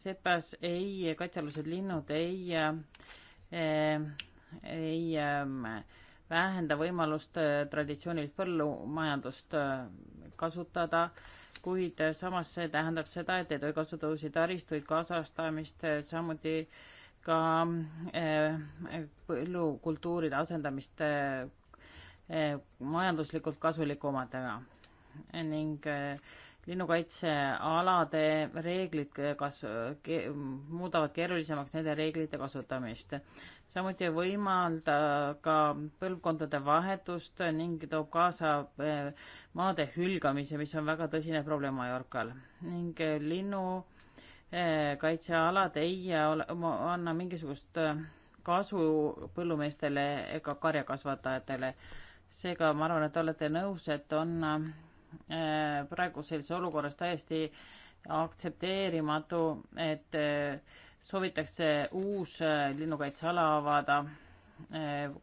sepas ei, kaitsealused linnud ei, ei ähm, vähenda võimalust traditsioonilist põllumajandust kasutada, kuid samas see tähendab seda, et ei tohi kasutada uusi taristuid, kaasajastamist, samuti ka eh, põllukultuuride asendamist eh, majanduslikult kasulikumatega eh, ning linnukaitsealade reeglid kas ke, muudavad keerulisemaks nende reeglite kasutamist. samuti võimalda ka põlvkondade vahetust ning toob kaasa eh, maade hülgamise, mis on väga tõsine probleem Mallorcal ning linnukaitsealad eh, ei ole, anna mingisugust eh, kasu põllumeestele ega karjakasvatajatele. seega ma arvan, et olete nõus, et on Äh, praeguses olukorras täiesti aktsepteerimatu, et äh, soovitakse uus äh, linnukaitseala avada.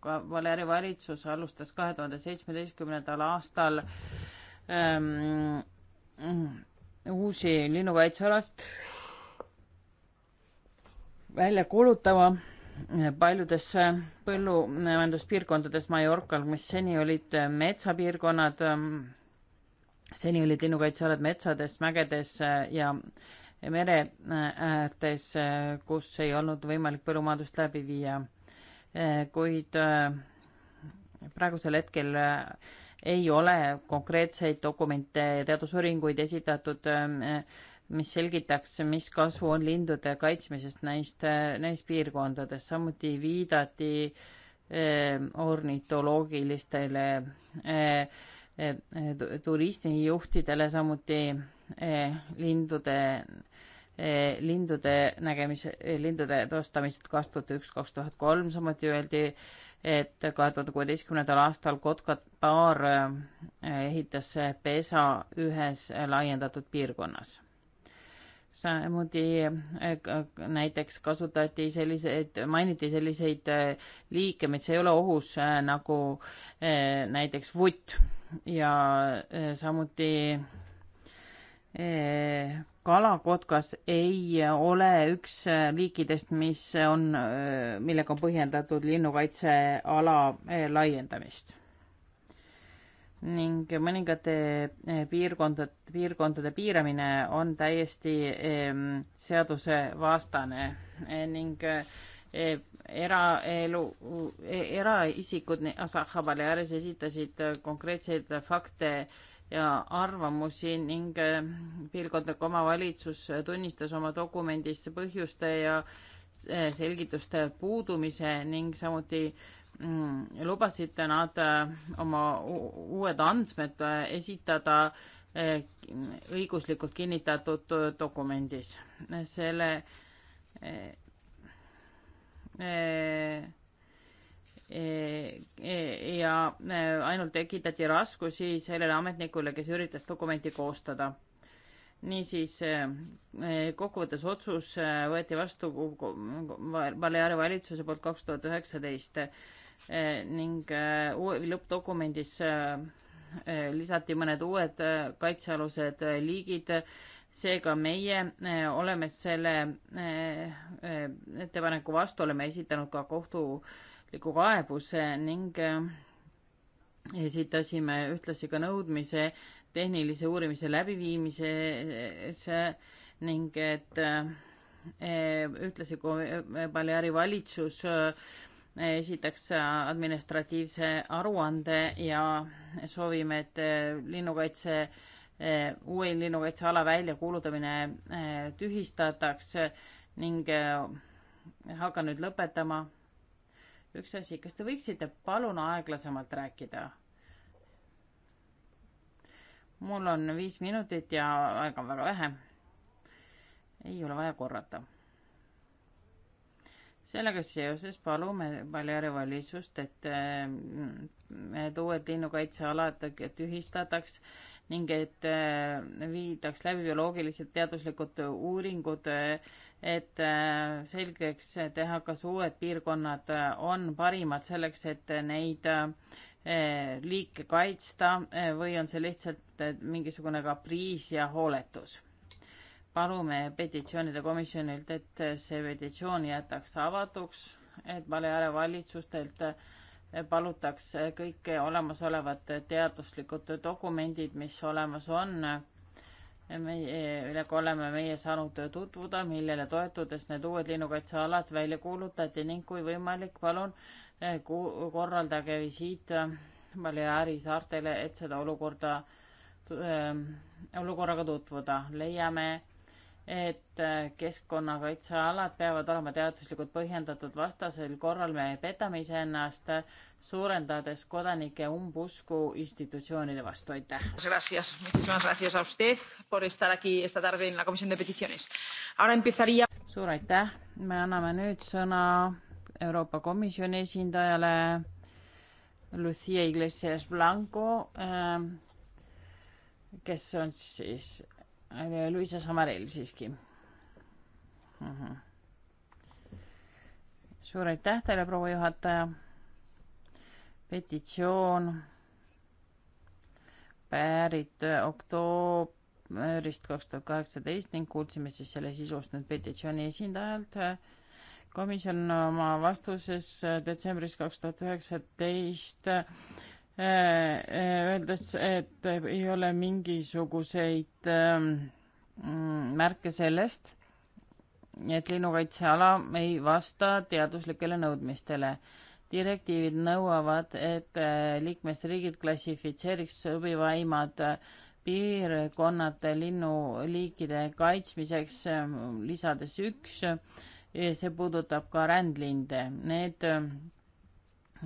ka Valeri valitsus alustas kahe tuhande seitsmeteistkümnendal aastal ähm, uusi linnukaitsealast välja kuulutama paljudes põllumajanduspiirkondades Mallorcal, mis seni olid metsapiirkonnad ähm,, seni olid linnukaitsealad metsades, mägedes äh, ja mereäärtes, äh, äh, kus ei olnud võimalik põllumajandust läbi viia. kuid praegusel hetkel ei ole konkreetseid dokumente ja teadusuuringuid esitatud, mis selgitaks, mis kasu on lindude kaitsmisest neist, neis piirkondades. samuti viidati ornitoloogilistele eh, turismijuhtidele, samuti eh, lindude, eh, lindude nägemise, eh, lindude tõstamist kaks tuhat üks, kaks tuhat kolm, samuti öeldi, et kahe tuhande kuueteistkümnendal aastal Kotkat baar ehitas pesa ühes laiendatud piirkonnas samuti eh, näiteks kasutati selliseid, mainiti selliseid eh, liike, mis ei ole ohus eh, nagu näiteks vutt ja samuti kalakotkas ei ole üks liikidest, mis on, millega on põhjendatud linnukaitseala laiendamist ning mõningate eh, piirkondade, piirkondade piiramine on täiesti ehm, seadusevastane eh, ning eh, eraelu, eraisikud Asahhabaleares esitasid konkreetseid fakte ja arvamusi ning piirkondlik omavalitsus tunnistas oma dokumendis põhjuste ja selgituste puudumise ning samuti Mm, lubasite nad äh, oma uued andmed äh, esitada äh, õiguslikult kinnitatud dokumendis. selle ja ainult tekitati raskusi sellele ametnikule, kes üritas dokumenti koostada. niisiis kokkuvõttes otsus võeti vastu Baleari valitsuse poolt kaks tuhat üheksateist Eh, ning eh, lõppdokumendis eh, lisati mõned uued kaitsealused liigid. seega meie oleme selle ettepaneku vastu, oleme esitanud ka kohtuliku kaebuse ning esitasime ühtlasi ka nõudmise tehnilise uurimise läbiviimises ning et ühtlasi kui Baleari valitsus äh, esitaks äh, administratiivse aruande ja soovime, et äh, linnukaitse, äh, uue linnukaitseala väljakuulutamine tühistataks ning hakkan nüüd lõpetama. üks asi, kas te võiksite palun aeglasemalt rääkida? mul on viis minutit ja aega on väga vähe. ei ole vaja korrata sellega seoses palume Baleari valitsust, et need mm, uued linnukaitsealad tühistataks ning et mm, viidaks läbi bioloogilised teaduslikud uuringud, et mm, selgeks teha, kas uued piirkonnad on parimad selleks, et neid liike kaitsta või on see lihtsalt mingisugune kapriis ja hooletus palume petitsioonide komisjonilt, et see petitsioon jätaks avatuks, et Baleari valitsustelt palutaks kõik olemasolevad teaduslikud dokumendid, mis olemas on, millega oleme meie saanud tutvuda, millele toetudes need uued linnukaitsealad välja kuulutati ning kui võimalik, palun eh, korraldage visiit Baleari saartele, et seda olukorda, eh, olukorraga tutvuda. leiame et äh, keskkonnakaitsealad peavad olema teaduslikult põhjendatud, vastasel korral me petame iseennast, suurendades kodanike umbusku institutsioonide vastu, aitäh. suur aitäh, me anname nüüd sõna Euroopa Komisjoni esindajale Lucia Iglesias Blanco, äh, kes on siis Äh, Luisa Samarel siiski uh. Mhm. -huh. suur aitäh teile, proua juhataja. petitsioon pärit äh, oktoobrist kaks tuhat kaheksateist ning kuulsime siis selle sisust nüüd petitsiooni esindajalt. komisjon oma vastuses äh, detsembris kaks tuhat üheksateist Äh, äh, öeldes, et ei ole mingisuguseid ähm, mm, märke sellest, et linnukaitseala ei vasta teaduslikele nõudmistele. direktiivid nõuavad, et äh, liikmesriigid klassifitseeriks sobivaimad piirkonnad linnuliikide kaitsmiseks, ähm, lisades üks, see puudutab ka rändlinde. Need ähm,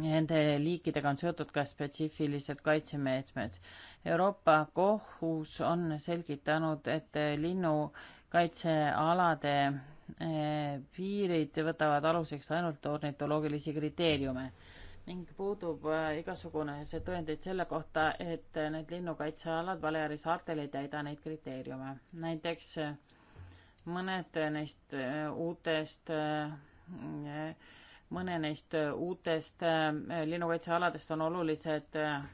Nende liikidega on seotud ka spetsiifilised kaitsemeetmed. Euroopa Kohus on selgitanud, et linnukaitsealade eh, piirid võtavad aluseks ainult ornitoloogilisi kriteeriume ning puudub eh, igasugune see tõendeid selle kohta, et need linnukaitsealad Baleari saartel ei täida neid kriteeriume. näiteks eh, mõned neist uutest mõne neist äh, uutest äh, linnukaitsealadest on olulised äh,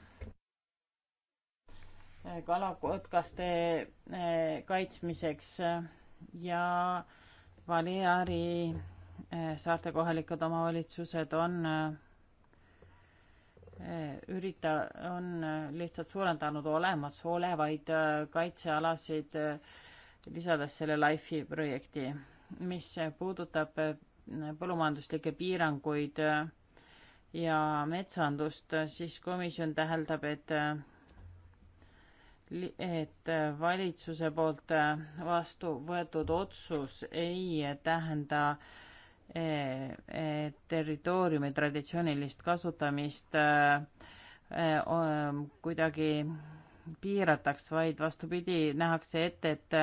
kalakotkaste kaitsmiseks ja Baleari saarte kohalikud omavalitsused on ürita-, on lihtsalt suurendanud olemasolevaid kaitsealasid, lisades selle LIFE projekti. mis puudutab põllumajanduslikke piiranguid äh, ja metsandust, äh, siis komisjon täheldab, et äh, et valitsuse poolt vastu võetud otsus ei tähenda territooriumi traditsioonilist kasutamist kuidagi piirataks, vaid vastupidi, nähakse ette, et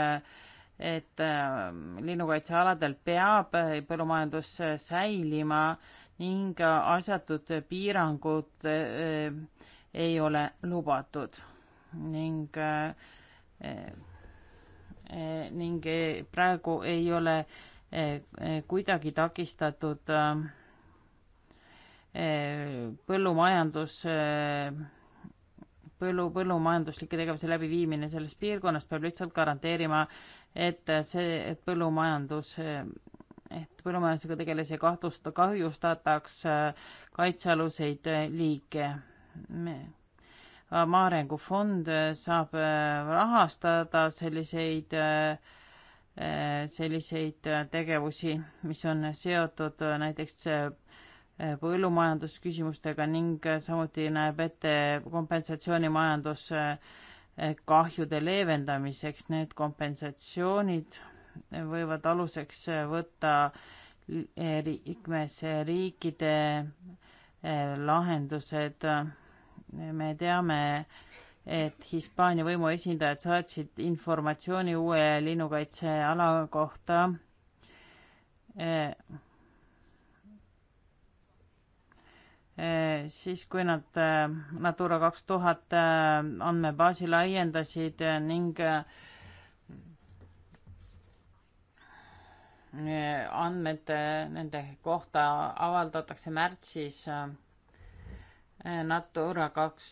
et ähm, linnukaitsealadel peab äh, põllumajandus äh, säilima ning äh, asjatud piirangud ei ole lubatud ning ning praegu ei ole kuidagi takistatud põllumajandus põllu, põllumajanduslike tegevuse läbiviimine selles piirkonnas peab lihtsalt garanteerima et see, et põllumajandus, et põllumajandusega tegelasi kahtlust-, kahjustataks kaitsealuseid liike. Maa arengufond saab äh, rahastada selliseid, äh, selliseid tegevusi, mis on seotud näiteks äh, põllumajandusküsimustega ning samuti näeb ette kompensatsioonimajandus äh, kahjude leevendamiseks. Need kompensatsioonid võivad aluseks võtta liikmesriikide eh, lahendused. me teame, et Hispaania võimuesindajad saatsid informatsiooni uue linnukaitseala kohta eh, Eh, siis kui nad eh, Natura kaks tuhat eh, andmebaasi laiendasid ning andmed nende kohta avaldatakse märtsis Natura kaks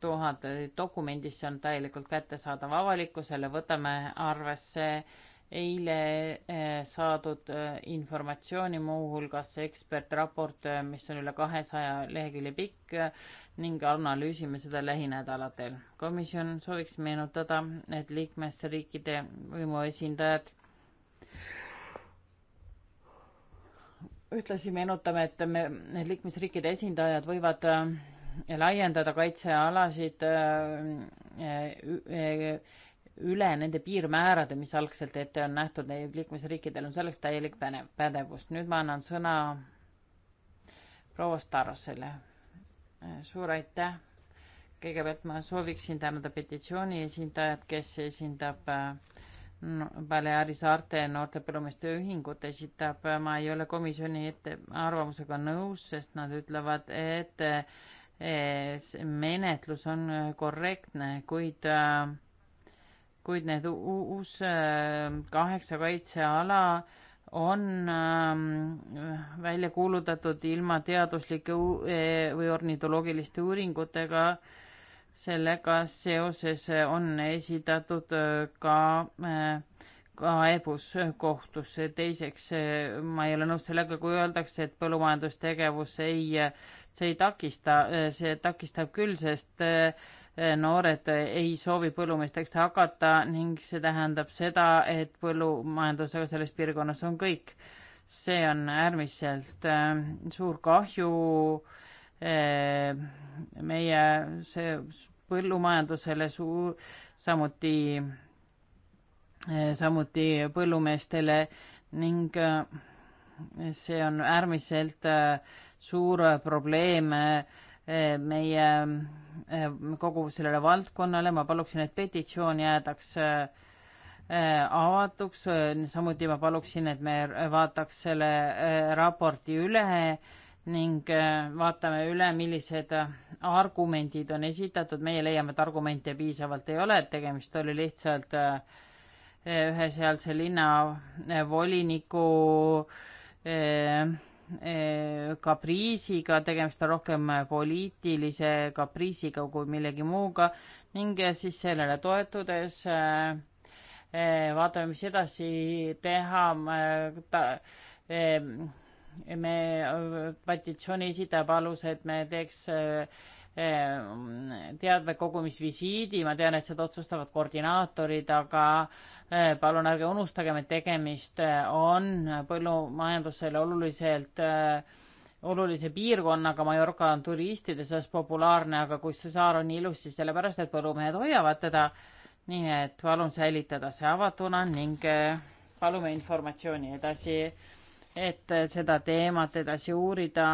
tuhat dokumendis, see on täielikult kättesaadav avalikkusele, võtame arvesse äh, eile eh, saadud eh, informatsiooni, muuhulgas ekspertraport, eh, mis on üle kahesaja lehekülje pikk ning analüüsime seda lähinädalatel. komisjon sooviks meenutada, et liikmesriikide võimuesindajad ühtlasi meenutame, et me, need liikmesriikide esindajad võivad laiendada kaitsealasid üle nende piirmäärade, mis algselt ette on nähtud, liikmesriikidel on selleks täielik pädevus. nüüd ma annan sõna proua Starosele. suur aitäh. kõigepealt ma sooviksin tänada petitsiooni esindajat, kes esindab Baleari saarte noorte põllumeeste ühingut esitab, ma ei ole komisjoni ette arvamusega nõus, sest nad ütlevad, et eh, menetlus on korrektne, kuid äh, kuid need uus äh, kaheksa kaitseala on ähm, välja kuulutatud ilma teaduslike äh, või ornitoloogiliste uuringutega. sellega seoses on esitatud äh, ka kaebus kohtusse. teiseks, ma ei ole nõus sellega, kui öeldakse, et põllumajandustegevus ei, see ei takista, see takistab küll, sest Eh, noored ei soovi põllumeesteks hakata ning see tähendab seda, et põllumajandusega selles piirkonnas on kõik. see on äärmiselt eh, suur kahju eh, meie see põllumajandusele suur, samuti, samuti põllumeestele ning see on äärmiselt suur probleem äh, meie eh, kogu sellele valdkonnale, ma paluksin, et petitsioon jäädaks eh, avatuks, samuti ma paluksin, et me vaataks selle eh, raporti üle ning vaatame üle, millised argumendid on esitatud, meie leiame, et argumente piisavalt ei ole, et tegemist oli lihtsalt ühe sealse linnavoliniku Eh, kapriisiga, tegemist on rohkem poliitilise kapriisiga kui millegi muuga ning siis sellele toetudes eh, eh, vaatame, mis edasi teha. me petitsiooni esitaja palus, et me teeks Ehm, teadmekogumisvisiidi, ma tean, et seda otsustavad koordinaatorid, aga eh, palun ärge unustagem, et tegemist eh, on põllumajandusele oluliselt eh, olulise piirkonnaga, Mallorca on turistide seas populaarne, aga kui see saar on ilus, siis sellepärast, et põllumehed hoiavad teda. nii et palun säilitada see avatuna ning palume informatsiooni edasi et seda teemat edasi uurida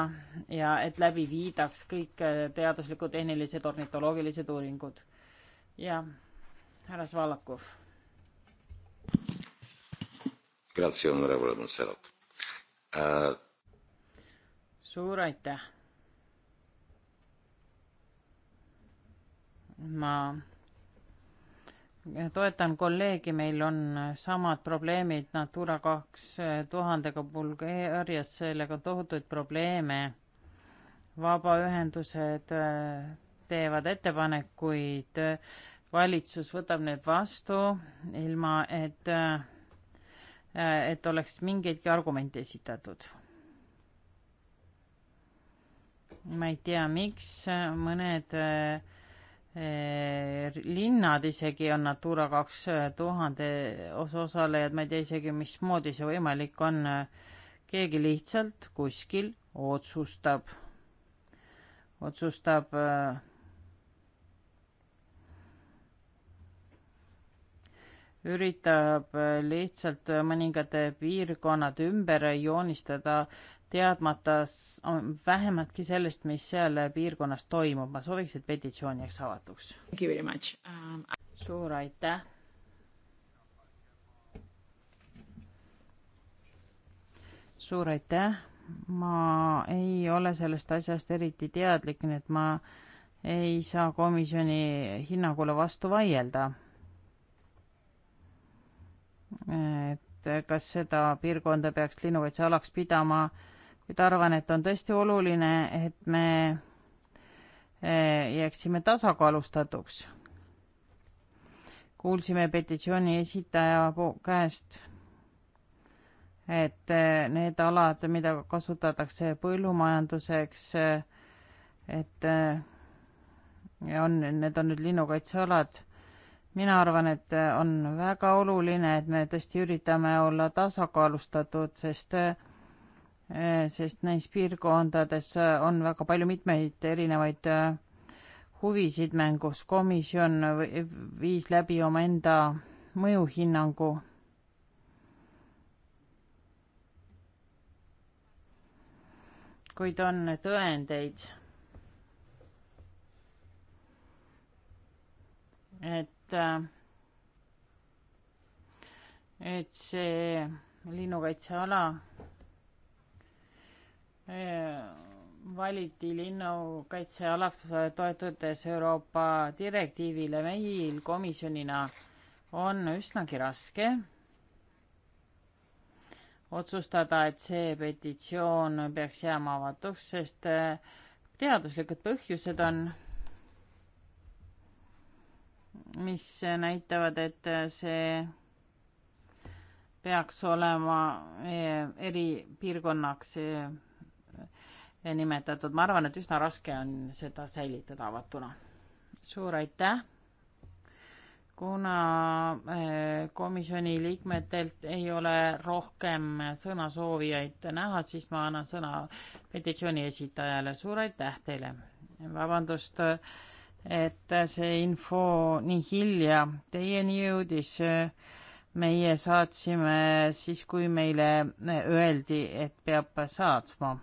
ja et läbi viidaks kõik teaduslikud, tehnilised, ornitoloogilised uuringud. ja härra Svalakov. Äh... suur aitäh. ma toetan kolleegi, meil on samad probleemid Natura kaks tuhandega Bulgaarias, sellega on tohutuid probleeme. vabaühendused äh, teevad ettepanekuid, valitsus võtab need vastu ilma, et, äh, et oleks mingeidki argumente esitatud. ma ei tea, miks mõned äh, Eh, linnad isegi on Natura kaks tuhande osalejad, ma ei tea isegi, mismoodi see võimalik on. keegi lihtsalt kuskil otsustab, otsustab eh, üritab lihtsalt mõningad piirkonnad ümber joonistada teadmata vähematki sellest, mis seal piirkonnas toimub. ma sooviks, et petitsioon jääks avatuks. Um... suur aitäh. suur aitäh. ma ei ole sellest asjast eriti teadlik, nii et ma ei saa komisjoni hinnangule vastu vaielda. et kas seda piirkonda peaks linnukaitsealaks pidama äh, kuid arvan, et on tõesti oluline, et me eh, jääksime tasakaalustatuks. kuulsime petitsiooni esitaja käest, et eh, need alad, mida kasutatakse põllumajanduseks, et eh, on, need on nüüd linnukaitsealad. mina arvan, et on väga oluline, et me tõesti üritame olla tasakaalustatud, sest äh, Eh, sest neis piirkondades eh, on väga palju mitmeid erinevaid eh, huvisid mängus. komisjon viis läbi omaenda mõjuhinnangu. kuid on tõendeid, et, et see linnukaitseala Eh, valiti linnukaitsealaks toetudes Euroopa direktiivile. meil komisjonina on üsnagi raske otsustada, et see petitsioon peaks jääma avatuks, sest eh, teaduslikud põhjused on, mis näitavad, et eh, see peaks olema eripiirkonnaks nimetatud, ma arvan, et üsna raske on seda säilitada avatuna. suur aitäh! kuna eh, komisjoni liikmetelt ei ole rohkem sõnasoovijaid näha, siis ma annan sõna petitsiooni esitajale. suur aitäh teile! vabandust, et see info nii hilja teieni jõudis. meie saatsime siis, kui meile öeldi, et peab saatma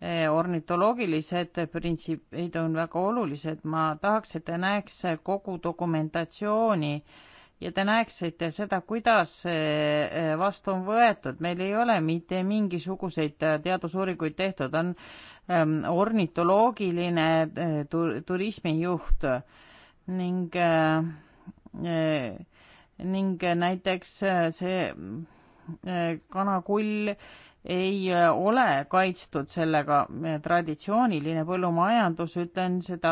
Eh, ornitoloogilised printsiibid on väga olulised, ma tahaks, et te näeks kogu dokumentatsiooni ja te näeksite seda, kuidas eh, eh, vastu on võetud, meil ei ole mitte mingisuguseid teadusuuringuid tehtud, on ehm, ornitoloogiline tur-, turismijuht ning ning näiteks see kanakull ei äh, ole kaitstud sellega. Äh, traditsiooniline põllumajandus, ütlen seda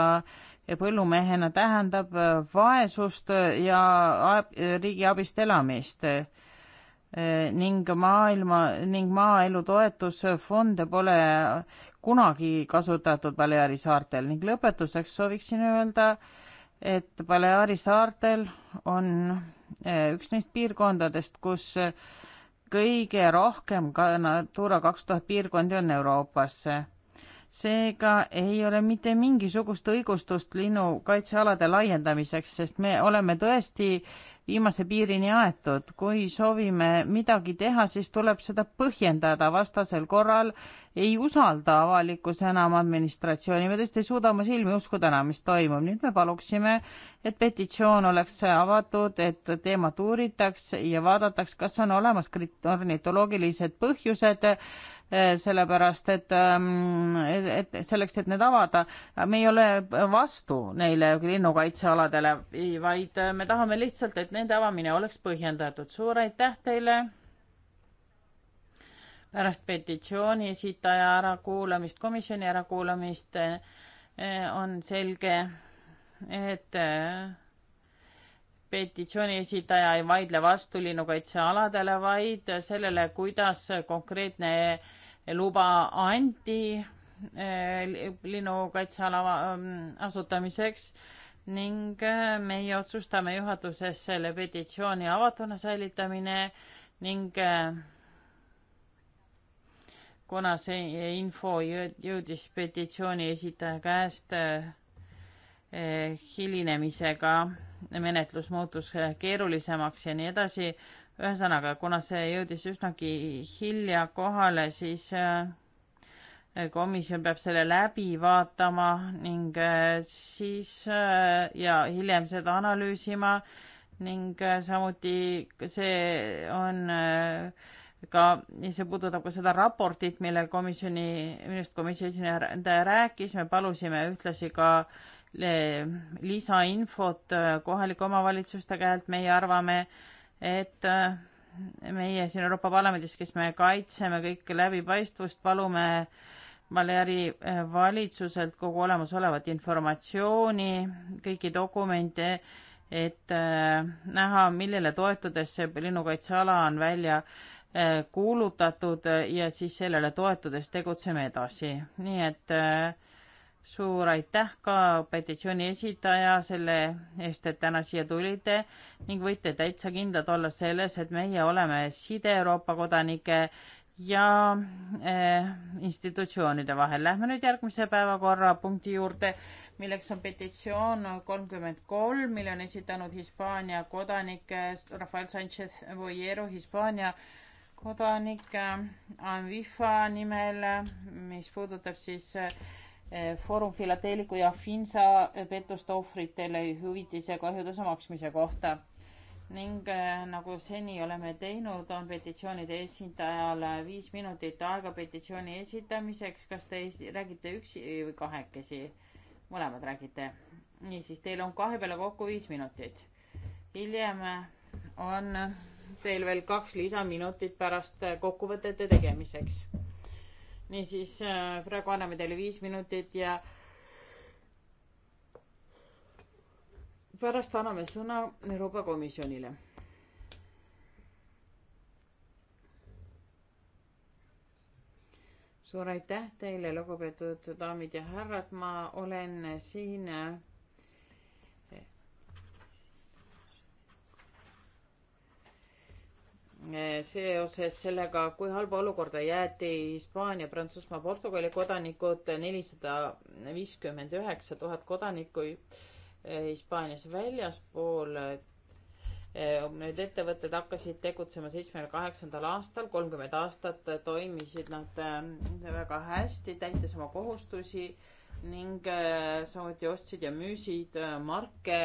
põllumehena, tähendab äh, vaesust ja riigi abist elamist ning maailma ning maaelu toetusfonde pole kunagi kasutatud Baleari saartel ning lõpetuseks sooviksin öelda, et Baleari saartel on üks neist piirkondadest, kus kõige rohkem ka Natura kaks tuhat piirkondi on Euroopasse. seega ei ole mitte mingisugust õigustust linnukaitsealade laiendamiseks, sest me oleme tõesti viimase piirini aetud. kui soovime midagi teha, siis tuleb seda põhjendada, vastasel korral ei usalda avalikkus enam administratsiooni, me tõesti ei suuda oma silmi uskuda enam, mis toimub. nüüd me paluksime, et petitsioon oleks avatud, et teemat uuritaks ja vaadataks, kas on olemas ornitoloogilised põhjused Eh, sellepärast ähm, et, et selleks, et need avada, me ei ole vastu neile linnukaitsealadele, vaid äh, me tahame lihtsalt, et nende avamine oleks põhjendatud. suur aitäh teile! pärast petitsiooni esitaja ärakuulamist, komisjoni ärakuulamist äh, on selge, et äh, petitsiooni esitaja ei vaidle vastu linnukaitsealadele, vaid sellele, kuidas konkreetne luba anti eh, linnukaitseala mm, asutamiseks ning eh, meie otsustame juhatuses selle petitsiooni avatuna säilitamine ning eh, kuna see info jõudis petitsiooni esitaja käest Eh, hilinemisega menetlus muutus keerulisemaks ja nii edasi. ühesõnaga, kuna see jõudis üsnagi hilja kohale, siis eh, komisjon peab selle läbi vaatama ning eh, siis ja hiljem seda analüüsima ning samuti see on ka, see puudutab ka seda raportit, mille komisjoni, millest komisjoni esindaja rääkis, me palusime ühtlasi ka äh, lisainfot äh, kohalike omavalitsuste käelt, meie arvame, et äh, meie siin Euroopa Parlamendis, kes me kaitseme kõike läbipaistvust, palume Baleari äh, valitsuselt kogu olemasolevat informatsiooni, kõiki dokumente, et näha, millele toetudes see linnukaitseala on välja kuulutatud ja siis sellele toetudes tegutseme edasi. nii et äh, suur aitäh ka petitsiooni esitaja selle eest, et täna siia tulite ning võite täitsa kindlad olla selles, et meie oleme side Euroopa kodanike ja äh, institutsioonide vahel. Lähme nüüd järgmise päevakorrapunkti juurde, milleks on petitsioon kolmkümmend kolm, mille on esitanud Hispaania kodanik Rafael Sanchez Voyero, Hispaania kodanik Anvifa nimel, mis puudutab siis äh, Eh, Foorum Filateeliku ja Finsa pettuste ohvritele hüvitise kahjutuse maksmise kohta. ning eh, nagu seni oleme teinud, on petitsioonide esindajale viis minutit aega petitsiooni esitamiseks. kas te räägite üksi või kahekesi? mõlemad räägite. niisiis, teil on kahe peale kokku viis minutit. hiljem on teil veel kaks lisaminutit pärast kokkuvõtete tegemiseks niisiis äh, praegu anname teile viis minutit ja pärast anname sõna Euroopa Komisjonile. suur aitäh teile, lugupeetud daamid ja härrad, ma olen siin seoses sellega, kui halba olukorda jäeti Hispaania, Prantsusmaa, Portugali kodanikud, nelisada viiskümmend üheksa tuhat kodanikku Hispaanias väljaspool. Need ettevõtted hakkasid tegutsema seitsmekümne kaheksandal aastal, kolmkümmend aastat toimisid nad äh, väga hästi, täites oma kohustusi ning äh, samuti ostsid ja müüsid äh, marke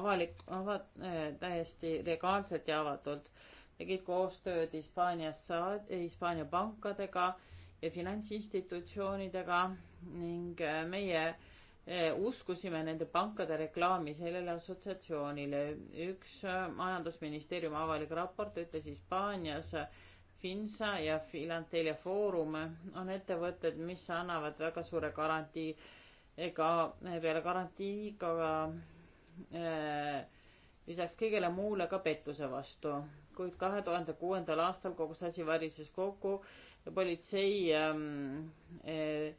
avalik, ava-, täiesti legaalselt ja avatult tegid koostööd Hispaanias, Hispaania pankadega ja finantsinstitutsioonidega ning äh, meie äh, uskusime nende pankade reklaami sellele assotsiatsioonile. üks äh, majandusministeeriumi avalik raport ütles Hispaanias, Finsa ja Filantelia Foorum on ettevõtted, mis annavad väga suure garantii, ega eh, eh, peale garantii ka äh, lisaks kõigele muule ka pettuse vastu kuid kahe tuhande kuuendal aastal kogu see asi varises kokku ja politsei ähm, äh,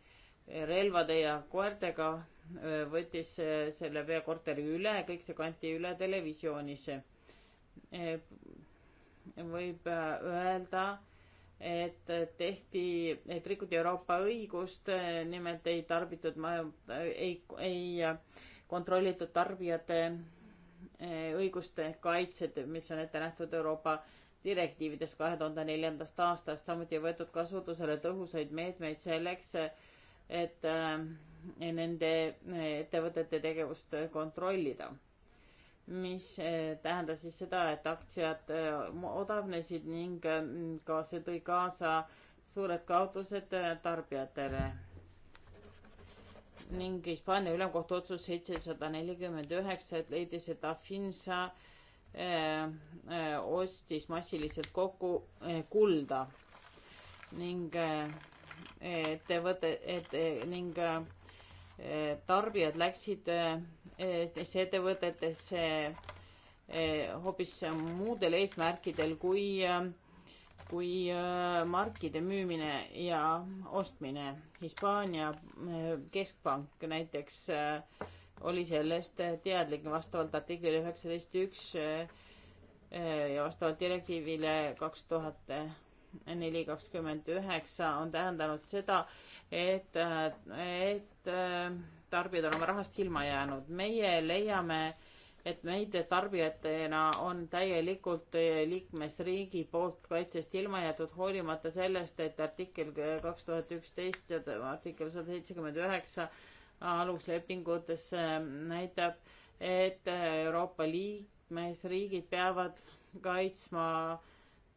relvade ja koertega äh, võttis äh, selle peakorteri üle, kõik see kanti üle televisioonis äh,. võib äh, öelda, et tehti, et rikuti Euroopa õigust, äh, nimelt ei tarbitud, äh, ei, ei kontrollitud tarbijate Eh, õiguste kaitset, mis on ette nähtud Euroopa direktiivides kahe tuhande neljandast aastast, samuti võetud kasutusele tõhusaid meetmeid selleks, et eh, nende eh, ettevõtete tegevust kontrollida. mis tähendas siis seda, et aktsiad odavnesid ning mm, ka see tõi kaasa suured kaotused tarbijatele ning Hispaania ülemkohtu otsus seitsesada nelikümmend üheksa, et leidis, et Afinsa äh, äh, ostis massiliselt kokku äh, kulda ning ettevõte, äh, et äh, ning äh, tarbijad läksid teistesse ettevõtetesse hoopis muudel eesmärkidel kui äh, kui äh, markide müümine ja ostmine. Hispaania äh, keskpank näiteks äh, oli sellest teadlik vastavalt artiklile üheksateist üks ja vastavalt direktiivile kaks tuhat neli kakskümmend üheksa on tähendanud seda, et, et tarbijad on oma rahast ilma jäänud. meie leiame, et meid tarbijatena on täielikult liikmesriigi poolt kaitsest ilma jäetud, hoolimata sellest, et artikkel kaks tuhat üksteist ja artikkel sada seitsekümmend üheksa aluslepingutes näitab, et Euroopa liikmesriigid peavad kaitsma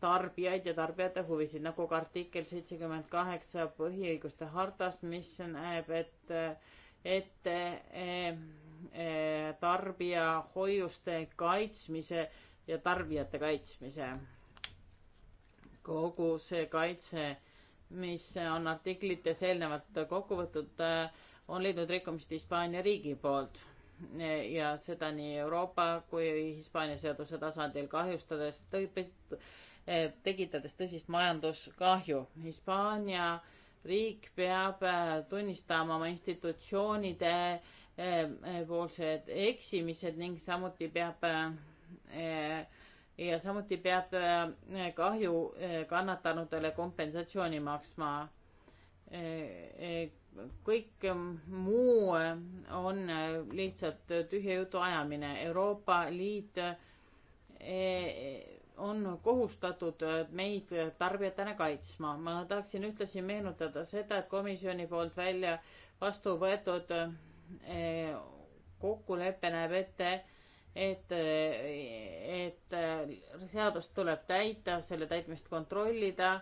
tarbijaid ja tarbijate huvisid, nagu ka artikkel seitsekümmend kaheksa põhiõiguste hartast, mis näeb, et, et, et Eh, tarbija hoiuste kaitsmise ja tarbijate kaitsmise. kogu see kaitse, mis on artiklites eelnevalt kokku võetud, eh, on leidnud rikkumist Hispaania riigi poolt eh, ja seda nii Euroopa kui Hispaania seaduse tasandil kahjustades, tekitades tõsist majanduskahju. Hispaania riik peab tunnistama oma institutsioonide äh, poolsed eksimised ning samuti peab ja samuti peab eh, kahju eh, kannatanutele kompensatsiooni maksma. Eh, kõik muu on lihtsalt tühja jutu ajamine. Euroopa Liit on kohustatud meid tarbijatena kaitsma. ma tahaksin ühtlasi meenutada seda, et komisjoni poolt välja vastu võetud Eh, kokkulepe näeb ette, et, et seadust tuleb täita, selle täitmist kontrollida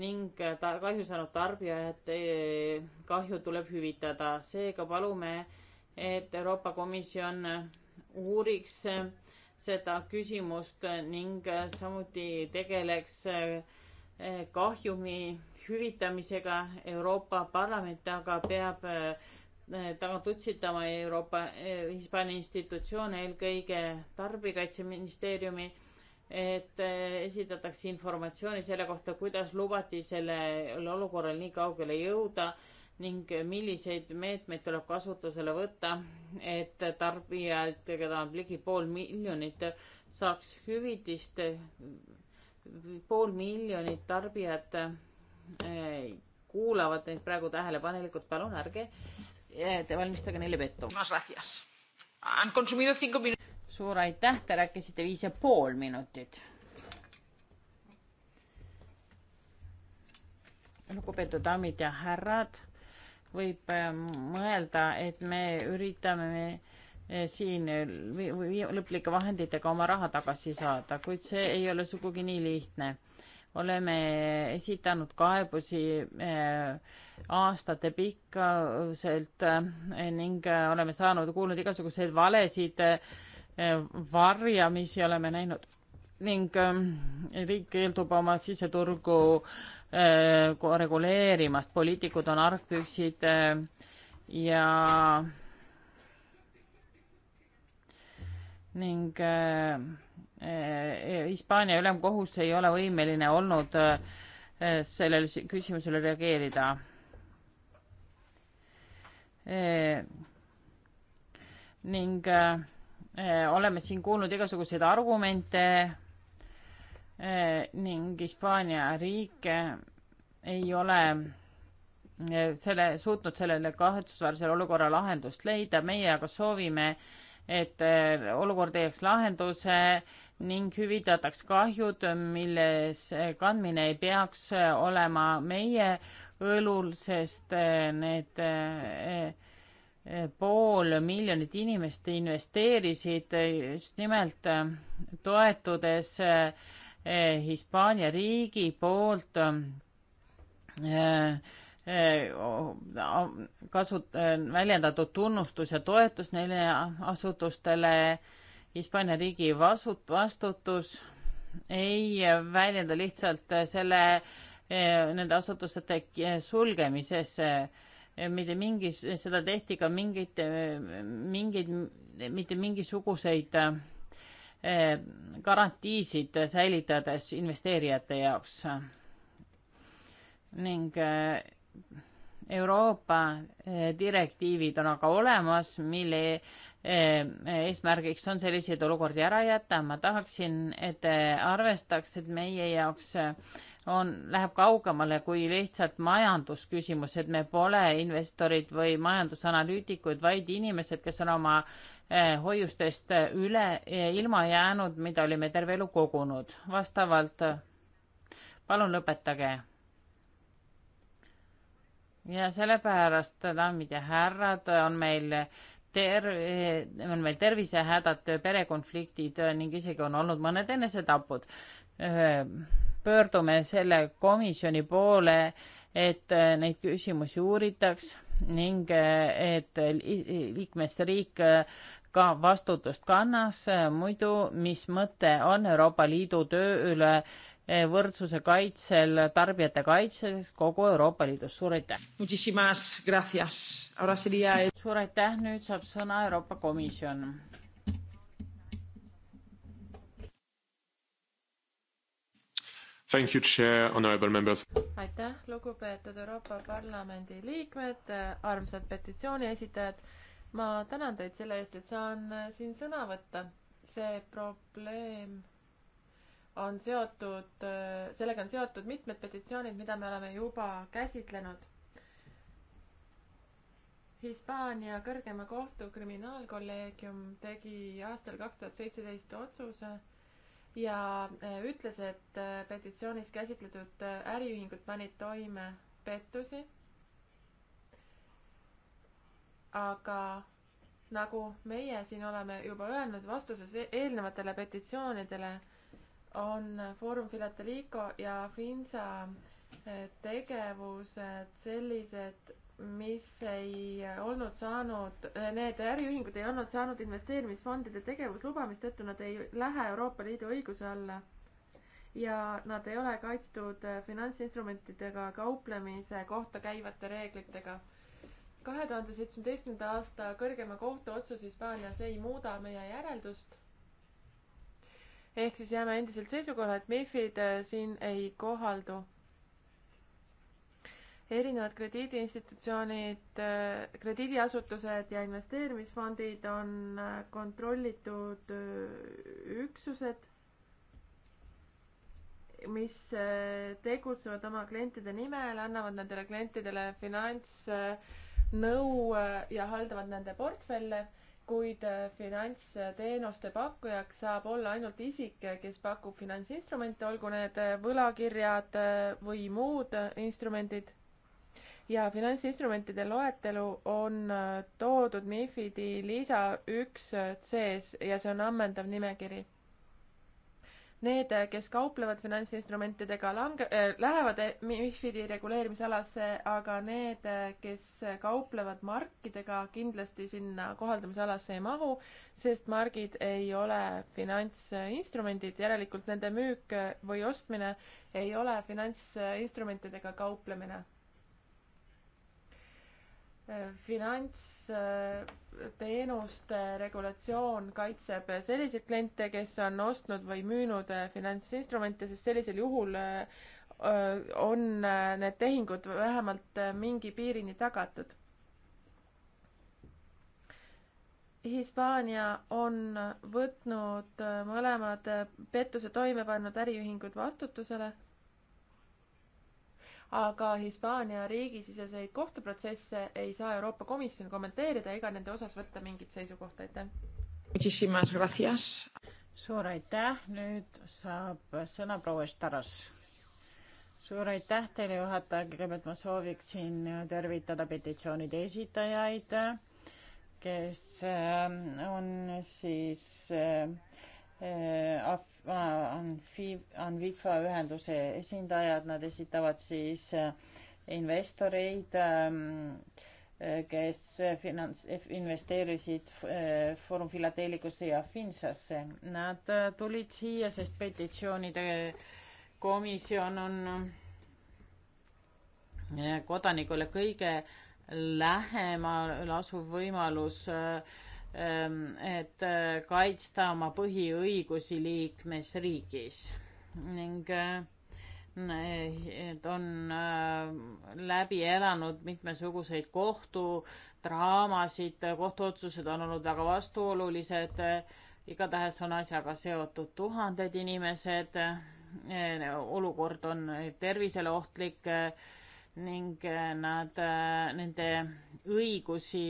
ning ta kahju saanud tarbijat eh, kahju tuleb hüvitada. seega palume, et Euroopa Komisjon uuriks seda küsimust ning samuti tegeleks eh, kahjumi hüvitamisega. Euroopa Parlament aga peab tutsitama Euroopa, eh, Hispaania institutsioone, eelkõige Tarbikaitseministeeriumi, et eh, esitatakse informatsiooni selle kohta, kuidas lubati sellel olukorral nii kaugele jõuda ning milliseid meetmeid tuleb kasutusele võtta, et tarbijad, keda on ligi pool miljonit, saaks hüvitist. pool miljonit tarbijat eh, kuulavad neid praegu tähelepanelikult, palun ärge et valmistage neile pettu. suur aitäh, te rääkisite viis ja pool minutit. lugupeetud daamid ja härrad, võib äh, mõelda, et me üritame äh, siin lõplike vahenditega oma raha tagasi saada, kuid see ei ole sugugi nii lihtne oleme esitanud kaebusi eh, aastatepikkuselt eh, ning eh, oleme saanud, kuulnud igasuguseid valesid, varjamisi oleme näinud ning riik keeldub oma siseturgu reguleerimast, poliitikud on argpüksid ja ning Eh, Hispaania ülemkohus ei ole võimeline olnud eh, sellele küsimusele reageerida. Eh, ning oleme siin kuulnud igasuguseid argumente ning Hispaania riik ei ole selle, suutnud sellele kahetsusväärsele olukorra lahendust leida, meie aga soovime äh, et eh, olukord leiaks lahenduse ning hüvitataks kahjud, milles kandmine ei peaks olema meie õlul, sest eh, need eh, pool miljonit inimest investeerisid just nimelt toetudes Hispaania riigi poolt kasut-, väljendatud tunnustus ja toetus neile asutustele. Hispaania riigi vasut-, vastutus ei väljenda lihtsalt selle, eh, nende asutuste sulgemises mitte mingi, seda tehti ka mingeid, mingeid, mitte mingisuguseid eh, garantiisid säilitades investeerijate jaoks. ning eh, Euroopa eh, direktiivid on aga olemas, mille eh, eesmärgiks on selliseid olukordi ära jätta. ma tahaksin, et te eh, arvestaks, et meie jaoks on, läheb kaugemale kui lihtsalt majandusküsimus, et me pole investorid või majandusanalüütikud, vaid inimesed, kes on oma hoiustest üle, ilma jäänud, mida olime terve elu kogunud. vastavalt palun lõpetage ja sellepärast, daamid ja härrad, on meil ter-, on meil tervisehädad, perekonfliktid ning isegi on olnud mõned enesetapud. pöördume selle komisjoni poole, et neid küsimusi uuritaks ning et liikmesriik ka vastutust kannas, muidu mis mõte on Euroopa Liidu töö üle Eh, võrdsuse kaitsel, tarbijate kaitses kogu Euroopa Liidus. suur aitäh! suur aitäh, nüüd saab sõna Euroopa Komisjon. Thank you, chair, honorable members. aitäh, lugupeetud Euroopa Parlamendi liikmed, armsad petitsiooni esitajad. ma tänan teid selle eest, et saan siin sõna võtta. see probleem on seotud, sellega on seotud mitmed petitsioonid, mida me oleme juba käsitlenud. Hispaania kõrgema kohtu kriminaalkolleegium tegi aastal kaks tuhat seitseteist otsuse ja eh, ütles, et eh, petitsioonis käsitletud eh, äriühingud panid toime pettusi. aga nagu meie siin oleme juba öelnud vastuses e-, eelnevatele petitsioonidele on Foorum Filatelico ja Finsa eh, tegevused sellised, mis ei olnud saanud, eh, need äriühingud ei olnud saanud investeerimisfondide tegevusluba, mistõttu nad ei lähe Euroopa Liidu õiguse alla. ja nad ei ole kaitstud eh, finantsinstrumentidega kauplemise kohta käivate reeglitega. kahe tuhande seitsmeteistkümnenda aasta kõrgema kohtu otsus Hispaanias ei muuda meie järeldust ehk siis jääme endiselt seisukohale, et MIFID äh, siin ei kohaldu. erinevad krediidiinstitutsioonid, äh, krediidiasutused ja investeerimisfondid on äh, kontrollitud üksused, mis tegutsevad oma klientide nimel, annavad nendele klientidele finantsnõu ja haldavad nende portfelle kuid äh, finantsteenuste pakkujaks saab olla ainult isik, kes pakub finantsinstrumente, olgu need äh, võlakirjad äh, või muud instrumendid. ja finantsinstrumentide loetelu on toodud MIFID-i lisa üks C-s ja see on ammendav nimekiri Need, kes kauplevad finantsinstrumentidega, lange- äh,, lähevad MIFID-i reguleerimisalasse, aga need, kes kauplevad markidega, kindlasti sinna kohaldamisalasse ei mahu, sest margid ei ole finantsinstrumendid, järelikult nende müük või ostmine ei ole finantsinstrumentidega kauplemine finantsteenuste regulatsioon kaitseb selliseid kliente, kes on ostnud või müünud finantsinstrumente, sest sellisel juhul on need tehingud vähemalt mingi piirini tagatud. Hispaania on võtnud mõlemad pettuse toime pannud äriühingud vastutusele aga Hispaania riigisiseseid kohtuprotsesse ei saa Euroopa Komisjon kommenteerida ega nende osas võtta mingit seisukohta, aitäh! suur aitäh, nüüd saab sõna proua Estaras suur aitäh teile, juhataja, kõigepealt ma sooviksin tervitada petitsioonide esitajaid, kes ähm, on siis äh, Eh, Anvifa ühenduse esindajad, nad esitavad siis eh, investoreid, ehm, eh, kes finants-, investeerisid Foorum Philadelphia ja Finsasse. Nad tulid siia, sest petitsioonide komisjon on kodanikule kõige lähemal asuv võimalus äh, Ähm, et äh, kaitsta oma põhiõigusi liikmesriigis ning need äh, on äh, läbi elanud mitmesuguseid kohtudraamasid, kohtuotsused on olnud väga vastuolulised, igatahes on asjaga seotud tuhanded inimesed, olukord on tervisele ohtlik ning nad, nende õigusi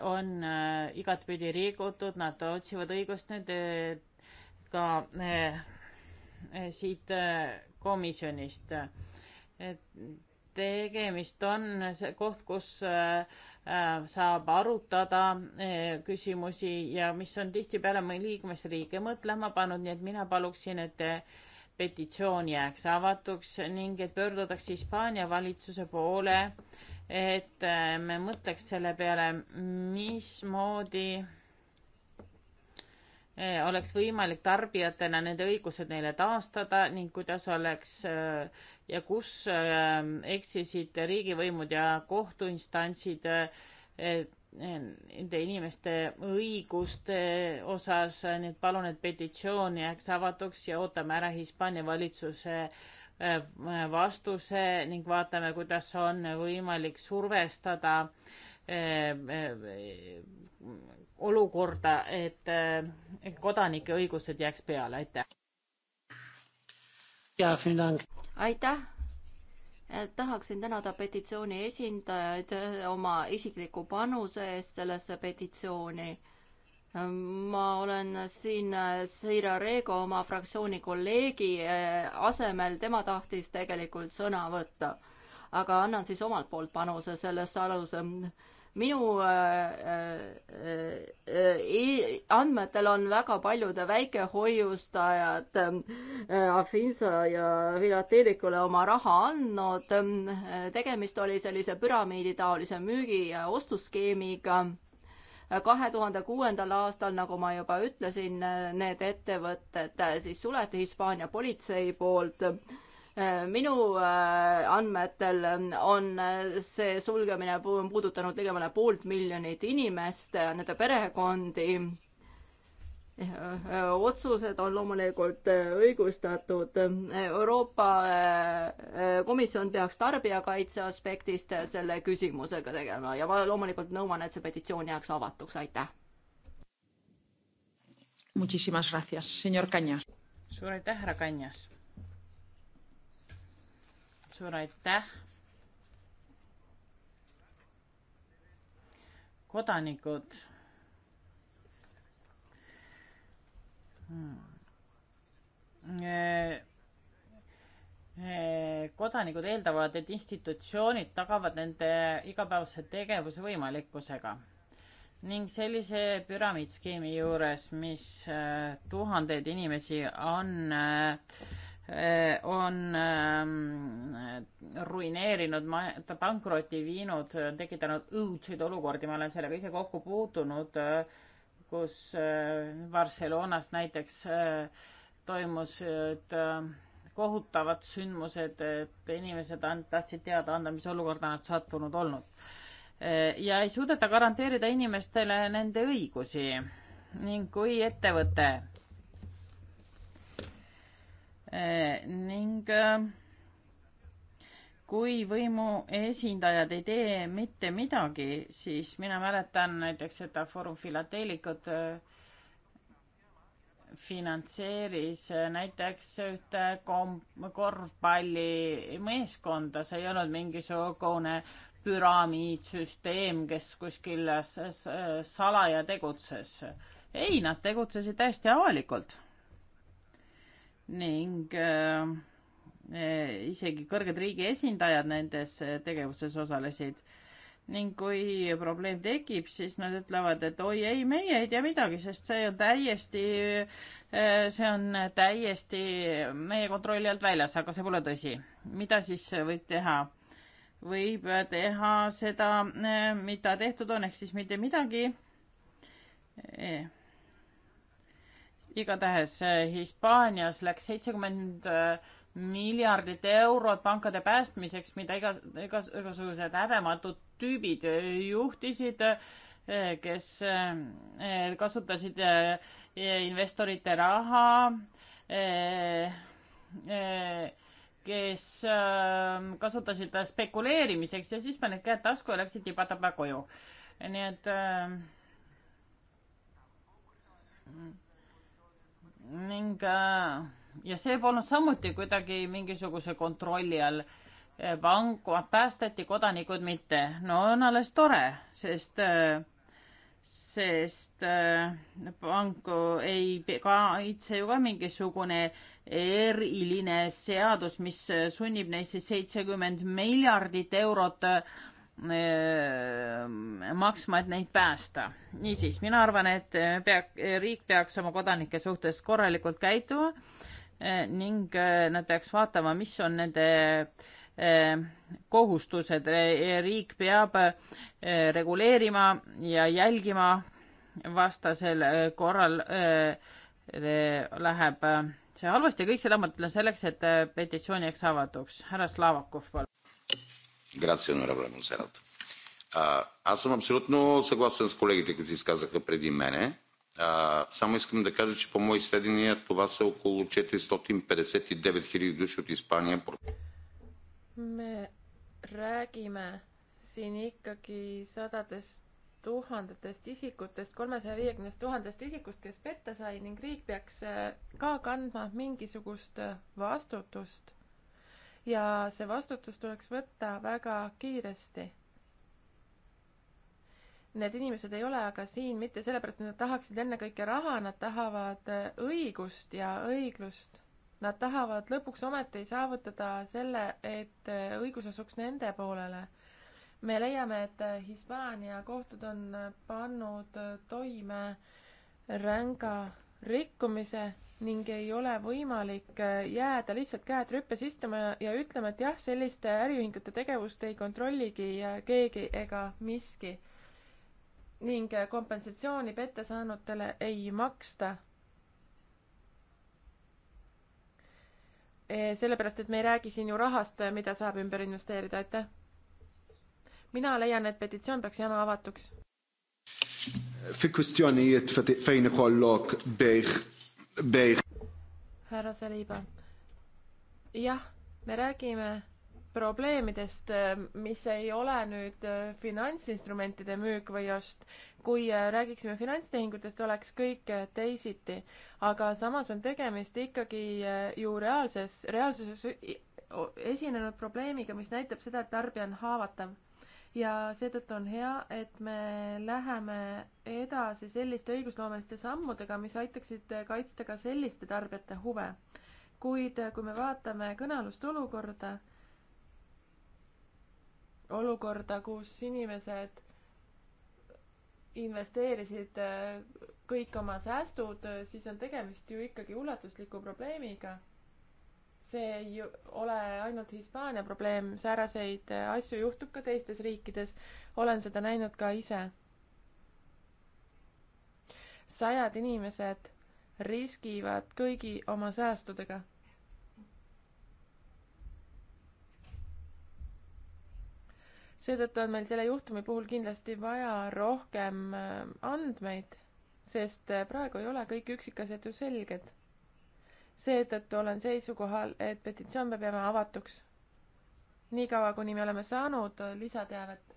on äh, igatpidi rikutud, nad otsivad õigust nüüd ka äh, siit äh, komisjonist. tegemist on see koht, kus saab arutada küsimusi ja mis on tihtipeale meie liikmesriike mõtlema pannud, nii et mina paluksin, et petitsioon jääks avatuks ning et pöördutaks Hispaania valitsuse poole et äh, me mõtleks selle peale, mismoodi äh, oleks võimalik tarbijatena nende õigused neile taastada ning kuidas oleks äh, ja kus eksisid riigivõimud ja kohtuinstantsid nende inimeste õiguste osas, nii et palun, et petitsioon jääks avatuks ja ootame ära Hispaania valitsuse äh, Äh, vastuse ning vaatame, kuidas on võimalik survestada äh, äh, olukorda, et kodanike õigused jääks peale, aitäh. aitäh tahaksin tänada petitsiooni esindajaid oma isikliku panuse eest sellesse petitsiooni ma olen siin äh, Seira Reego oma fraktsiooni kolleegi äh, asemel, tema tahtis tegelikult sõna võtta. aga annan siis omalt poolt panuse sellesse aluse. minu äh, äh, äh andmetel on väga paljud väikehoiustajad äh, Afinsa ja Filatelikule oma raha andnud. tegemist oli sellise püramiiditaolise müügi- ja ostuskeemiga kahe tuhande kuuendal aastal, nagu ma juba ütlesin, need ettevõtted äh, siis suleti Hispaania politsei poolt äh, minu äh, andmetel on see sulgemine puudutanud ligemale poolt miljonit inimest, nende perekondi Eh, otsused on loomulikult eh, õigustatud. Eh, Euroopa Komisjon peaks tarbijakaitse aspektist selle küsimusega tegelema ja ma loomulikult nõuan, et see petitsioon jääks avatuks, aitäh. suur aitäh, härra Kanjas. suur aitäh. kodanikud Hmm. Eh, eh, kodanikud eeldavad, et institutsioonid tagavad nende igapäevase tegevuse võimalikkusega ning sellise püramiidskeemi juures, mis eh, tuhandeid inimesi on, on ruineerinud, ta pankrotti viinud, tekitanud õudseid olukordi, ma olen sellega ise kokku puutunud kus äh, Barcelonas näiteks äh, toimusid äh, kohutavad sündmused, et inimesed tahtsid teada anda, mis olukorda nad sattunud olnud. ja ei suudeta garanteerida inimestele nende õigusi ning kui ettevõte ning kui võimu esindajad ei tee mitte midagi, siis mina mäletan näiteks seda Foorum Philatelicut äh, finantseeris äh, näiteks ühte kom-, korvpallimeeskonda, see ei olnud mingisugune püramiidsüsteem, kes kuskil äh, salaja tegutses. ei, nad tegutsesid täiesti avalikult. ning äh, Eh, isegi kõrged riigi esindajad nendes eh, tegevuses osalesid. ning kui probleem tekib, siis nad ütlevad, et oi ei, meie ei tea midagi, sest see on täiesti, eh, see on täiesti meie kontrolli alt väljas, aga see pole tõsi. mida siis võib teha? võib teha seda, mida tehtud on, ehk siis mitte midagi igatahes Hispaanias läks seitsekümmend 70 miljardit eurot pankade päästmiseks, mida igas, igas, igasugused häbematud tüübid juhtisid, kes eh, kasutasid eh, investorite raha, eh, kes kasutasid spekuleerimiseks ja siis panid käed tasku ja läksid tiba-taba koju. nii et ning äh, ja see polnud samuti kuidagi mingisuguse kontrolli all. vangad eh, päästeti, kodanikud mitte. no on alles tore, sest, eh, sest eh, panku ei kaitse ju ka mingisugune eriline seadus, mis sunnib neisse seitsekümmend miljardit eurot maksma, et neid päästa. niisiis, mina arvan, et pea, riik peaks oma kodanike suhtes korralikult käituma Eh, ning eh, nad peaks vaatama, mis on nende eh, kohustused, riik peab reguleerima ja jälgima, vastasel korral läheb see halvasti ja kõik seda ma ütlen selleks, et petitsioon jääks avatuks. härra Slavakov, palun. Grazie, onorevole Monserrat. Аз съм абсолютно съгласен с колегите, които се изказаха преди мене А, само искам да кажа, че по мои сведения това са около 459 000 души от Испания. Me räägime siin ikkagi sadadest tuhandetest isikutest, kolmesaja viiekümnest tuhandest isikust, kes petta sai ning riik peaks äh, ka kandma mingisugust äh, vastutust. ja see vastutus tuleks võtta väga kiiresti Need inimesed ei ole aga siin mitte sellepärast, et nad tahaksid ennekõike raha, nad tahavad äh, õigust ja õiglust. Nad tahavad lõpuks ometi saavutada selle, et äh, õigus asuks nende poolele. me leiame, et äh, Hispaania kohtud on pannud toime ränga rikkumise ning ei ole võimalik jääda lihtsalt käed rüppes istuma ja ütlema, et jah, selliste äriühingute tegevust ei kontrolligi keegi ega miski ning kompensatsiooni pette saanutele ei maksta. E, sellepärast, et me ei räägi siin ju rahast, mida saab ümber investeerida, aitäh. mina leian, et petitsioon peaks jääma avatuks. härra Saliba, jah, me räägime probleemidest, äh, mis ei ole nüüd äh, finantsinstrumentide müük või ost. kui äh, räägiksime finantstehingutest, oleks kõik teisiti. aga samas on tegemist ikkagi ju reaalses, reaalsuses esinenud probleemiga, mis näitab seda, et tarbija on haavatav. ja seetõttu on hea, et me läheme edasi selliste õigusloomeliste sammudega, mis aitaksid kaitsta ka selliste tarbijate huve. kuid kui me vaatame kõnealust olukorda, olukorda, kus inimesed investeerisid äh, kõik oma säästud, äh, siis on tegemist ju ikkagi ulatusliku probleemiga. see ei ole ainult Hispaania probleem, sääraseid äh, asju juhtub ka teistes riikides. olen seda näinud ka ise. sajad inimesed riskivad kõigi oma säästudega seetõttu on meil selle juhtumi puhul kindlasti vaja rohkem äh, andmeid, sest äh, praegu ei ole kõik üksikasjad ju selged. seetõttu olen seisukohal, et petitsioon peab jääma avatuks. niikaua, kuni me oleme saanud äh, lisateavet.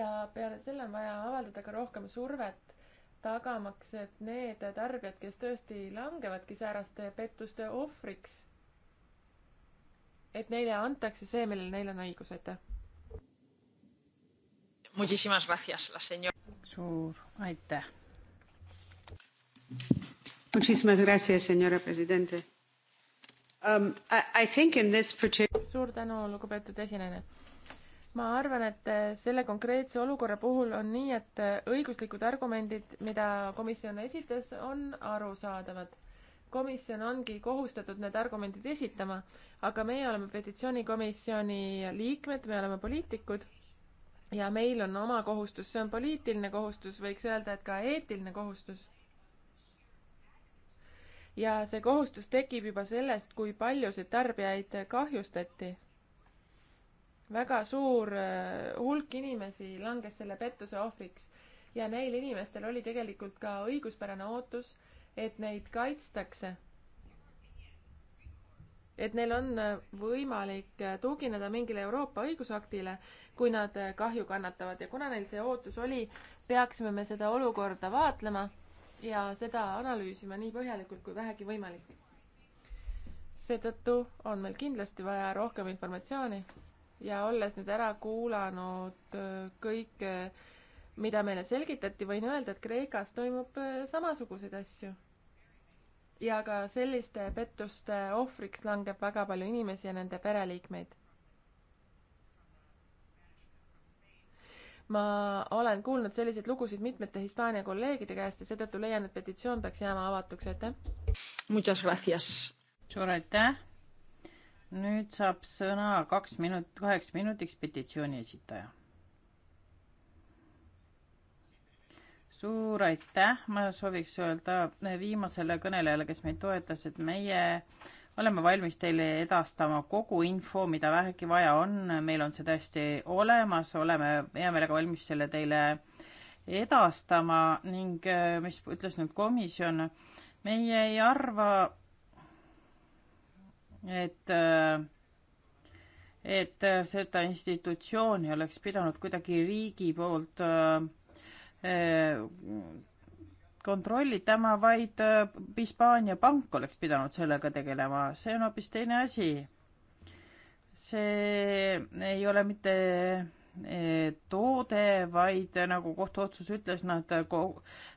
ja peale selle on vaja avaldada ka rohkem survet, tagamaks, et need tarbijad, kes tõesti langevadki sääraste pettuste ohvriks, et neile antakse see, millel neil on õigus, aitäh. Muchísimas gracias, la señora. suur aitäh. Muchísimas gracias, señora presidente um,. I, I think in this particular. suur tänu, lugupeetud esinejana ma arvan, et eh, selle konkreetse olukorra puhul on nii, et eh, õiguslikud argumendid, mida komisjon esitas, on arusaadavad. komisjon ongi kohustatud need argumendid esitama, aga meie oleme petitsioonikomisjoni liikmed, me oleme poliitikud ja meil on oma kohustus, see on poliitiline kohustus, võiks öelda, et ka eetiline kohustus. ja see kohustus tekib juba sellest, kui paljusid tarbijaid kahjustati. väga suur äh, hulk inimesi langes selle pettuse ohvriks ja neil inimestel oli tegelikult ka õiguspärane ootus, et neid kaitstakse et neil on äh, võimalik äh, tugineda mingile Euroopa õigusaktile, kui nad äh, kahju kannatavad ja kuna neil see ootus oli, peaksime me seda olukorda vaatlema ja seda analüüsima nii põhjalikult kui vähegi võimalik. seetõttu on meil kindlasti vaja rohkem informatsiooni ja olles nüüd ära kuulanud kõik, mida meile selgitati, võin öelda, et Kreekas toimub samasuguseid asju ja ka selliste pettuste ohvriks langeb väga palju inimesi ja nende pereliikmeid. ma olen kuulnud selliseid lugusid mitmete Hispaania kolleegide käest ja seetõttu leian, et petitsioon peaks jääma avatuks, aitäh! Muchas gracias! suur aitäh! nüüd saab sõna kaks minut, kaheks minutiks petitsiooni esitaja suur aitäh, ma sooviks öelda viimasele kõnelejale, kes meid toetas, et meie oleme valmis teile edastama kogu info, mida vähegi vaja on, meil on see täiesti olemas, oleme hea meelega valmis selle teile edastama ning äh, mis ütles nüüd komisjon, meie ei arva, et äh, et seda institutsiooni oleks pidanud kuidagi riigi poolt äh, kontrollitama, vaid äh, Hispaania pank oleks pidanud sellega tegelema, see on hoopis teine asi. see ei ole mitte äh, toode, vaid äh, nagu kohtuotsus ütles, nad,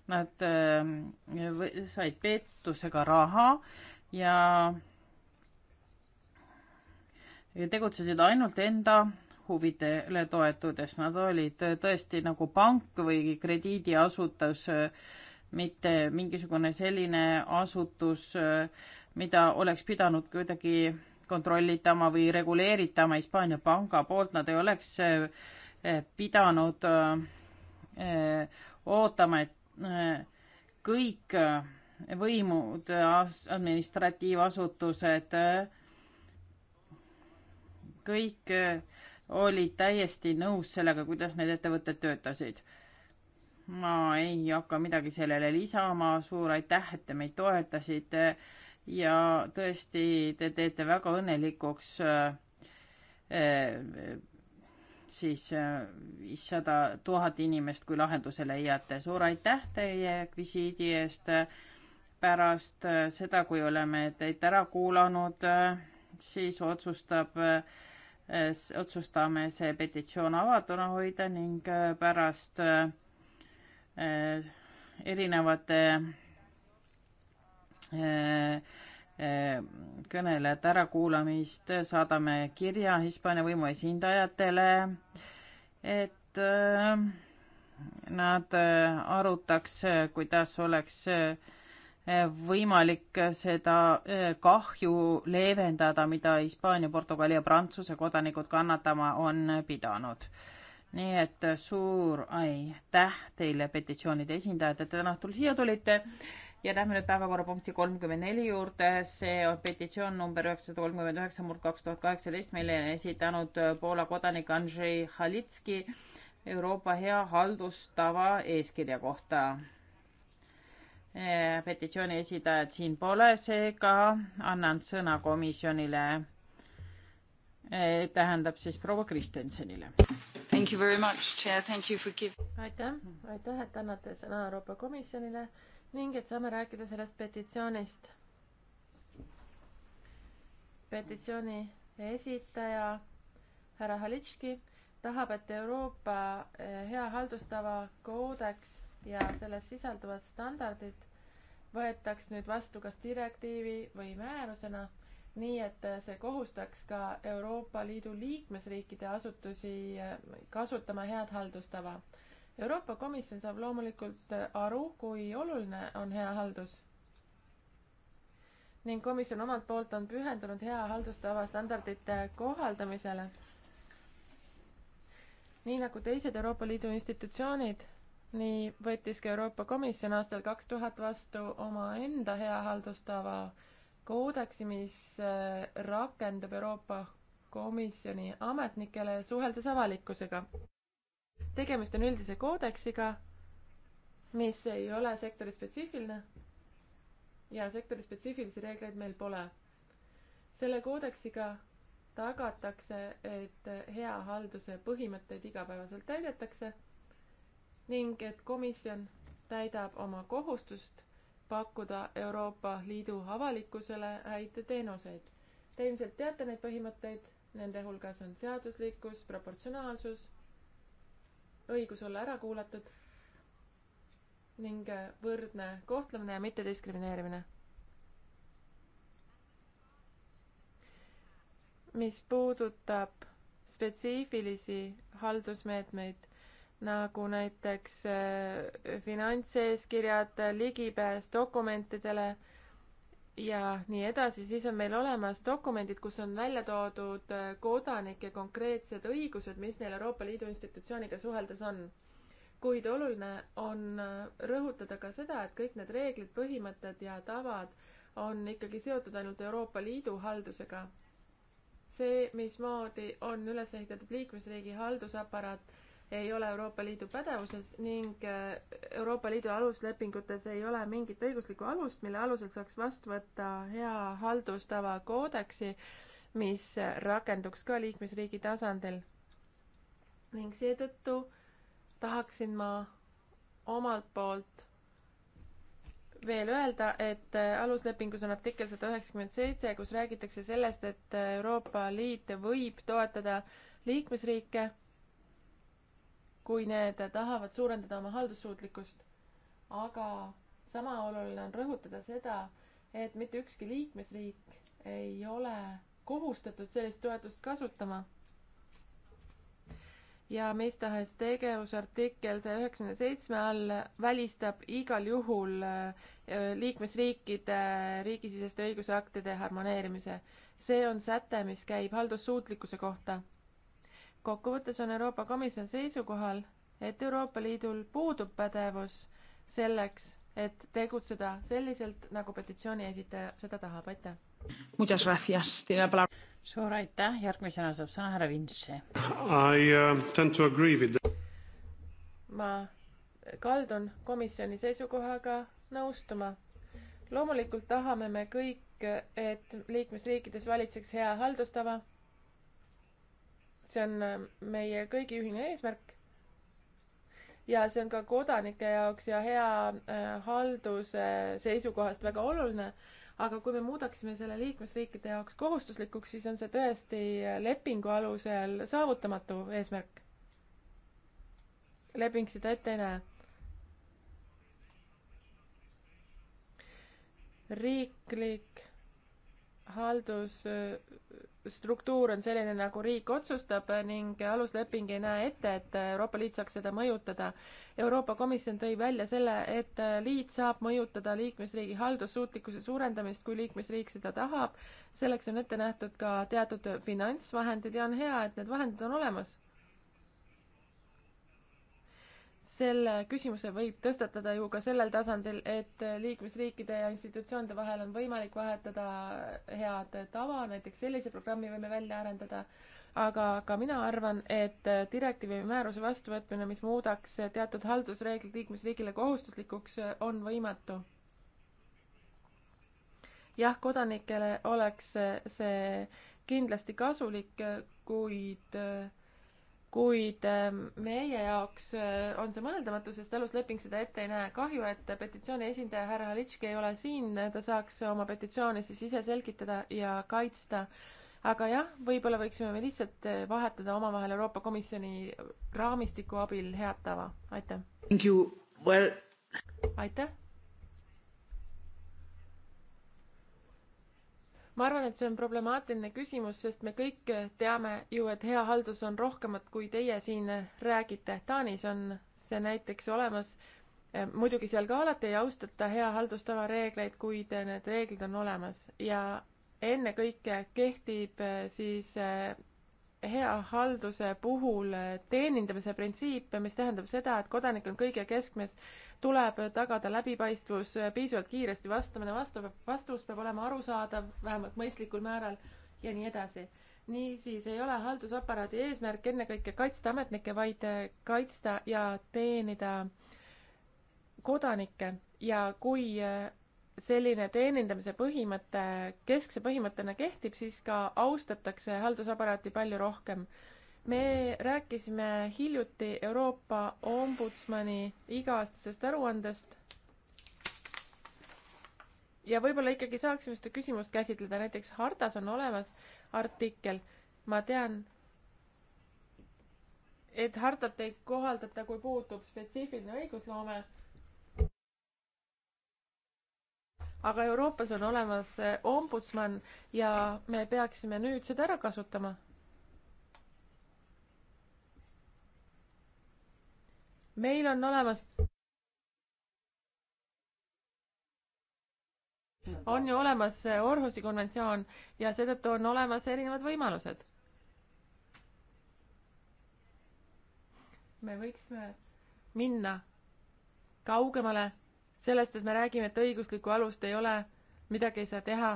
nad said peetusega raha ja tegutsesid ainult enda huvidele toetudes, nad olid tõesti nagu pank või krediidiasutus, mitte mingisugune selline asutus, mida oleks pidanud kuidagi kontrollitama või reguleeritama Hispaania panga poolt, nad ei oleks eh, pidanud eh, ootama, et eh, kõik võimud, administratiivasutused, kõik olid täiesti nõus sellega, kuidas need ettevõtted töötasid. ma ei hakka midagi sellele lisama, suur aitäh, et te meid toetasite ja tõesti, te teete väga õnnelikuks äh, äh, siis äh, viissada tuhat inimest, kui lahenduse leiate. suur aitäh teie visiidi eest. pärast seda, kui oleme teid ära kuulanud, siis otsustab äh, otsustame see petitsioon avatuna hoida ning äh, pärast äh, erinevate äh, kõnelejate ärakuulamist saadame kirja Hispaania võimu esindajatele, et nad arutaks, kuidas oleks võimalik seda eh, kahju leevendada, mida Hispaania, Portugali ja Prantsuse kodanikud kannatama on pidanud. nii et suur aitäh teile, petitsioonide esindajad, et täna õhtul siia tulite ja lähme nüüd päevakorrapunkti kolmkümmend neli juurde, see on petitsioon number üheksasada kolmkümmend üheksa murd kaks tuhat kaheksateist, mille on esitanud Poola kodanik Andrzej Halitski Euroopa hea haldustava eeskirja kohta Eh, petitsiooni esindajat siin pole, seega annan sõna komisjonile, eh, tähendab siis proua Kristensenile. aitäh, aitäh, et annate sõna Euroopa Komisjonile ning et saame rääkida sellest petitsioonist. petitsiooni esitaja härra Halitški tahab, et Euroopa eh, hea haldustava koodeks ja selles sisalduvad standardid võetaks nüüd vastu kas direktiivi või määrusena, nii et see kohustaks ka Euroopa Liidu liikmesriikide asutusi äh, kasutama head haldustava. Euroopa Komisjon saab loomulikult äh, aru, kui oluline on hea haldus ning komisjon omalt poolt on pühendunud hea haldustava standardite kohaldamisele. nii nagu teised Euroopa Liidu institutsioonid nii võttis ka Euroopa Komisjon aastal kaks tuhat vastu omaenda hea haldustava koodeksi, mis äh, rakendub Euroopa Komisjoni ametnikele suheldes avalikkusega. tegemist on üldise koodeksiga, mis ei ole sektori spetsiifiline ja sektori spetsiifilisi reegleid meil pole. selle koodeksiga tagatakse, et hea halduse põhimõtteid igapäevaselt täidetakse ning et komisjon täidab oma kohustust pakkuda Euroopa Liidu avalikkusele häid teenuseid. Te ilmselt teate neid põhimõtteid, nende hulgas on seaduslikkus, proportsionaalsus, õigus olla ära kuulatud ning võrdne kohtlemine ja mittediskrimineerimine. mis puudutab spetsiifilisi haldusmeetmeid, nagu näiteks äh, finantseeskirjad, ligipääs dokumentidele ja nii edasi, siis on meil olemas dokumendid, kus on välja toodud äh, kodanike konkreetsed õigused, mis neil Euroopa Liidu institutsiooniga suheldes on. kuid oluline on äh, rõhutada ka seda, et kõik need reeglid, põhimõtted ja tavad on ikkagi seotud ainult Euroopa Liidu haldusega. see, mismoodi on üles ehitatud liikmesriigi haldusaparaat ei ole Euroopa Liidu pädevuses ning äh, Euroopa Liidu aluslepingutes ei ole mingit õiguslikku alust, mille alusel saaks vastu võtta hea haldustava koodeksi, mis rakenduks ka liikmesriigi tasandil. ning seetõttu tahaksin ma omalt poolt veel öelda, et äh, aluslepingus on artikkel sada üheksakümmend seitse, kus räägitakse sellest, et äh, Euroopa Liit võib toetada liikmesriike kui need tahavad suurendada oma haldussuutlikkust. aga sama oluline on rõhutada seda, et mitte ükski liikmesriik ei ole kohustatud sellist toetust kasutama. ja mis tahes tegevus artikkel saja üheksakümne seitsme all välistab igal juhul äh, liikmesriikide riigisiseste õigusaktide harmoneerimise. see on säte, mis käib haldussuutlikkuse kohta kokkuvõttes on Euroopa Komisjon seisukohal, et Euroopa Liidul puudub pädevus selleks, et tegutseda selliselt, nagu petitsiooni esitaja seda tahab, aitäh. Muchas gracias, Tiina Pala. suur aitäh, järgmisena saab sõna härra Vintsi. I uh, tend to agree with that. ma kaldun komisjoni seisukohaga nõustuma. loomulikult tahame me kõik, et liikmesriikides valitseks hea haldustava see on äh, meie kõigi ühine eesmärk. ja see on ka kodanike jaoks ja hea äh, halduse seisukohast väga oluline, aga kui me muudaksime selle liikmesriikide jaoks kohustuslikuks, siis on see tõesti äh, lepingu alusel saavutamatu eesmärk. leping seda ette ei näe riiklik haldus, struktuur on selline, nagu riik otsustab ning alusleping ei näe ette, et Euroopa Liit saaks seda mõjutada. Euroopa Komisjon tõi välja selle, et liit saab mõjutada liikmesriigi haldussuutlikkuse suurendamist, kui liikmesriik seda tahab. selleks on ette nähtud ka teatud finantsvahendid ja on hea, et need vahendid on olemas selle küsimuse võib tõstatada ju ka sellel tasandil, et liikmesriikide ja institutsioonide vahel on võimalik vahetada head tava, näiteks sellise programmi võime välja arendada, aga ka mina arvan, et direktiivi või määruse vastuvõtmine, mis muudaks teatud haldusreeglid liikmesriigile kohustuslikuks, on võimatu. jah, kodanikele oleks see kindlasti kasulik, kuid kuid ähm, meie jaoks äh, on see mõeldamatu, sest alusleping seda ette ei näe. kahju, et petitsiooni esindaja härra Halitški ei ole siin, ta saaks oma petitsioone siis ise selgitada ja kaitsta. aga jah, võib-olla võiksime me lihtsalt äh, vahetada omavahel Euroopa Komisjoni raamistiku abil head tava. aitäh! Well... aitäh! ma arvan, et see on problemaatiline küsimus, sest me kõik teame ju, et hea haldus on rohkemat, kui teie siin räägite. Taanis on see näiteks olemas. Eh, muidugi seal ka alati ei austata hea haldustava reegleid, kuid eh, need reeglid on olemas ja ennekõike kehtib eh, siis hea halduse puhul teenindamise printsiip, mis tähendab seda, et kodanik on kõige keskmes, tuleb tagada läbipaistvus, piisavalt kiiresti vastamine, vastav, vastus peab olema arusaadav, vähemalt mõistlikul määral ja nii edasi. niisiis ei ole haldusaparaadi eesmärk ennekõike kaitsta ametnikke, vaid kaitsta ja teenida kodanikke ja kui selline teenindamise põhimõte keskse põhimõttena kehtib, siis ka austatakse haldusaparaati palju rohkem. me rääkisime hiljuti Euroopa Ombudsmani iga-aastasest aruandest ja võib-olla ikkagi saaksime seda küsimust käsitleda, näiteks Hardas on olemas artikkel, ma tean, et hartat ei kohaldata, kui puutub spetsiifiline õigusloome aga Euroopas on olemas ombudsman ja me peaksime nüüd seda ära kasutama. meil on olemas on ju olemas Orhusi konventsioon ja seetõttu on olemas erinevad võimalused. me võiksime minna kaugemale sellest, et me räägime, et õiguslikku alust ei ole, midagi ei saa teha.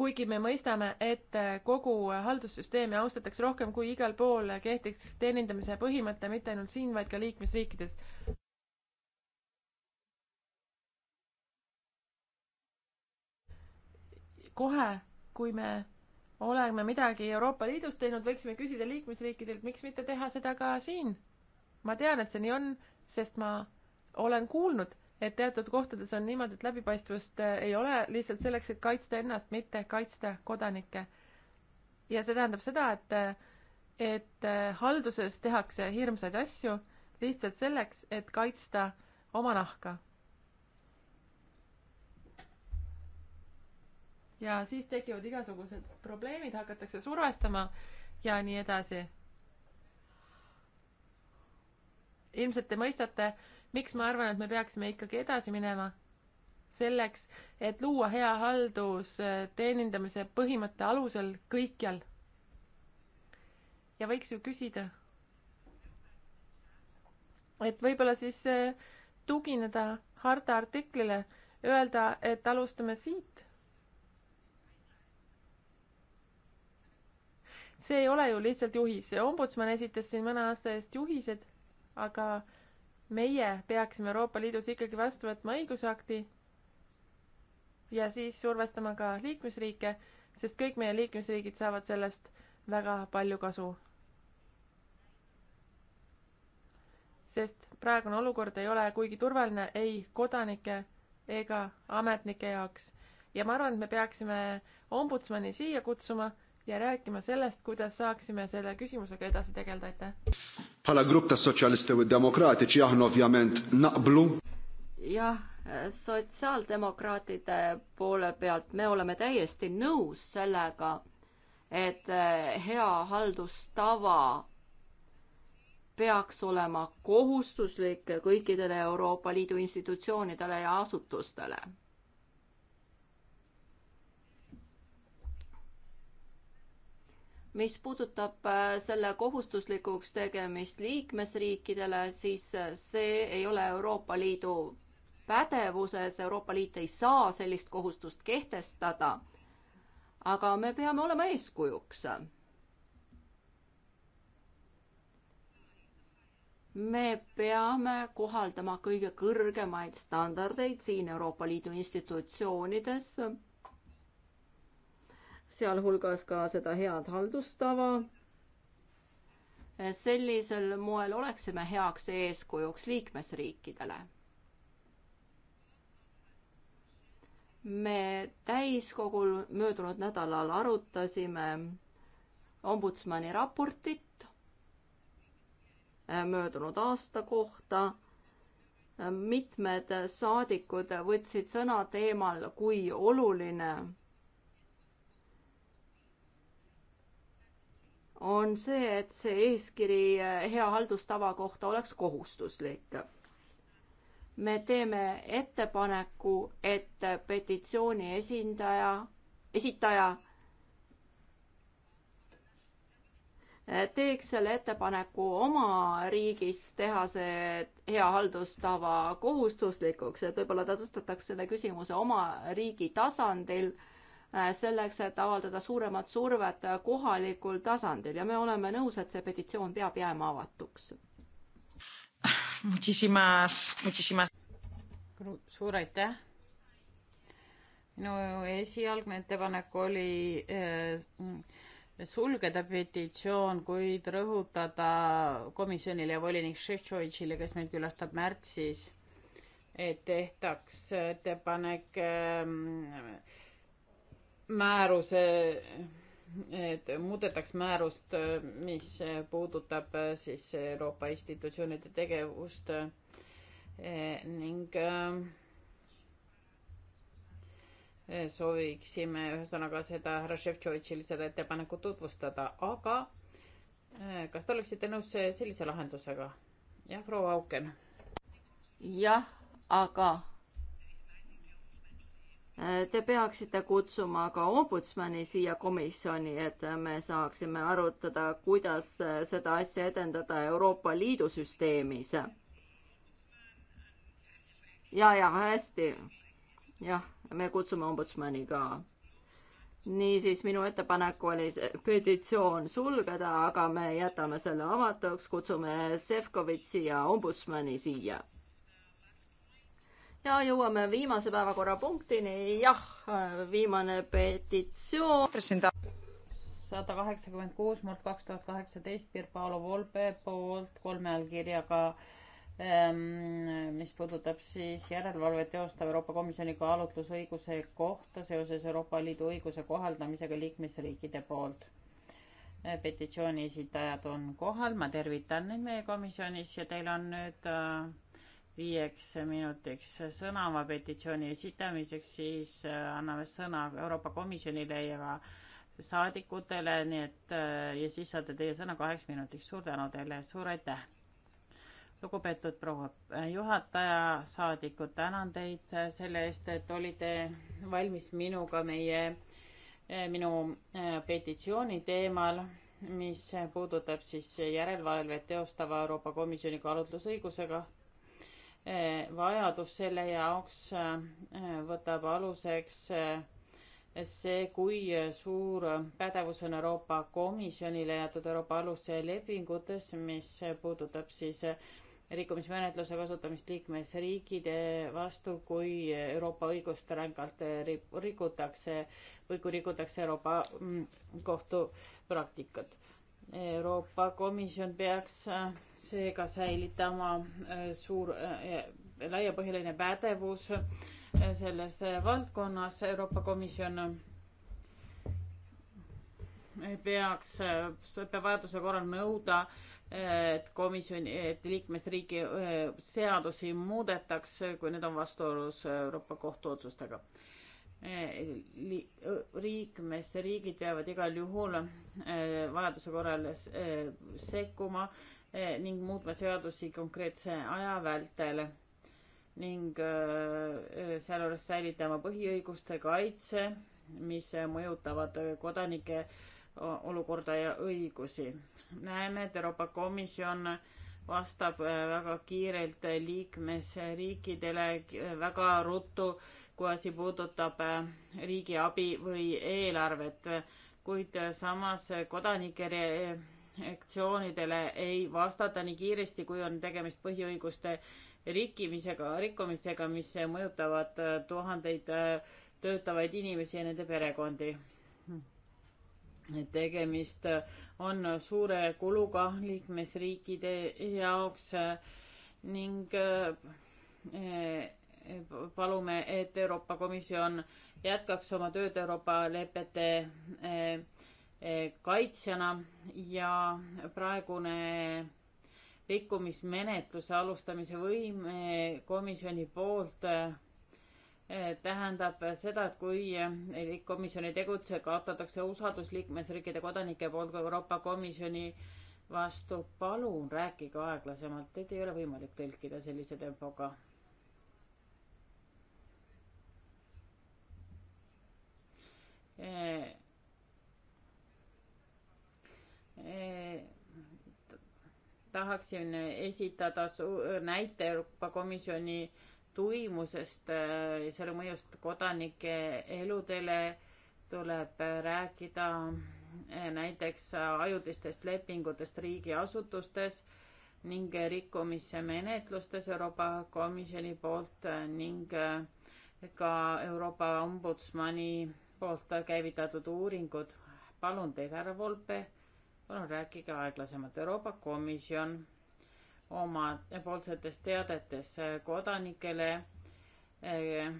kuigi me mõistame, et kogu haldussüsteemi austatakse rohkem kui igal pool kehtiks teenindamise põhimõte, mitte ainult siin, vaid ka liikmesriikides. kohe, kui me oleme midagi Euroopa Liidus teinud, võiksime küsida liikmesriikidelt, miks mitte teha seda ka siin ma tean, et see nii on, sest ma olen kuulnud, et teatud kohtades on niimoodi, et läbipaistvust äh, ei ole lihtsalt selleks, et kaitsta ennast, mitte kaitsta kodanikke. ja see tähendab seda, et, äh, et äh, halduses tehakse hirmsaid asju lihtsalt selleks, et kaitsta oma nahka. ja siis tekivad igasugused probleemid, hakatakse survestama ja nii edasi ilmselt te mõistate, miks ma arvan, et me peaksime ikkagi edasi minema. selleks, et luua hea haldus äh, teenindamise põhimõtte alusel kõikjal. ja võiks ju küsida, et võib-olla siis äh, tugineda harta artiklile, öelda, et alustame siit see ei ole ju lihtsalt juhis. ombudsman esitas siin mõne aasta eest juhised aga meie peaksime Euroopa Liidus ikkagi vastu võtma õigusakti ja siis survestama ka liikmesriike, sest kõik meie liikmesriigid saavad sellest väga palju kasu. sest praegune olukord ei ole kuigi turvaline ei kodanike ega ametnike jaoks ja ma arvan, et me peaksime ombudsmani siia kutsuma ja rääkima sellest, kuidas saaksime selle küsimusega edasi tegeleda, aitäh. bħala grupp ta' sotsialiste või demokraatiċi aħna ovvjament naqblu. jah, sotsiaaldemokraatide poole pealt me oleme täiesti nõus sellega, et eh, hea haldustava peaks olema kohustuslik kõikidele Euroopa Liidu institutsioonidele ja asutustele mis puudutab äh, selle kohustuslikuks tegemist liikmesriikidele, siis äh, see ei ole Euroopa Liidu pädevuses, Euroopa Liit ei saa sellist kohustust kehtestada. aga me peame olema eeskujuks. me peame kohaldama kõige kõrgemaid standardeid siin Euroopa Liidu institutsioonides sealhulgas ka seda head haldustava. sellisel moel oleksime heaks eeskujuks liikmesriikidele. me täiskogul möödunud nädalal arutasime ombudsmani raportit möödunud aasta kohta mitmed saadikud võtsid sõna teemal, kui oluline on see, et see eeskiri eh, hea haldustava kohta oleks kohustuslik. me teeme ettepaneku, et petitsiooni esindaja, esitaja eh, teeks selle ettepaneku oma riigis teha see hea haldustava kohustuslikuks, et võib-olla ta tõstataks selle küsimuse oma riigi tasandil Äh, selleks, et avaldada suuremat survet äh, kohalikul tasandil ja me oleme nõus, et see petitsioon peab jääma avatuks. Muchísimas, muchísimas. suur aitäh. minu esialgne ettepanek oli äh, sulgeda petitsioon, kuid rõhutada komisjonile ja volinik Šeftšovitšile, kes meid külastab märtsis, et tehtaks ettepanek äh, määruse, et muudetaks määrust, mis puudutab äh, siis Euroopa institutsioonide tegevust äh, ning äh, sooviksime ühesõnaga seda härra Šefčovitšil seda ettepanekut tutvustada, aga kas te oleksite nõus sellise lahendusega? jah, proua Auken. jah, aga Te peaksite kutsuma ka ombudsmani siia komisjoni, et me saaksime arutada, kuidas seda asja edendada Euroopa Liidu süsteemis. ja, ja hästi. jah, me kutsume ombudsmani ka niisiis minu ettepanek oli petitsioon sulgeda, aga me jätame selle avatuks, kutsume Sefkovitši ja ombudsmani siia ja jõuame viimase päevakorrapunktini, jah, viimane petitsioon. sada kaheksakümmend kuus murd kaks tuhat kaheksateist Birpaolo Volpe poolt kolme allkirjaga ehm, mis puudutab siis järelevalvet teostava Euroopa Komisjoni kaalutlusõiguse kohta seoses Euroopa Liidu õiguse kohaldamisega liikmesriikide poolt. Eh, petitsiooni esitajad on kohal, ma tervitan neid meie komisjonis ja teil on nüüd äh, viieks minutiks sõna oma petitsiooni esitamiseks, siis äh, anname sõna Euroopa Komisjonile ja ka saadikutele, nii et äh, ja siis saate teie sõna kaheks minutiks. suur tänu teile, suur aitäh! lugupeetud proua äh, juhataja, saadikud, tänan teid selle eest, et olite valmis minuga meie, minu petitsiooni teemal mis puudutab siis järelevalvet teostava Euroopa Komisjoni kaalutlusõigusega Eh, vajadus selle jaoks eh, võtab aluseks eh, see, kui suur pädevus on Euroopa Komisjonile jäetud Euroopa aluse lepingutes, mis puudutab siis rikkumismenetluse kasutamist liikmesriikide vastu, kui Euroopa õigust rängalt rikutakse või kui rikutakse Euroopa mm, kohtu praktikat. Euroopa Komisjon peaks äh, seega säilitama äh, suur äh, laiapõhjaline pädevus selles valdkonnas. Euroopa Komisjon peaks, peab vajaduse korral nõuda, et komisjoni, et liikmesriigi seadusi muudetakse, kui need on vastuolus Euroopa Kohtu otsustega liikmesriigid peavad igal juhul eh, vajaduse korral eh, sekkuma eh, ning muutma seadusi konkreetse aja vältel ning sealjuures säilitama põhiõiguste kaitse, mis mõjutavad kodanike olukorda ja õigusi. näeme, et Euroopa Komisjon vastab väga kiirelt liikmesriikidele väga ruttu kui asi puudutab äh, riigi abi või eelarvet, kuid äh, samas kodanike reaktsioonidele ei vastata nii kiiresti, kui on tegemist põhiõiguste rikkimisega, rikkumisega, mis mõjutavad äh, tuhandeid töötavaid inimesi ja nende perekondi. tegemist on suure kuluga liikmesriikide jaoks ning palume, et Euroopa Komisjon jätkaks oma tööd Euroopa lepete eh, eh, kaitsjana ja praegune rikkumismenetluse alustamise võime komisjoni poolt eh, tähendab seda, et kui komisjoni tegutse kaotatakse usaldus liikmesriikide kodanike poolt Euroopa Komisjoni vastu, palun rääkige aeglasemalt, teid ei ole võimalik tõlkida sellise tempoga tahaksin esitada näite Euroopa Komisjoni tuimusest ja äh, selle mõjust kodanike eludele tuleb rääkida äh, näiteks ajutistest lepingutest riigiasutustes ning rikkumise menetlustes Euroopa Komisjoni poolt ning äh, ka Euroopa Ombudsmani poolt käivitatud uuringud. palun teid, härra Volpe, palun rääkige aeglasemalt. Euroopa Komisjon oma poolsetes teadetes kodanikele, eh,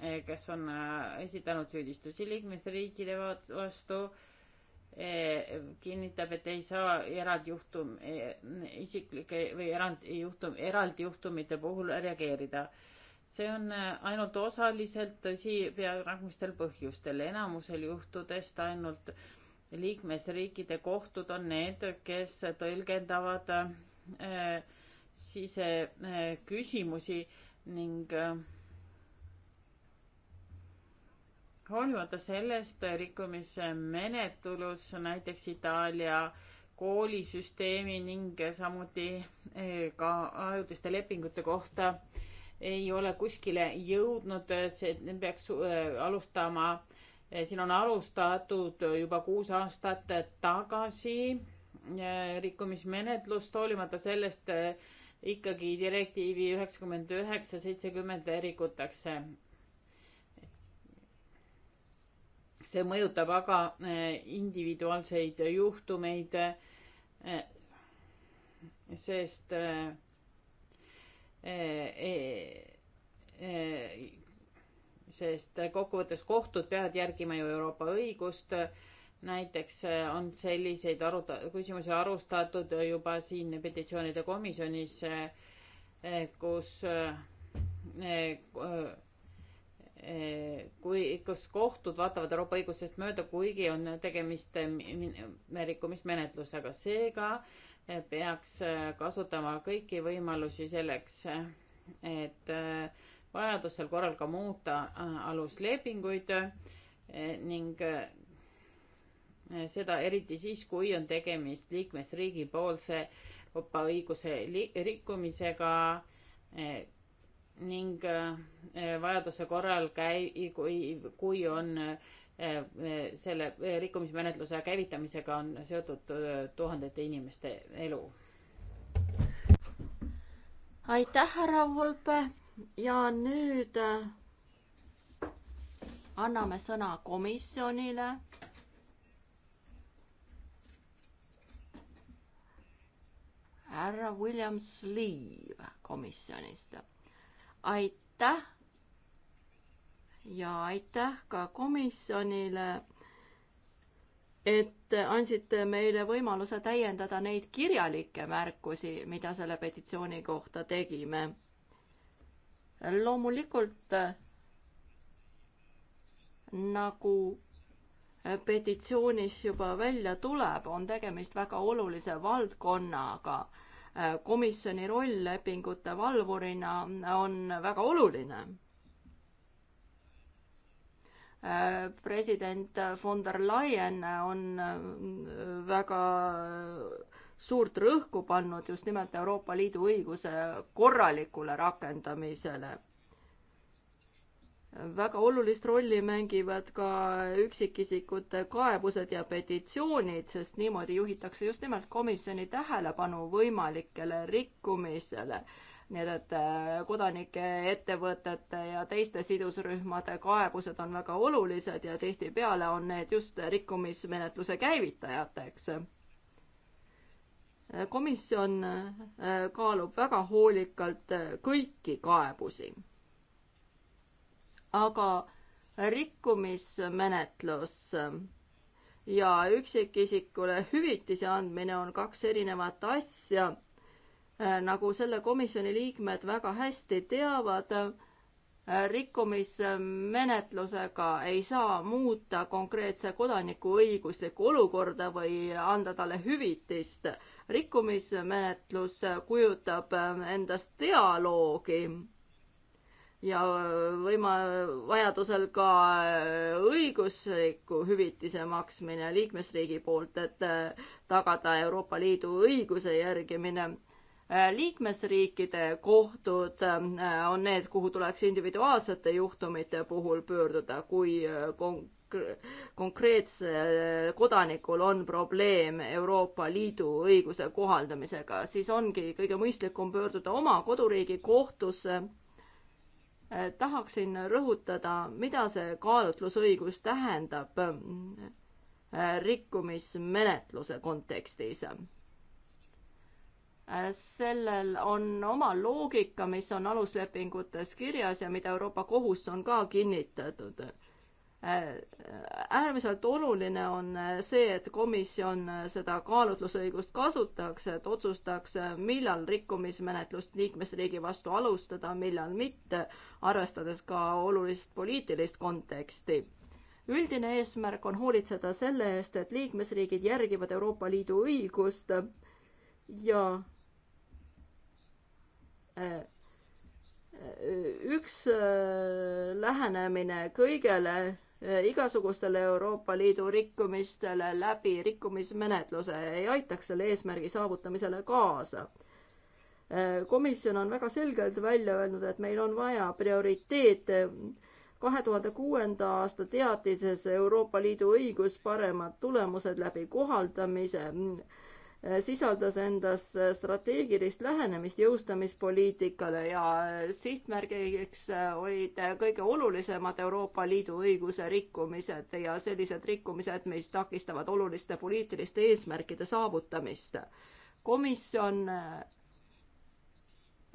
eh, kes on eh, esitanud süüdistusi liikmesriikide vastu, kinnitab, et ei saa erandjuhtum, isiklike või erandjuhtum, erandjuhtumite puhul reageerida see on äh, ainult osaliselt tõsi peagrahmistel põhjustel, enamusel juhtudest ainult liikmesriikide kohtud on need, kes tõlgendavad äh, siseküsimusi äh, ning äh, hoolimata sellest rikkumise menetlus näiteks Itaalia koolisüsteemi ning samuti äh, ka ajutiste lepingute kohta äh, ei ole kuskile jõudnud, see peaks äh, alustama, äh, siin on alustatud juba kuus aastat tagasi äh, rikkumismenetlust, hoolimata sellest ikkagi direktiivi üheksakümmend üheksa, seitsekümmend rikutakse. see mõjutab aga individuaalseid juhtumeid, sest äh, Eh, eh, eh, sest kokkuvõttes kohtud peavad järgima ju Euroopa õigust. näiteks on selliseid aruta-, küsimusi arustatud juba siin petitsioonide komisjonis, kus kui, kus kohtud vaatavad Euroopa õigusest mööda, kuigi on tegemist rikkumismenetlusega. seega peaks äh, kasutama kõiki võimalusi selleks, et äh, vajadusel korral ka muuta äh, aluslepinguid ning seda eriti siis, kui on tegemist liikmesriigi poolse Euroopa õiguse rikkumisega ning vajaduse korral käi-, kui, kui on Eh, eh, selle eh, rikkumismenetluse käivitamisega on seotud tuhandete inimeste elu. aitäh, härra Volpe ja nüüd anname sõna komisjonile. härra William Sleeve komisjonist. aitäh ja aitäh ka komisjonile, et andsite meile võimaluse täiendada neid kirjalikke märkusi, mida selle petitsiooni kohta tegime. loomulikult nagu petitsioonis juba välja tuleb, on tegemist väga olulise valdkonnaga. komisjoni roll lepingute valvurina on väga oluline president von der Leyen on äh, väga suurt rõhku pannud just nimelt Euroopa Liidu õiguse korralikule rakendamisele. väga olulist rolli mängivad ka üksikisikute kaebused ja petitsioonid, sest niimoodi juhitakse just nimelt komisjoni tähelepanu võimalikele rikkumisele nii et, et äh, kodanike, ettevõtete ja teiste sidusrühmade kaebused on väga olulised ja tihtipeale on need just rikkumismenetluse käivitajateks. Äh, komisjon äh, kaalub väga hoolikalt kõiki kaebusi. aga rikkumismenetlus ja üksikisikule hüvitise andmine on kaks erinevat asja Äh, nagu selle komisjoni liikmed väga hästi teavad, äh, rikkumismenetlusega ei saa muuta konkreetse kodaniku õiguslikku olukorda või anda talle hüvitist. rikkumismenetlus äh, kujutab endast dialoogi ja võima-, vajadusel ka õigusliku hüvitise maksmine liikmesriigi poolt, et tagada Euroopa Liidu õiguse järgimine Äh, liikmesriikide kohtud äh, on need, kuhu tuleks individuaalsete juhtumite puhul pöörduda, kui äh, konkreetse kodanikul on probleem Euroopa Liidu õiguse kohaldamisega, siis ongi kõige mõistlikum pöörduda oma koduriigi kohtusse. tahaksin rõhutada, mida see kaalutlusõigus tähendab rikkumismenetluse kontekstis Äh, sellel on oma loogika, mis on aluslepingutes kirjas ja mida Euroopa Kohus on ka kinnitatud. Äh, äärmiselt oluline on äh, see, et komisjon seda kaalutlusõigust kasutaks, et otsustaks, millal rikkumismenetlust liikmesriigi vastu alustada, millal mitte, arvestades ka olulist poliitilist konteksti üldine eesmärk on hoolitseda selle eest, et liikmesriigid järgivad Euroopa Liidu õigust ja üks äh, lähenemine kõigele, äh, igasugustele Euroopa Liidu rikkumistele läbi rikkumismenetluse ei aitaks selle eesmärgi saavutamisele kaasa äh, komisjon on väga selgelt välja öelnud, et meil on vaja prioriteete. kahe tuhande kuuenda aasta teatises Euroopa Liidu õigus paremad tulemused läbi kohaldamise Äh, sisaldas endas äh, strateegilist lähenemist jõustamispoliitikale ja äh, sihtmärgiks olid kõige olulisemad Euroopa Liidu õiguse rikkumised ja sellised rikkumised, mis takistavad oluliste poliitiliste eesmärkide saavutamist. komisjon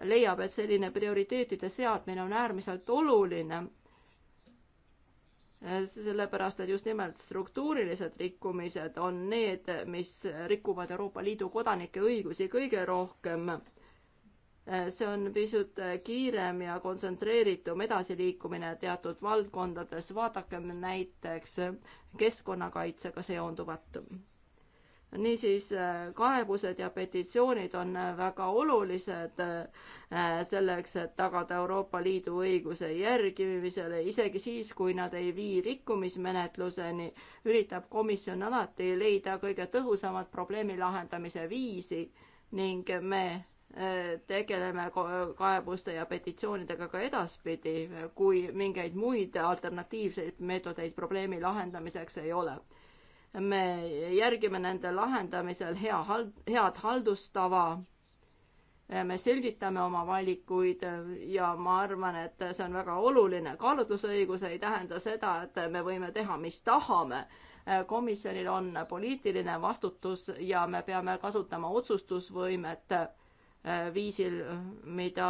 leiab, et selline prioriteetide seadmine on äärmiselt oluline sellepärast, et just nimelt struktuurilised rikkumised on need, mis rikuvad Euroopa Liidu kodanike õigusi kõige rohkem. see on pisut kiirem ja kontsentreeritum edasiliikumine teatud valdkondades, vaadakem näiteks keskkonnakaitsega seonduvat niisiis äh, kaebused ja petitsioonid on äh, väga olulised äh, selleks, et tagada Euroopa Liidu õiguse järgimisele, isegi siis, kui nad ei vii rikkumismenetluseni, üritab komisjon alati leida kõige tõhusamat probleemi lahendamise viisi ning me tegeleme kaebuste ja petitsioonidega ka edaspidi, kui mingeid muid alternatiivseid meetodeid probleemi lahendamiseks ei ole me järgime nende lahendamisel hea hald-, head haldustava, me selgitame oma valikuid ja ma arvan, et see on väga oluline. kaalutlusõigus ei tähenda seda, et me võime teha, mis tahame. komisjonil on poliitiline vastutus ja me peame kasutama otsustusvõimet viisil, mida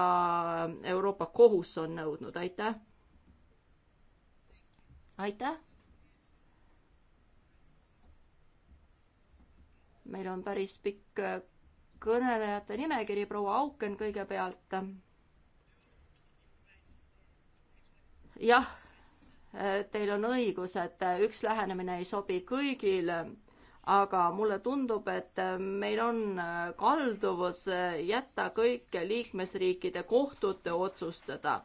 Euroopa Kohus on nõudnud. aitäh! aitäh! meil on päris pikk äh, kõnelejate nimekiri, proua Auken kõigepealt. jah, äh, teil on õigus, et äh, üks lähenemine ei sobi kõigile, aga mulle tundub, et meil on kalduvus jätta kõik liikmesriikide kohtute otsustada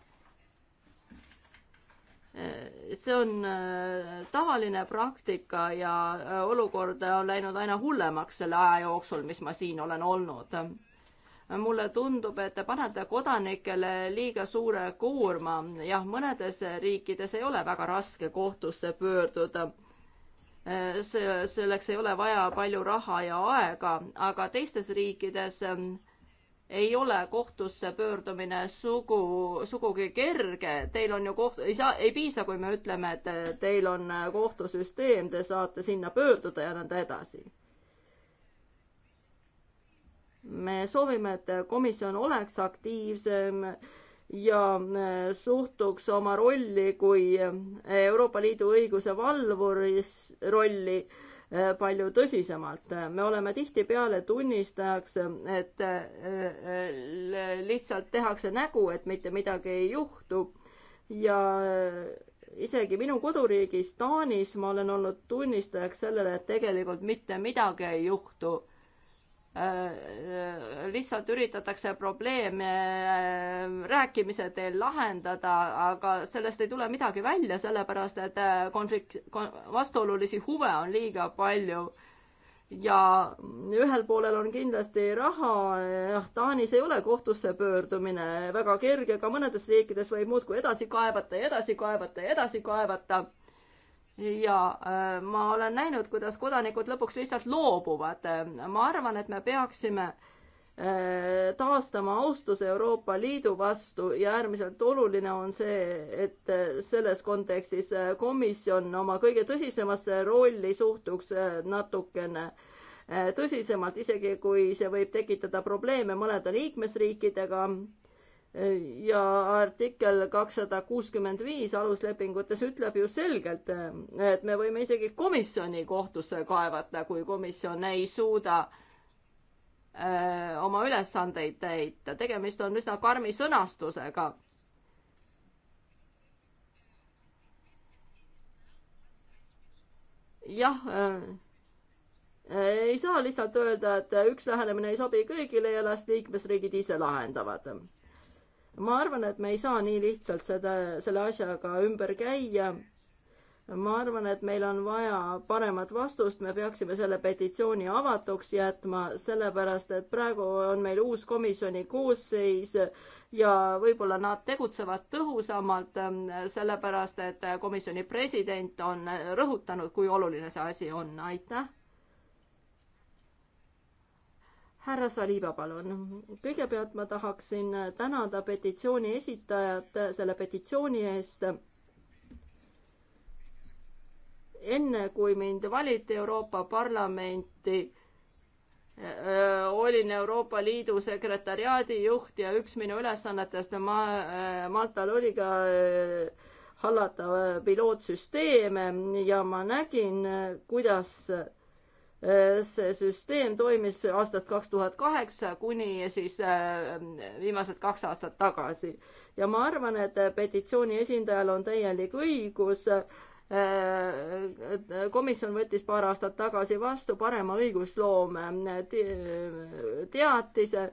see on äh, tavaline praktika ja äh, olukord on läinud aina hullemaks selle aja jooksul, mis ma siin olen olnud. mulle tundub, et te panete kodanikele liiga suure koorma, jah, mõnedes riikides ei ole väga raske kohtusse pöörduda äh, see, selleks ei ole vaja palju raha ja aega, aga teistes riikides ei ole kohtusse pöördumine sugu, sugugi kerge, teil on ju koht, ei saa, ei piisa, kui me ütleme, et teil on kohtusüsteem, te saate sinna pöörduda ja nõnda edasi. me soovime, et komisjon oleks aktiivsem ja suhtuks oma rolli kui Euroopa Liidu õiguse valvuris rolli Äh, palju tõsisemalt. me oleme tihtipeale tunnistajaks, et äh, äh, lihtsalt tehakse nägu, et mitte midagi ei juhtu ja isegi minu koduriigis Taanis ma olen olnud tunnistajaks sellele, et tegelikult mitte midagi ei juhtu Äh, äh, lihtsalt üritatakse probleeme äh, rääkimise teel lahendada, aga sellest ei tule midagi välja, sellepärast et konflikt, vastuolulisi huve on liiga palju. ja ühel poolel on kindlasti raha, jah, Taanis ei ole kohtusse pöördumine väga kerge, ka mõnedes riikides võib muudkui edasi kaevata ja edasi kaevata ja edasi kaevata ja äh, ma olen näinud, kuidas kodanikud lõpuks lihtsalt loobuvad. ma arvan, et me peaksime äh, taastama austuse Euroopa Liidu vastu ja äärmiselt oluline on see, et äh, selles kontekstis komisjon oma kõige tõsisemasse rolli suhtuks natukene tõsisemalt, isegi kui see võib tekitada probleeme mõnede liikmesriikidega ja artikkel kakssada kuuskümmend viis aluslepingutes ütleb ju selgelt, et me võime isegi komisjoni kohtusse kaevata, kui komisjon ei suuda öö, äh, oma ülesandeid täita. tegemist on üsna karmi sõnastusega. jah äh, ei saa lihtsalt öelda, et üks lähenemine ei sobi kõigile ja las liikmesriigid ise lahendavad ma arvan, et me ei saa nii lihtsalt seda, selle asjaga ümber käia. ma arvan, et meil on vaja paremat vastust, me peaksime selle petitsiooni avatuks jätma, sellepärast et praegu on meil uus komisjoni koosseis ja võib-olla nad tegutsevad tõhusamalt, sellepärast et komisjoni president on rõhutanud, kui oluline see asi on, aitäh härra Saliba, palun. kõigepealt ma tahaksin tänada petitsiooni esitajat selle petitsiooni eest. enne kui mind valiti Euroopa Parlamenti olin Euroopa Liidu sekretariaadi juht ja üks minu ülesannetest ma, Maltal oli ka hallata pilootsüsteeme ja ma nägin, kuidas see süsteem toimis aastast kaks tuhat kaheksa kuni siis äh, viimased kaks aastat tagasi. ja ma arvan, et petitsiooni esindajal on täielik õigus. Äh, komisjon võttis paar aastat tagasi vastu parema õigusloome äh, teatise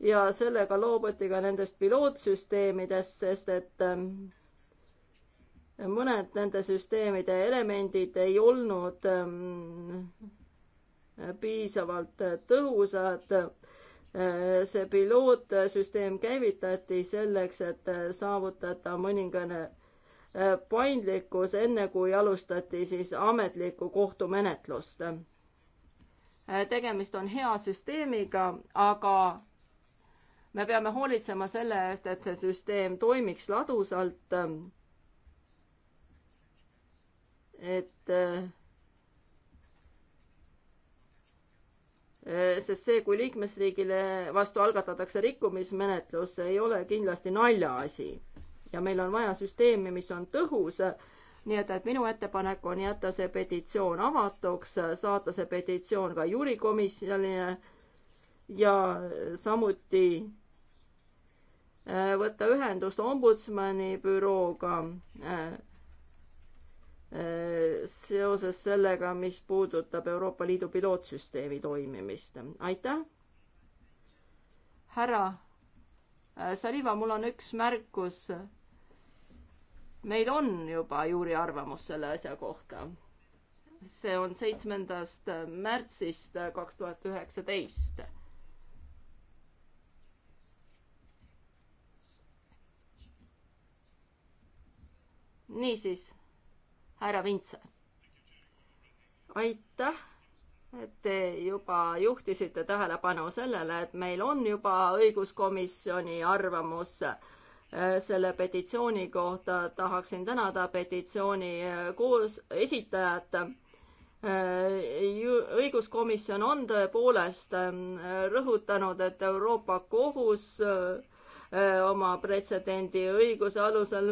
ja sellega loobuti ka nendest pilootsüsteemidest, sest et mõned nende süsteemide elemendid ei olnud ähm, piisavalt tõhusad. see pilootsüsteem käivitati selleks, et saavutada mõningane paindlikkus, enne kui alustati siis ametlikku kohtumenetlust. tegemist on hea süsteemiga, aga me peame hoolitsema selle eest, et see süsteem toimiks ladusalt. et Eh, sest see, kui liikmesriigile vastu algatatakse rikkumismenetlus, ei ole kindlasti naljaasi. ja meil on vaja süsteemi, mis on tõhus, nii et, et minu ettepanek on jätta see petitsioon avatuks, saata see petitsioon ka juurikomisjonile ja samuti eh, võtta ühendust ombudsmani bürooga eh, seoses sellega, mis puudutab Euroopa Liidu pilootsüsteemi toimimist. aitäh! härra äh, Saliva, mul on üks märkus. meil on juba juuri arvamus selle asja kohta. see on seitsmendast märtsist kaks tuhat üheksateist niisiis, härra Vintse. aitäh, et te juba juhtisite tähelepanu sellele, et meil on juba õiguskomisjoni arvamus äh, selle petitsiooni kohta tahaksin tänada petitsiooni äh, koos esitajat. Äh, õiguskomisjon on tõepoolest rõhutanud, et Euroopa Kohus oma pretsedendi õiguse alusel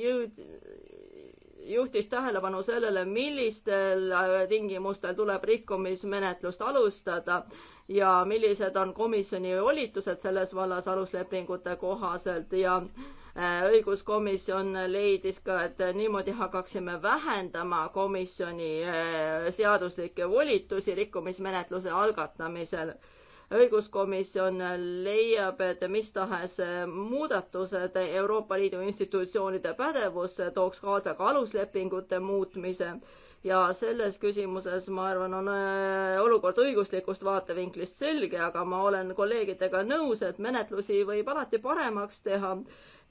jõud, juhtis tähelepanu sellele, millistel äh, tingimustel tuleb rikkumismenetlust alustada ja millised on komisjoni volitused selles vallas aluslepingute kohaselt ja äh, õiguskomisjon leidis ka, et niimoodi hakaksime vähendama komisjoni äh, seaduslikke volitusi rikkumismenetluse algatamisel õiguskomisjon leiab, et mis tahes muudatused Euroopa Liidu institutsioonide pädevusse tooks kaasa ka aluslepingute muutmise ja selles küsimuses, ma arvan, on äh, olukord õiguslikust vaatevinklist selge, aga ma olen kolleegidega nõus, et menetlusi võib alati paremaks teha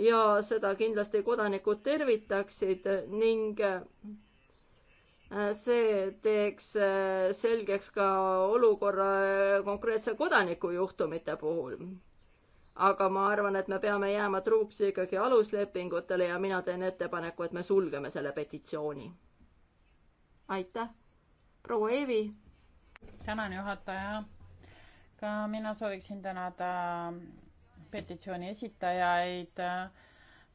ja seda kindlasti kodanikud tervitaksid ning Äh, see teeks äh, selgeks ka olukorra äh, konkreetse kodaniku juhtumite puhul. aga ma arvan, et me peame jääma truuks ikkagi aluslepingutele ja mina teen ettepaneku, et me sulgeme selle petitsiooni. aitäh, proua Eevi. tänan, juhataja. ka mina sooviksin tänada petitsiooni esitajaid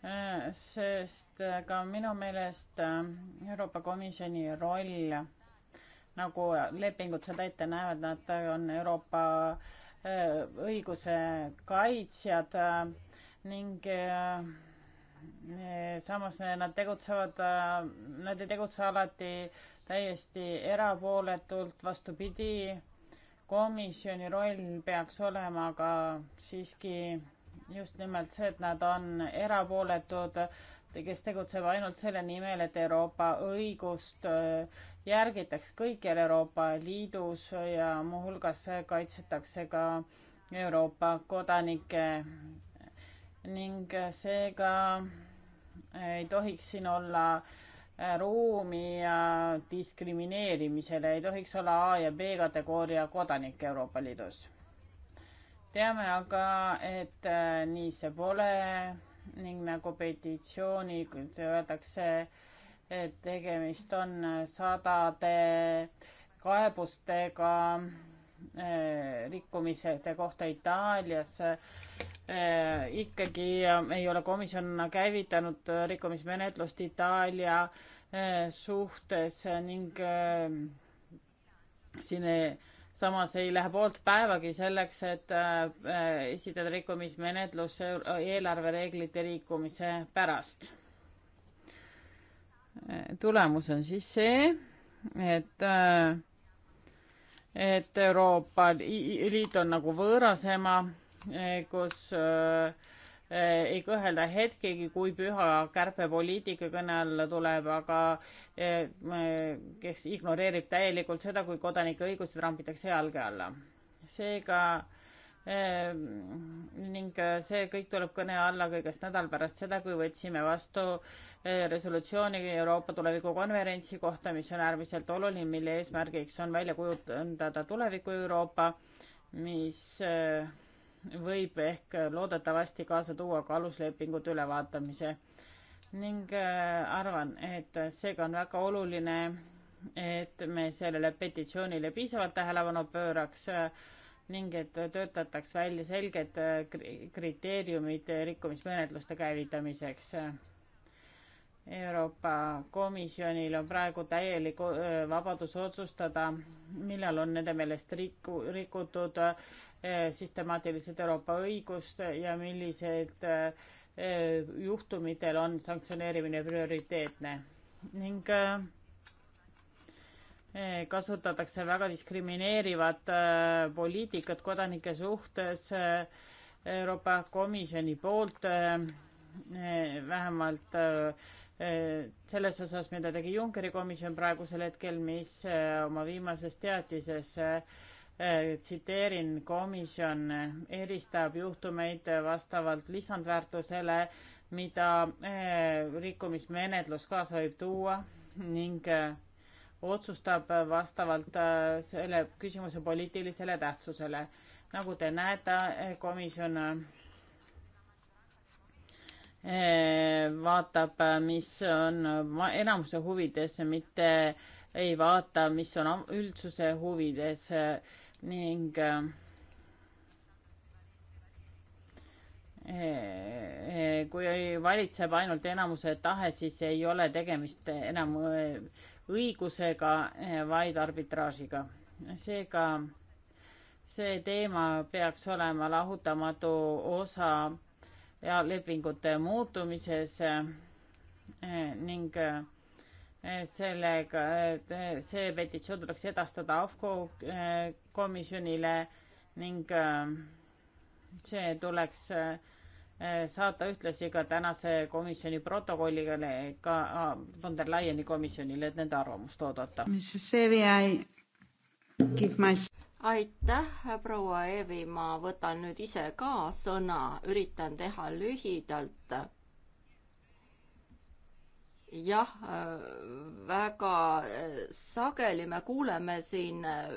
Äh, sest äh, ka minu meelest äh, Euroopa Komisjoni roll, nagu lepingud seda ette näevad, nad on Euroopa õiguse kaitsjad ning samas nad tegutsevad, nad ei tegutse alati täiesti erapooletult, vastupidi, komisjoni roll peaks olema aga siiski just nimelt see, et nad on erapooletud, kes tegutseb ainult selle nimel, et Euroopa õigust äh, järgitaks kõikjal Euroopa Liidus ja muuhulgas kaitsetakse ka Euroopa kodanikke ning seega ei tohiks siin olla äh, ruumi ja diskrimineerimisele, ei tohiks olla A ja B kategooria kodanik Euroopa Liidus teame aga, et äh, nii see pole ning nagu petitsiooni, öeldakse, et tegemist on äh, sadade kaebustega äh, rikkumisede kohta Itaalias ikkagi ei ole komisjon käivitanud rikkumismenetlust Itaalia suhtes ning siin samas ei lähe poolt päevagi selleks, et äh, äh, esitada rikkumismenetlus eelarvereeglite rikkumise pärast. tulemus on siis see, et äh, et Euroopa Liit on nagu võõras ema, eh, kus äh, Äh, ei kõhelda hetkegi, kui püha kärpepoliitika kõne alla tuleb, aga äh, kes ignoreerib täielikult seda, kui kodanike õigused rambitakse jalge alla. seega äh, ning see kõik tuleb kõne alla kõigest nädal pärast seda, kui võtsime vastu resolutsiooni Euroopa tulevikukonverentsi kohta, mis on äärmiselt oluline, mille eesmärgiks on välja kujundada tuleviku Euroopa, mis äh, võib ehk loodetavasti kaasa tuua ka aluslepingute ülevaatamise ning äh, arvan, et seega on väga oluline, et me sellele petitsioonile piisavalt tähelepanu pööraks äh, ning et töötataks välja selged äh, kriteeriumid rikkumismenetluste käivitamiseks. Euroopa Komisjonil on praegu täielik vabadus otsustada, millal on nende meelest riku, rikutud Äh, süstemaatiliselt Euroopa õigust ja millised äh, juhtumitel on sanktsioneerimine prioriteetne ning äh, kasutatakse väga diskrimineerivat poliitikat kodanike suhtes Euroopa Komisjoni poolt vähemalt selles osas, mida tegi Junckeri komisjon praegusel hetkel, mis oma viimases teatises Äh, tsiteerin, komisjon eristab juhtumeid vastavalt lisandväärtusele, mida äh, rikkumismenetlus kaasa võib tuua ning äh, otsustab vastavalt selle küsimuse poliitilisele tähtsusele. nagu te näete, komisjon vaatab, mis on enamuse huvides, mitte ei vaata, mis on üldsuse huvides ning äh, äh, kui valitseb ainult enamuse tahe, siis ei ole tegemist enam äh, õigusega, vaid arbitraažiga. seega see teema peaks olema lahutamatu osa lepingute muutumises ning sellega, et see petitsioon tuleks edastada AFCO eh, komisjonile ning eh, see tuleks eh, saata ühtlasi ka tänase komisjoni protokolliga ka von der Leyeni komisjonile, et nende arvamust oodata. My... aitäh, proua Eevi, ma võtan nüüd ise ka sõna, üritan teha lühidalt jah, äh, väga äh, sageli me kuuleme siin äh,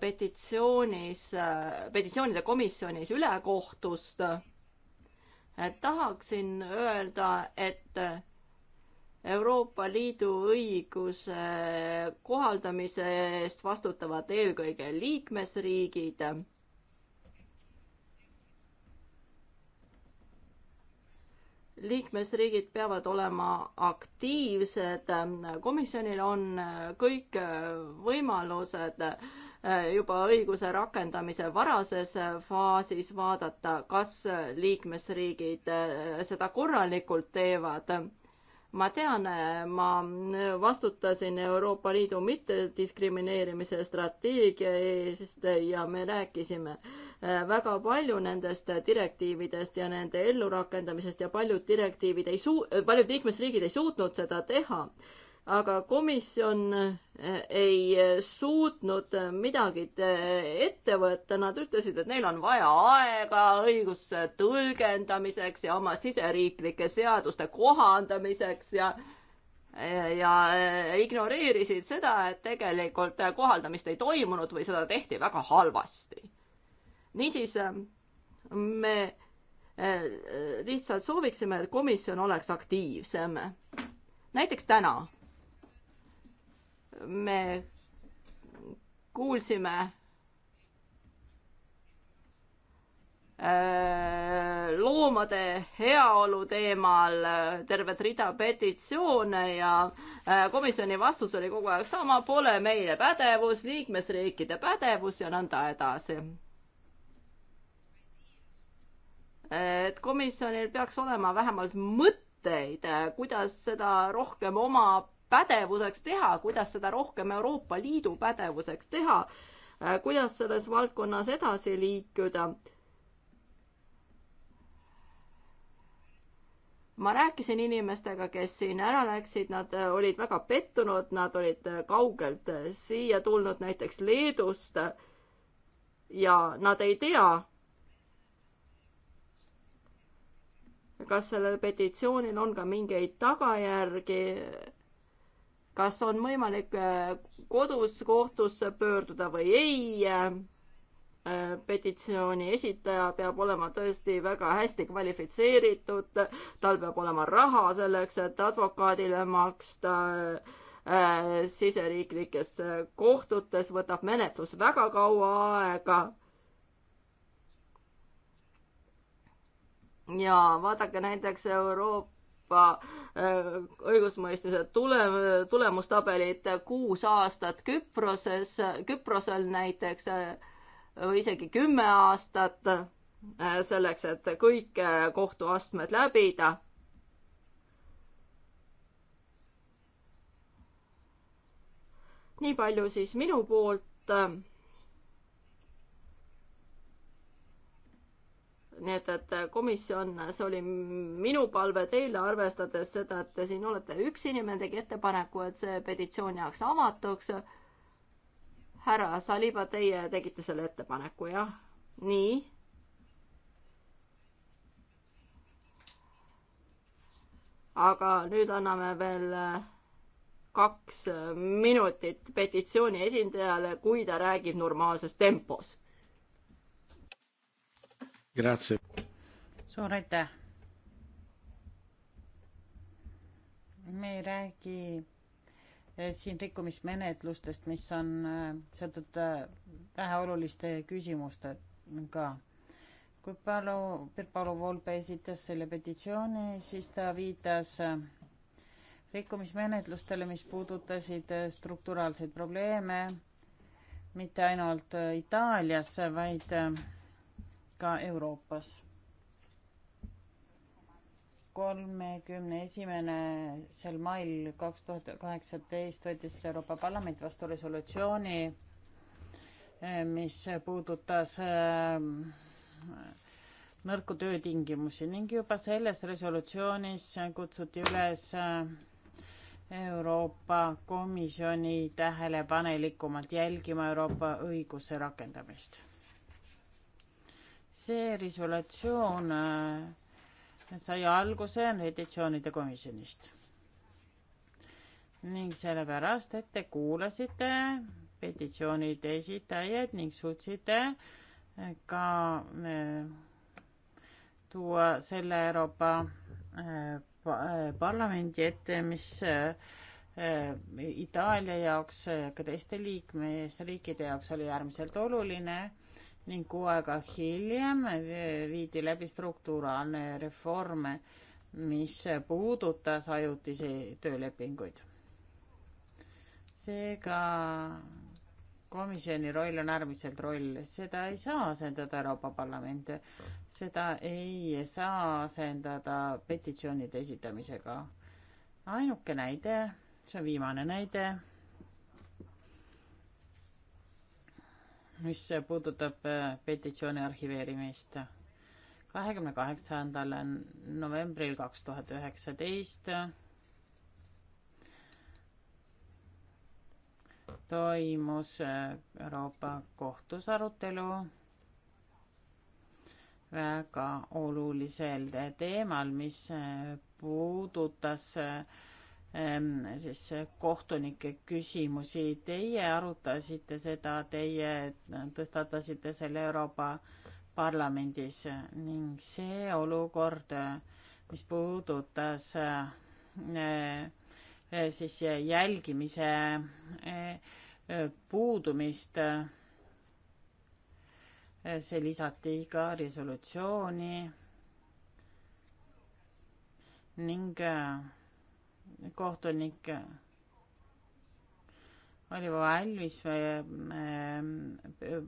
petitsioonis, petitsioonide komisjonis ülekohtust. tahaksin öelda, et Euroopa Liidu õiguse kohaldamise eest vastutavad eelkõige liikmesriigid liikmesriigid peavad olema aktiivsed, komisjonil on kõik võimalused juba õiguse rakendamise varases faasis vaadata, kas liikmesriigid seda korralikult teevad ma tean, äh, ma äh, vastutasin Euroopa Liidu mittediskrimineerimise strateegia eest ja me rääkisime äh, väga palju nendest direktiividest ja nende ellurakendamisest ja paljud direktiivid ei suu-, paljud liikmesriigid ei suutnud seda teha aga komisjon eh, ei eh, suutnud eh, midagi ette võtta, nad ütlesid, et neil on vaja aega õiguse tõlgendamiseks ja oma siseriiklike seaduste kohandamiseks ja ja ignoreerisid seda, et tegelikult kohaldamist ei toimunud või seda tehti väga halvasti. niisiis me lihtsalt sooviksime, et komisjon oleks aktiivsem. näiteks täna me kuulsime äh, loomade heaolu teemal äh, tervet rida petitsioone ja äh, komisjoni vastus oli kogu aeg sama, pole meie pädevus, liikmesriikide pädevus ja nõnda edasi. et komisjonil peaks olema vähemalt mõtteid, kuidas seda rohkem oma pädevuseks teha, kuidas seda rohkem Euroopa Liidu pädevuseks teha, äh, kuidas selles valdkonnas edasi liikuda. ma rääkisin inimestega, kes siin ära läksid, nad äh, olid väga pettunud, nad olid äh, kaugelt siia tulnud, näiteks Leedust. ja nad ei tea, kas sellel petitsioonil on ka mingeid tagajärgi kas on võimalik äh, kodus kohtusse pöörduda või ei. Äh, petitsiooni esitaja peab olema tõesti väga hästi kvalifitseeritud, tal peab olema raha selleks, et advokaadile maksta äh, siseriiklikes kohtutes võtab menetlus väga kaua aega. ja vaadake näiteks Euroopa Euroopa äh, õigusmõistmise tule, tulemustabelit kuus aastat Küproses, Küprosel näiteks äh, või isegi kümme aastat äh, selleks, et kõik kohtuastmed läbida nii palju siis minu poolt. nii et, et äh, komisjon, see oli minu palve teile, arvestades seda, et te siin olete, üks inimene tegi ettepaneku, et see petitsioon jääks avatuks. härra Saliba, teie tegite selle ettepaneku, jah? nii aga nüüd anname veel äh, kaks minutit petitsiooni esindajale, kui ta räägib normaalses tempos suur aitäh. me ei räägi eh, siin rikkumismenetlustest, mis on eh, seotud eh, väheoluliste küsimustega. kui Palu, Pirk-Palu Volpe esitas selle petitsiooni, siis ta viitas rikkumismenetlustele, mis puudutasid strukturaalseid probleeme mitte ainult Itaalias, vaid ka Euroopas. kolmekümne esimesel mail kaks tuhat kaheksateist võttis Euroopa Parlament vastu resolutsiooni, eh, mis puudutas eh, nõrku töötingimusi ning juba selles resolutsioonis kutsuti üles eh, Euroopa Komisjoni tähelepanelikumalt jälgima Euroopa õiguse rakendamist see resolutsioon äh, sai alguse petitsioonide komisjonist. ning sellepärast, et te kuulasite petitsioonide esitajaid ning suutsite äh, ka äh, tuua selle Euroopa parlamendi ette, mis Itaalia jaoks ja ka teiste liikmesriikide jaoks oli äärmiselt oluline ning kuu aega hiljem viidi läbi struktuuraalne reform, mis puudutas ajutisi töölepinguid. seega komisjoni roll on äärmiselt roll, seda ei saa asendada Euroopa Parlament, seda ei saa asendada petitsioonide esitamisega. ainuke näide, see on viimane näide mis puudutab äh, petitsiooni arhiveerimist. kahekümne kaheksandal novembril kaks tuhat üheksateist toimus äh, Euroopa Kohtus arutelu väga olulisel teemal, mis äh, puudutas äh, siis kohtunike küsimusi. Teie arutasite seda, teie tõstatasite selle Euroopa Parlamendis ning see olukord, mis puudutas eh, eh, siis jälgimise eh, puudumist, see lisati ka resolutsiooni ning kohtunik oli valmis äh,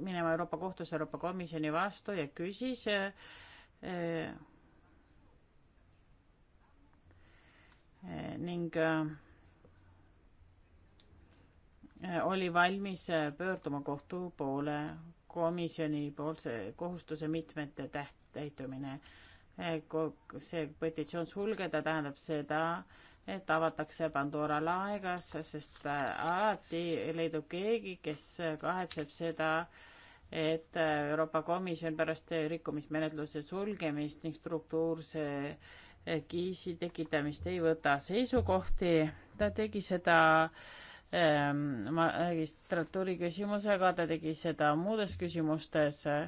minema Euroopa Kohtusse Euroopa Komisjoni vastu ja küsis äh, ning äh, oli valmis pöörduma kohtu poole komisjoni poolse kohustuse mitmete täht-, täitumine äh, Eh, see petitsioon sulgeda, tähendab seda, et avatakse Pandora laegas, sest äh, alati leidub keegi, kes kahetseb seda, et äh, Euroopa Komisjon pärast rikkumismenetluse sulgemist ning struktuurse äh, kiisi tekitamist ei võta seisukohti. ta tegi seda ähm, magistratuuri küsimusega, ta tegi seda muudes küsimustes äh,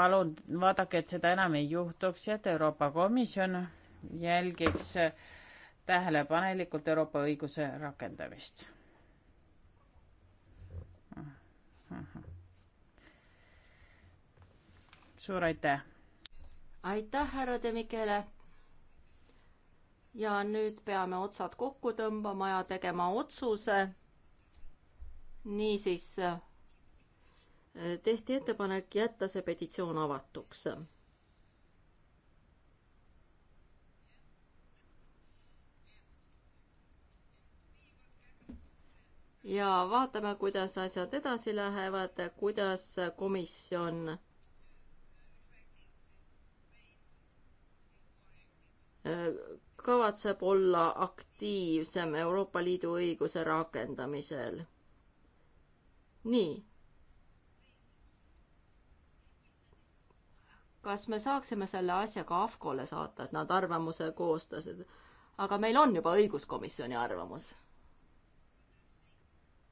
palun vaadake, et seda enam ei juhtuks ja et Euroopa Komisjon jälgiks tähelepanelikult Euroopa õiguse rakendamist. suur aitäh! aitäh, härra De Michele! ja nüüd peame otsad kokku tõmbama ja tegema otsuse. niisiis tehti ettepanek jätta see petitsioon avatuks. ja vaatame, kuidas asjad edasi lähevad, kuidas komisjon kavatseb olla aktiivsem Euroopa Liidu õiguse rakendamisel. nii kas me saaksime selle asja ka AFCO-le saata, et nad arvamuse koostasid? aga meil on juba õiguskomisjoni arvamus.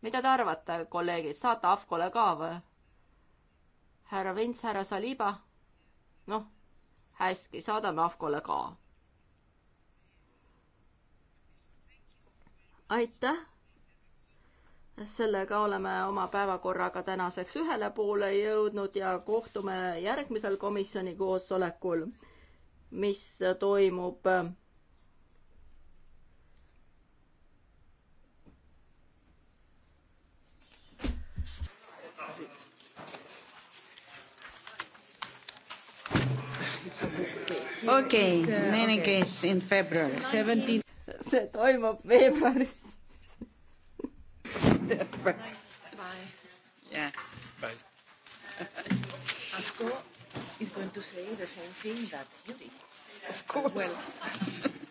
mida te arvate, kolleegid, saata AFCO-le ka või? härra Vints, härra Saliba? noh, hästi, saadame AFCO-le ka. aitäh sellega oleme oma päevakorraga tänaseks ühele poole jõudnud ja kohtume järgmisel komisjoni koosolekul, mis toimub okei okay,, in any case in February. see toimub veebruaris Bye. Yeah. Bye. Afko is going to say the same thing that you did. Of course. Well.